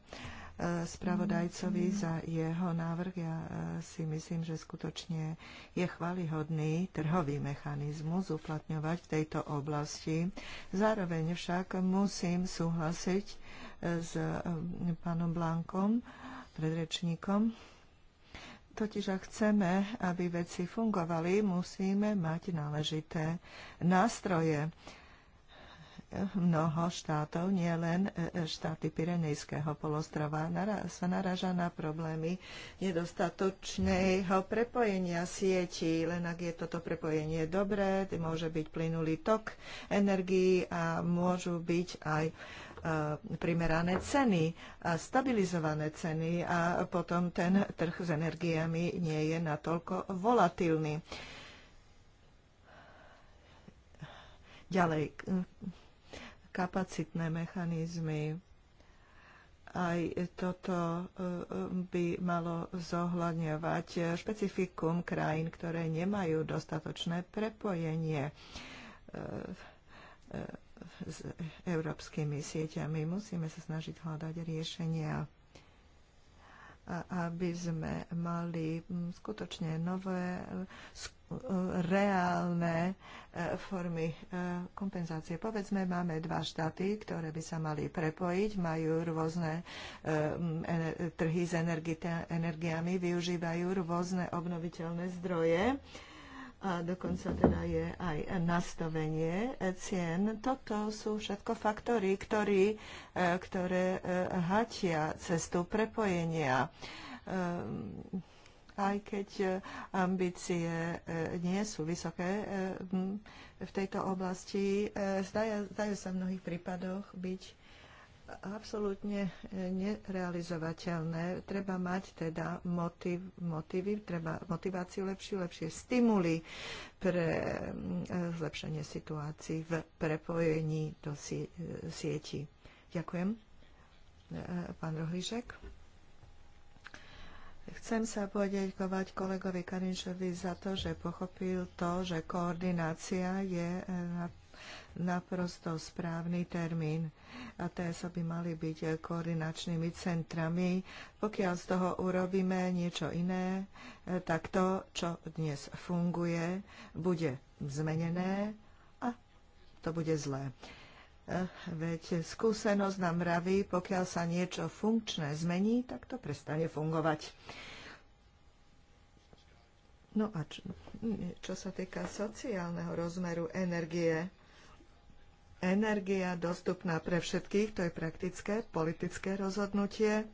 spravodajcovi mm-hmm. za jeho návrh. Ja si myslím, že skutočne je chvalihodný trhový mechanizmus uplatňovať v tejto oblasti. Zároveň však musím súhlasiť s pánom Blankom, predrečníkom. Totiž ak chceme, aby veci fungovali, musíme mať náležité nástroje mnoho štátov, nielen e, e, štáty Pirenejského polostrova, sa naraža na problémy nedostatočného prepojenia sieti. Len ak je toto prepojenie dobré, môže byť plynulý tok energií a môžu byť aj e, primerané ceny a stabilizované ceny a potom ten trh s energiami nie je natoľko volatilný. Ďalej, kapacitné mechanizmy. Aj toto e, e, by malo zohľadňovať špecifikum krajín, ktoré nemajú dostatočné prepojenie e, s európskymi sieťami. Musíme sa snažiť hľadať riešenia aby sme mali mm, skutočne nové, e, reálne e, formy e, kompenzácie. Povedzme, máme dva štáty, ktoré by sa mali prepojiť, majú rôzne trhy s energiami, využívajú rôzne obnoviteľné zdroje a dokonca teda je aj nastavenie cien. Toto sú všetko faktory, ktorý, e, ktoré e, hatia cestu prepojenia. Ehm, aj keď e, ambície nie sú vysoké ehm, v tejto oblasti, zdajú sa v mnohých prípadoch byť absolútne e, nerealizovateľné. Treba mať teda motiv, motivy, treba motiváciu lepšiu, lepšie stimuly pre e, zlepšenie situácií v prepojení do e, sieti. Ďakujem. Pán Rohlišek. Chcem sa poďakovať kolegovi Karinšovi za to, že pochopil to, že koordinácia je naprosto správny termín. A TSO by mali byť koordinačnými centrami. Pokiaľ z toho urobíme niečo iné, tak to, čo dnes funguje, bude zmenené a to bude zlé. Eh, veď skúsenosť nám mraví, pokiaľ sa niečo funkčné zmení, tak to prestane fungovať. No a čo, čo sa týka sociálneho rozmeru energie, energia dostupná pre všetkých, to je praktické politické rozhodnutie,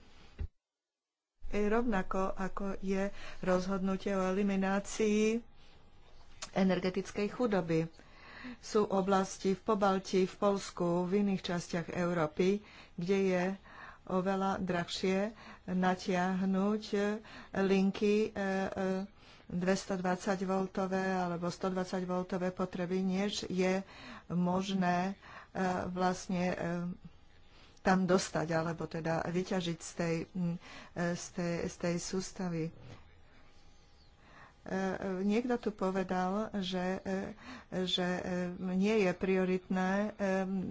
rovnako ako je rozhodnutie o eliminácii energetickej chudoby. Sú oblasti v Pobalti, v Polsku, v iných častiach Európy, kde je oveľa drahšie natiahnuť linky e, e, 220 v alebo 120 v potreby, než je možné e, vlastne e, tam dostať alebo teda vyťažiť z tej, e, z tej, z tej sústavy E, e, niekto tu povedal, že, e, že nie je prioritná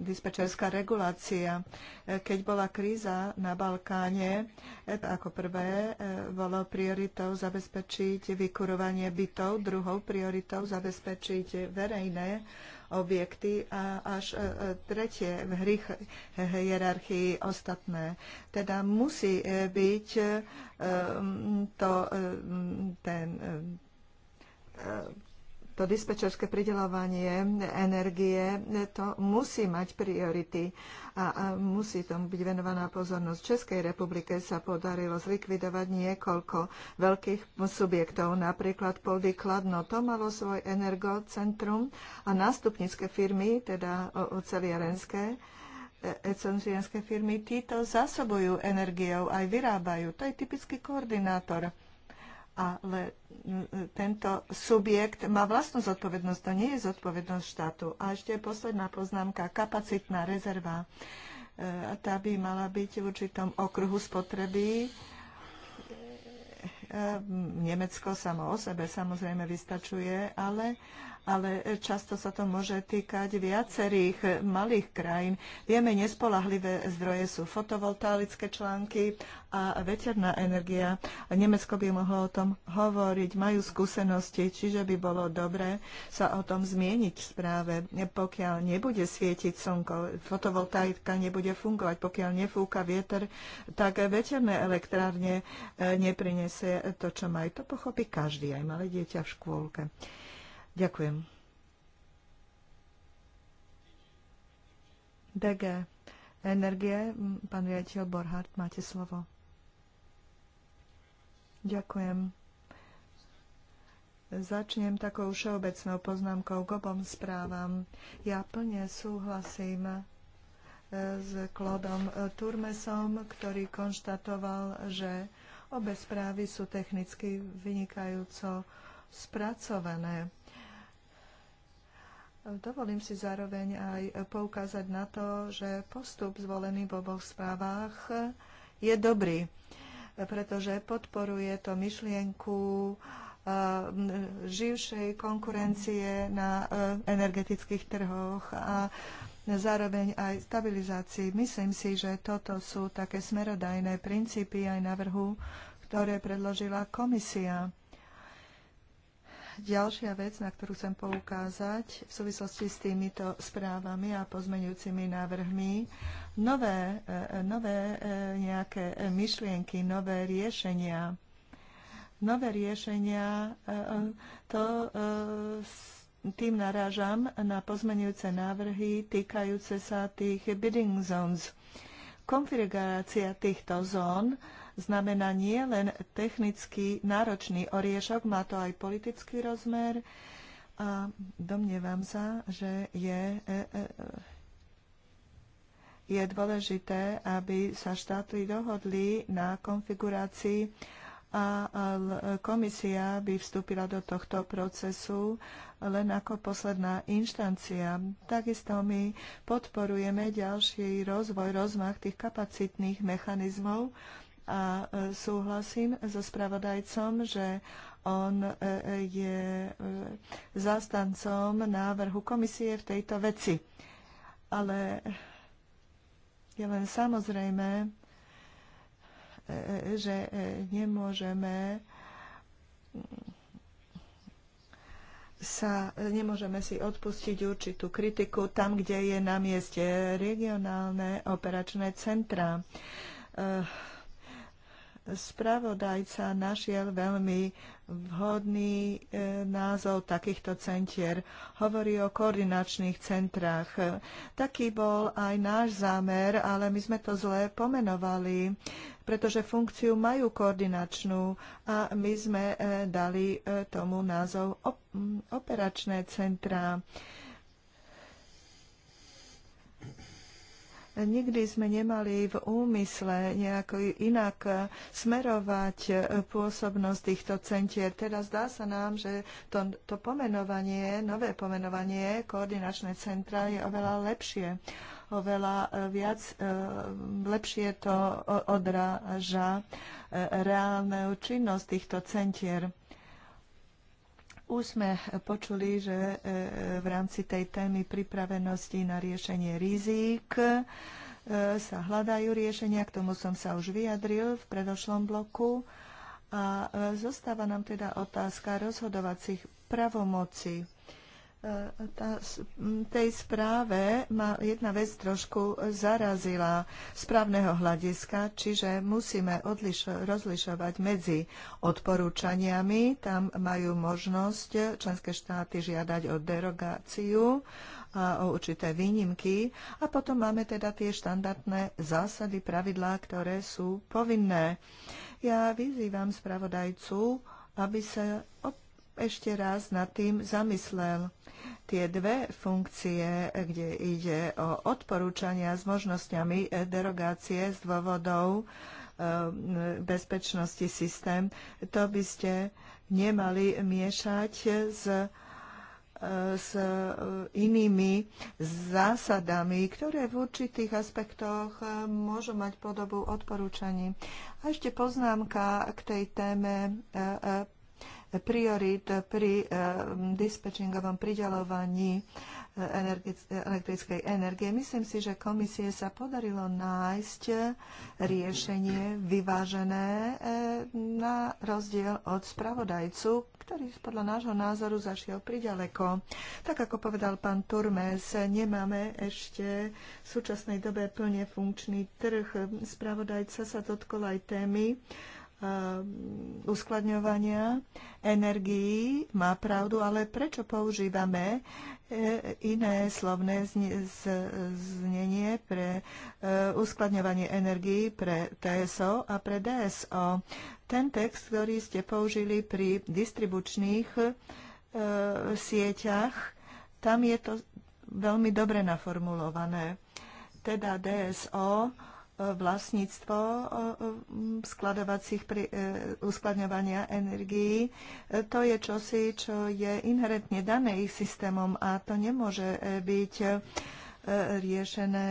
dispečerská regulácia. Keď bola kríza na Balkáne, ako prvé bolo prioritou zabezpečiť vykurovanie bytov, druhou prioritou zabezpečiť verejné objekty a až e, e, tretie v hry hierarchii ostatné. Teda musí e, byť to ten to dispečerské pridelovanie energie, to musí mať priority a, musí tomu byť venovaná pozornosť. V Českej republike sa podarilo zlikvidovať niekoľko veľkých subjektov, napríklad Poldy Kladno. To malo svoj energocentrum a nástupnícke firmy, teda oceliarenské, e, ecenzienské firmy, títo zásobujú energiou, aj vyrábajú. To je typický koordinátor ale mm, mm, tento subjekt má vlastnú zodpovednosť, to nie je zodpovednosť štátu. A ešte posledná poznámka, kapacitná rezerva. E, tá by mala byť v určitom okruhu spotreby. E, e, Nemecko samo o sebe samozrejme vystačuje, ale ale často sa to môže týkať viacerých malých krajín. Vieme, nespolahlivé zdroje sú fotovoltaické články a veterná energia. Nemecko by mohlo o tom hovoriť, majú skúsenosti, čiže by bolo dobré sa o tom zmieniť v správe. Pokiaľ nebude svietiť slnko, fotovoltaika nebude fungovať, pokiaľ nefúka vieter, tak veterné elektrárne eh, neprinesie to, čo majú. To pochopí každý, aj malé dieťa v škôlke. Ďakujem. DG Energie, pán riaditeľ Borhardt, máte slovo. Ďakujem. Začnem takou všeobecnou poznámkou k obom správam. Ja plne súhlasím eh, s Klodom eh, Turmesom, ktorý konštatoval, že obe správy sú technicky vynikajúco spracované. Dovolím si zároveň aj poukázať na to, že postup zvolený v oboch správach je dobrý, pretože podporuje to myšlienku eh, živšej konkurencie na eh, energetických trhoch a zároveň aj stabilizácii. Myslím si, že toto sú také smerodajné princípy aj navrhu, ktoré predložila komisia Ďalšia vec, na ktorú chcem poukázať v súvislosti s týmito správami a pozmeňujúcimi návrhmi, nové, e, e, nové e, nejaké myšlienky, nové riešenia. Nové riešenia, to tým narážam na pozmenujúce návrhy týkajúce sa tých bidding zones. Konfigurácia týchto zón znamená nie len technicky náročný oriešok, má to aj politický rozmer a domnievam sa, že je, e, e, e, je dôležité, aby sa štáty dohodli na konfigurácii a komisia by vstúpila do tohto procesu len ako posledná inštancia. Takisto my podporujeme ďalší rozvoj, rozmach tých kapacitných mechanizmov a e, súhlasím so spravodajcom, že on e, e, je zástancom návrhu komisie v tejto veci. Ale je len samozrejme, že nemôžeme sa nemôžeme si odpustiť určitú kritiku tam, kde je na mieste regionálne operačné centra. Spravodajca našiel veľmi vhodný e, názov takýchto centier. Hovorí o koordinačných centrách. Taký bol aj náš zámer, ale my sme to zle pomenovali, pretože funkciu majú koordinačnú a my sme e, dali e, tomu názov operačné centrá. Nikdy sme nemali v úmysle nejako inak smerovať e, pôsobnosť týchto centier. Teda zdá sa nám, že to, to pomenovanie, nové pomenovanie, koordinačné centra je oveľa lepšie oveľa e, viac, e, lepšie to odráža reálnu činnosť týchto centier. Už sme počuli, že e, v rámci tej témy pripravenosti na riešenie rizík e, sa hľadajú riešenia, k tomu som sa už vyjadril v predošlom bloku. A e, zostáva nám teda otázka rozhodovacích pravomocí tá, tej správe ma jedna vec trošku zarazila z právneho hľadiska, čiže musíme odlišo, rozlišovať medzi odporúčaniami. Tam majú možnosť členské štáty žiadať o derogáciu a o určité výnimky. A potom máme teda tie štandardné zásady, pravidlá, ktoré sú povinné. Ja vyzývam spravodajcu, aby sa ešte raz nad tým zamyslel. Tie dve funkcie, kde ide o odporúčania s možnosťami derogácie z dôvodov e, bezpečnosti systém, to by ste nemali miešať s e, s inými zásadami, ktoré v určitých aspektoch e, môžu mať podobu odporúčaní. A ešte poznámka k tej téme priorit pri dispečingovom pridelovaní eh, elektrickej energie. Myslím si, že komisie sa podarilo nájsť eh, riešenie vyvážené eh, na rozdiel od spravodajcu, ktorý podľa nášho názoru zašiel priďaleko. Tak ako povedal pán Turmes, nemáme ešte v súčasnej dobe plne funkčný trh. Spravodajca sa dotkol aj témy Ehm, uskladňovania energií. Má pravdu, ale prečo používame e, iné slovné znenie pre e, uskladňovanie energií pre TSO a pre DSO? Ten text, ktorý ste použili pri distribučných e, sieťach, tam je to veľmi dobre naformulované. Teda DSO vlastníctvo eh, mm, skladovacích pri, eh, uskladňovania energií. Eh, to je čosi, čo je inherentne dané ich systémom a to nemôže byť riešené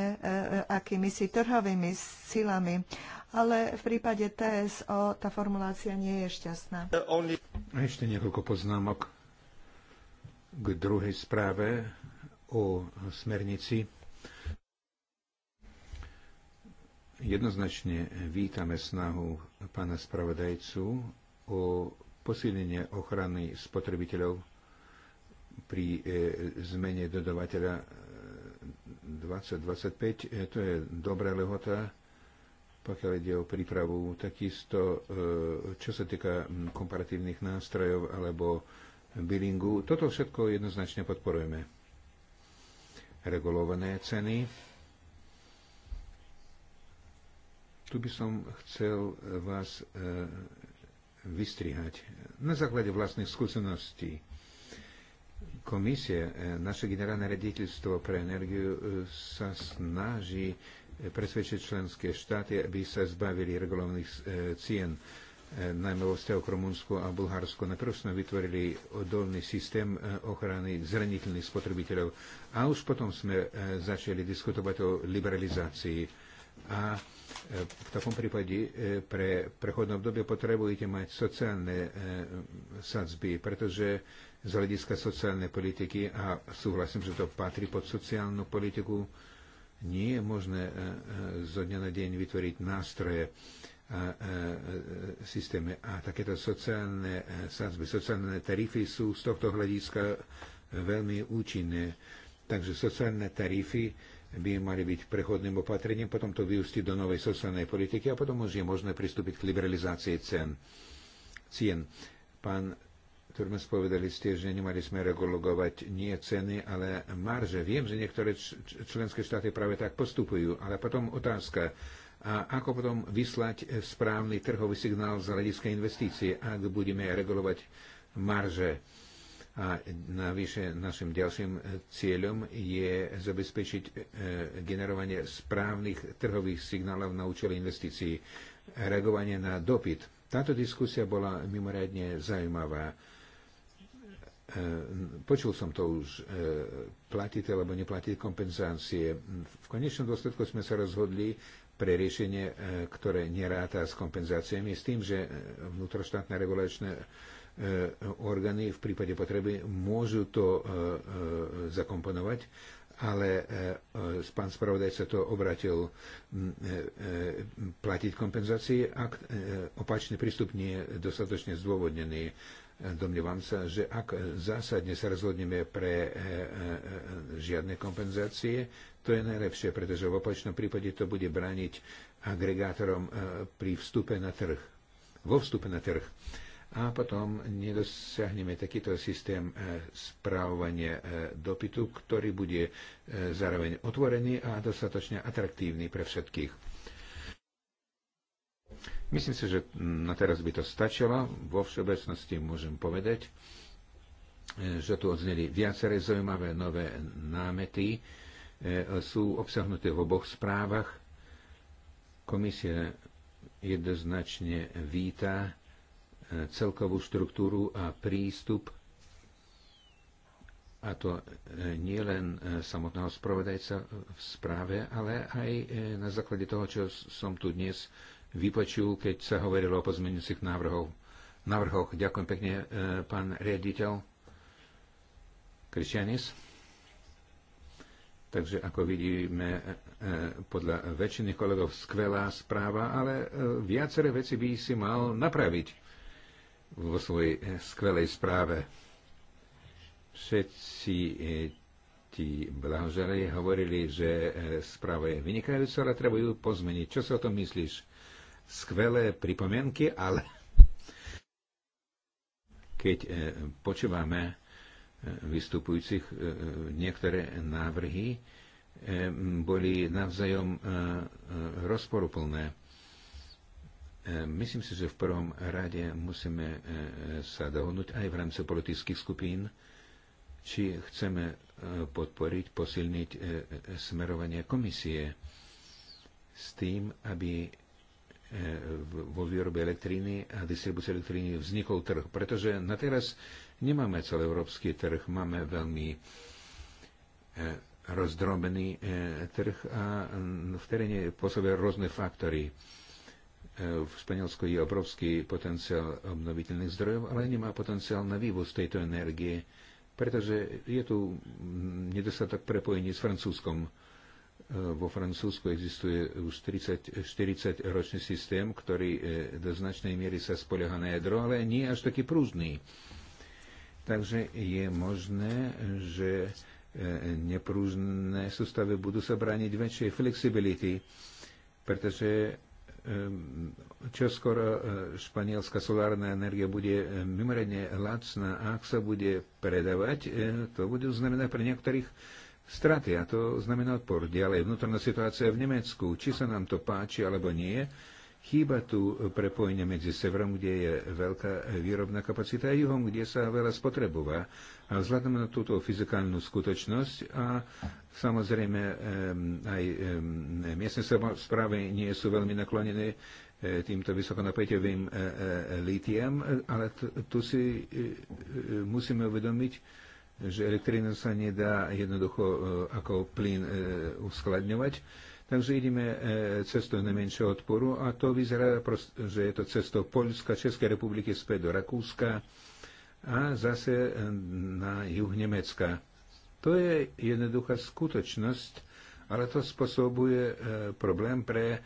si trhovými silami. Ale v prípade TSO tá formulácia nie je šťastná. Ešte niekoľko poznámok k druhej správe o smernici Jednoznačne vítame snahu pána spravodajcu o posilnenie ochrany spotrebiteľov pri e, zmene dodavateľa 2025. E, e, to je dobrá lehota, pokiaľ ide o prípravu. Takisto, čo sa týka komparatívnych nástrojov alebo bilingu, toto všetko jednoznačne podporujeme. Regulované ceny Tu by som chcel eh, vás eh, vystrihať na základe vlastných skúseností. Komisie, eh, naše generálne rediteľstvo pre energiu sa snaží presvedčiť členské štáty, aby sa zbavili regulovaných cien, najmä vo vzťahu k Rumunsku a Bulharsku. Najprv sme vytvorili odolný systém ochrany zraniteľných spotrebiteľov a už potom sme začali diskutovať o liberalizácii a e, v takom prípade e, pre prechodné obdobie potrebujete mať sociálne e, sadzby, pretože z hľadiska sociálnej politiky, a súhlasím, že to patrí pod sociálnu politiku, nie je možné zo dňa na deň vytvoriť nástroje a systémy. A takéto sociálne sadzby, sociálne tarify sú z tohto hľadiska veľmi účinné. Takže sociálne tarify by mali byť prechodným opatrením, potom to vyústiť do novej sociálnej politiky a potom už je možné pristúpiť k liberalizácii cen. Cien. Pán Turmes, povedali ste, že nemali sme regulovať nie ceny, ale marže. Viem, že niektoré členské štáty práve tak postupujú, ale potom otázka, a ako potom vyslať správny trhový signál z hľadiska investície, ak budeme regulovať marže? A navyše našim ďalším e, cieľom je zabezpečiť e, generovanie správnych trhových signálov na účel investícií, reagovanie na dopyt. Táto diskusia bola mimoriadne zaujímavá. E, počul som to už, platiť alebo neplatiť kompenzácie. V konečnom dôsledku sme sa rozhodli pre riešenie, ktoré neráta s kompenzáciami, s tým, že vnútroštátne regulačné E, orgány v prípade potreby môžu to e, e, zakomponovať, ale pán spravodajca to obratil platiť kompenzácie, ak opačný prístup nie je dostatočne zdôvodnený. Domnievam sa, že ak zásadne sa rozhodneme pre žiadne kompenzácie, to je najlepšie, pretože v opačnom prípade to bude brániť agregátorom pri vstupe na trh. Vo vstupe na trh a potom nedosiahneme takýto systém e, správovania e, dopytu, ktorý bude e, zároveň otvorený a dostatočne atraktívny pre všetkých. Myslím si, že mm, na teraz by to stačilo. Vo všeobecnosti môžem povedať, že tu odzneli viaceré zaujímavé nové námety. Sú obsahnuté v oboch správach. Komisia jednoznačne víta celkovú štruktúru a prístup a to e, nie len e, samotného spravodajca v správe, ale aj e, na základe toho, čo som tu dnes vypočul, keď sa hovorilo o pozmeňujúcich návrhov. návrhoch. Ďakujem pekne, pán riaditeľ Kristianis. Takže ako vidíme, podľa väčšiny kolegov skvelá správa, ale viaceré veci by si mal napraviť vo svojej eh, skvelej správe. Všetci eh, ti blahoželej hovorili, že eh, správa je vynikajúca, ale treba ju pozmeniť. Čo si o tom myslíš? Skvelé pripomienky, ale keď počúvame vystupujúcich niektoré návrhy, boli navzájom rozporuplné. E, myslím si, že v prvom rade musíme e, sa dohodnúť aj v rámci politických skupín, či chceme e, podporiť, posilniť smerovanie komisie s tým, aby vo výrobe elektriny a distribúcii elektriny vznikol trh. Pretože na teraz nemáme európsky trh, máme veľmi rozdrobený trh a v teréne pôsobia rôzne faktory v Španielsku je obrovský potenciál obnoviteľných zdrojov, ale nemá potenciál na vývoz tejto energie, pretože je tu nedostatok prepojení s Francúzskom. E, vo Francúzsku existuje už 40-ročný systém, ktorý e, do značnej miery sa spolieha na jadro, ale nie až taký prúžný. Takže je možné, že e, neprúžné sústavy budú sa brániť väčšej flexibility, pretože Ehm, Čoskoro e, španielská solárna energia bude e, mimoriadne lacná. Ak sa bude predávať, e, to bude znamená pre niektorých straty a to znamená odpor. Ďalej vnútorná situácia v Nemecku, či sa nám to páči alebo nie, Chýba tu prepojenie medzi severom, kde je veľká výrobná kapacita, a juhom, kde sa veľa spotrebová. A vzhľadom na túto fyzikálnu skutočnosť a samozrejme aj miestne správy nie sú veľmi naklonené e, týmto vysokonapäťovým e, e, litiam, ale tu si musíme uvedomiť, že elektrina sa nedá jednoducho ako plyn uskladňovať Takže ideme e, cestou najmenšieho odporu a to vyzerá, že je to cestou Polska, Českej republiky späť do Rakúska a zase e, na juh Nemecka. To je jednoduchá skutočnosť, ale to spôsobuje e, problém pre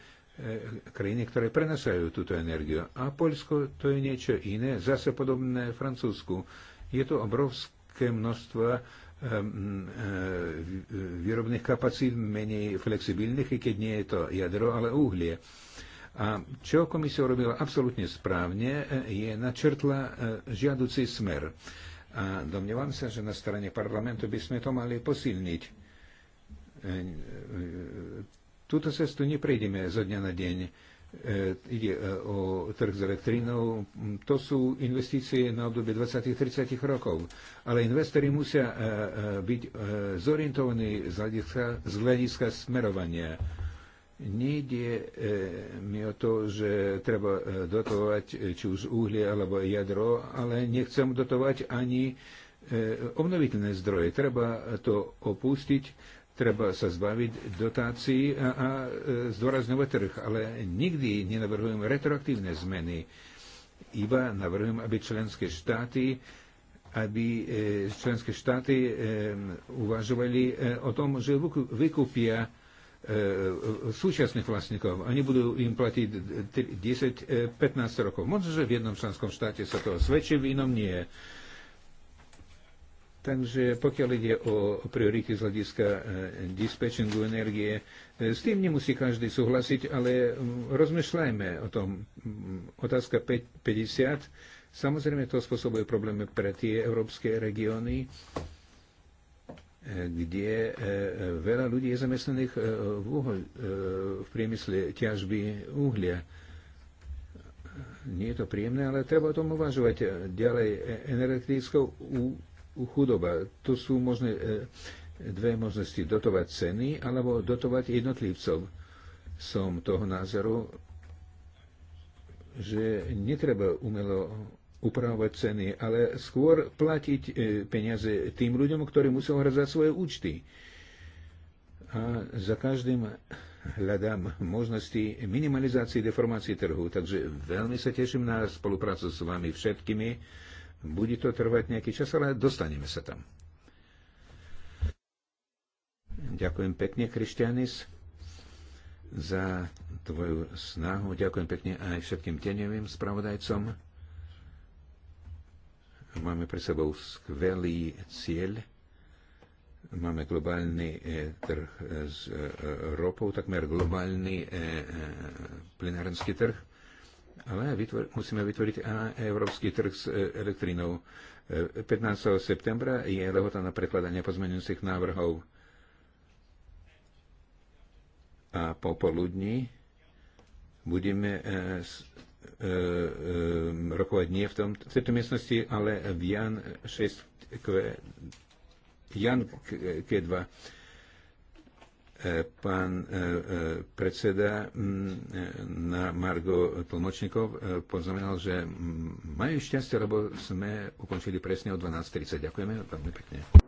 krajiny, ktoré prenašajú túto energiu. A Polsko to je niečo iné, zase podobné Francúzsku. Je to obrovské množstvo Ehm, ehm, ehm, výrobných kapacít, menej flexibilných, i keď nie je to jadro, ale uhlie. A čo komisia robila absolútne správne, eh, je načrtla eh, žiaducí smer. A domnievam sa, že na strane parlamentu by sme to mali posilniť. Eh, túto cestu neprejdeme zo dňa na deň E, ide e, o trh s elektrínou. To sú investície na obdobie 20-30 rokov. Ale investori musia e, byť zorientovaní z hľadiska, z hľadiska smerovania. Nejde mi o to, že treba dotovať či už uhlie alebo jadro, ale nechcem dotovať ani obnoviteľné zdroje. Treba to opustiť treba sa zbaviť dotácií a, a e, zdôrazňovať trh, ale nikdy nenavrhujem retroaktívne zmeny. Iba navrhujem, aby členské štáty aby e, členské štáty e, uvažovali o tom, že vykúpia súčasných vlastníkov. Oni budú im platiť 10-15 rokov. Možno, že v jednom členskom štáte sa to osvedčí, v inom nie. Takže pokiaľ ide o priority z hľadiska e, dispečingu energie, e, s tým nemusí každý súhlasiť, ale rozmýšľajme o tom. Otázka 50. Samozrejme to spôsobuje problémy pre tie európske regióny, e, kde veľa ľudí je zamestnaných v, uhol, v priemysle ťažby uhlia. Nie je to príjemné, ale treba o tom uvažovať ďalej energetickou chudoba. To sú možné e, dve možnosti. Dotovať ceny alebo dotovať jednotlivcov. Som toho názoru, že netreba umelo upravovať ceny, ale skôr platiť e, peniaze tým ľuďom, ktorí musia hrať svoje účty. A za každým hľadám možnosti minimalizácie deformácie trhu, takže veľmi sa teším na spoluprácu s vami všetkými bude to trvať nejaký čas, ale dostaneme sa tam. Ďakujem pekne, Kristianis, za tvoju snahu. Ďakujem pekne aj všetkým tenevým spravodajcom. Máme pre sebou skvelý cieľ. Máme globálny e, trh s e, e, ropou, takmer globálny plinárenský trh ale vytvor, musíme vytvoriť európsky trh s e, elektrínou. 15. E, septembra je lehota na prekladanie pozmenujúcich návrhov. A popoludní budeme e, rokovať nie v, tom, v tejto miestnosti, ale v Jan 6 Q, Jan K2. E, pán e, e, predseda na Margo Tlmočníkov poznamenal, že majú šťastie, lebo sme ukončili presne o 12.30. Ďakujeme veľmi pekne.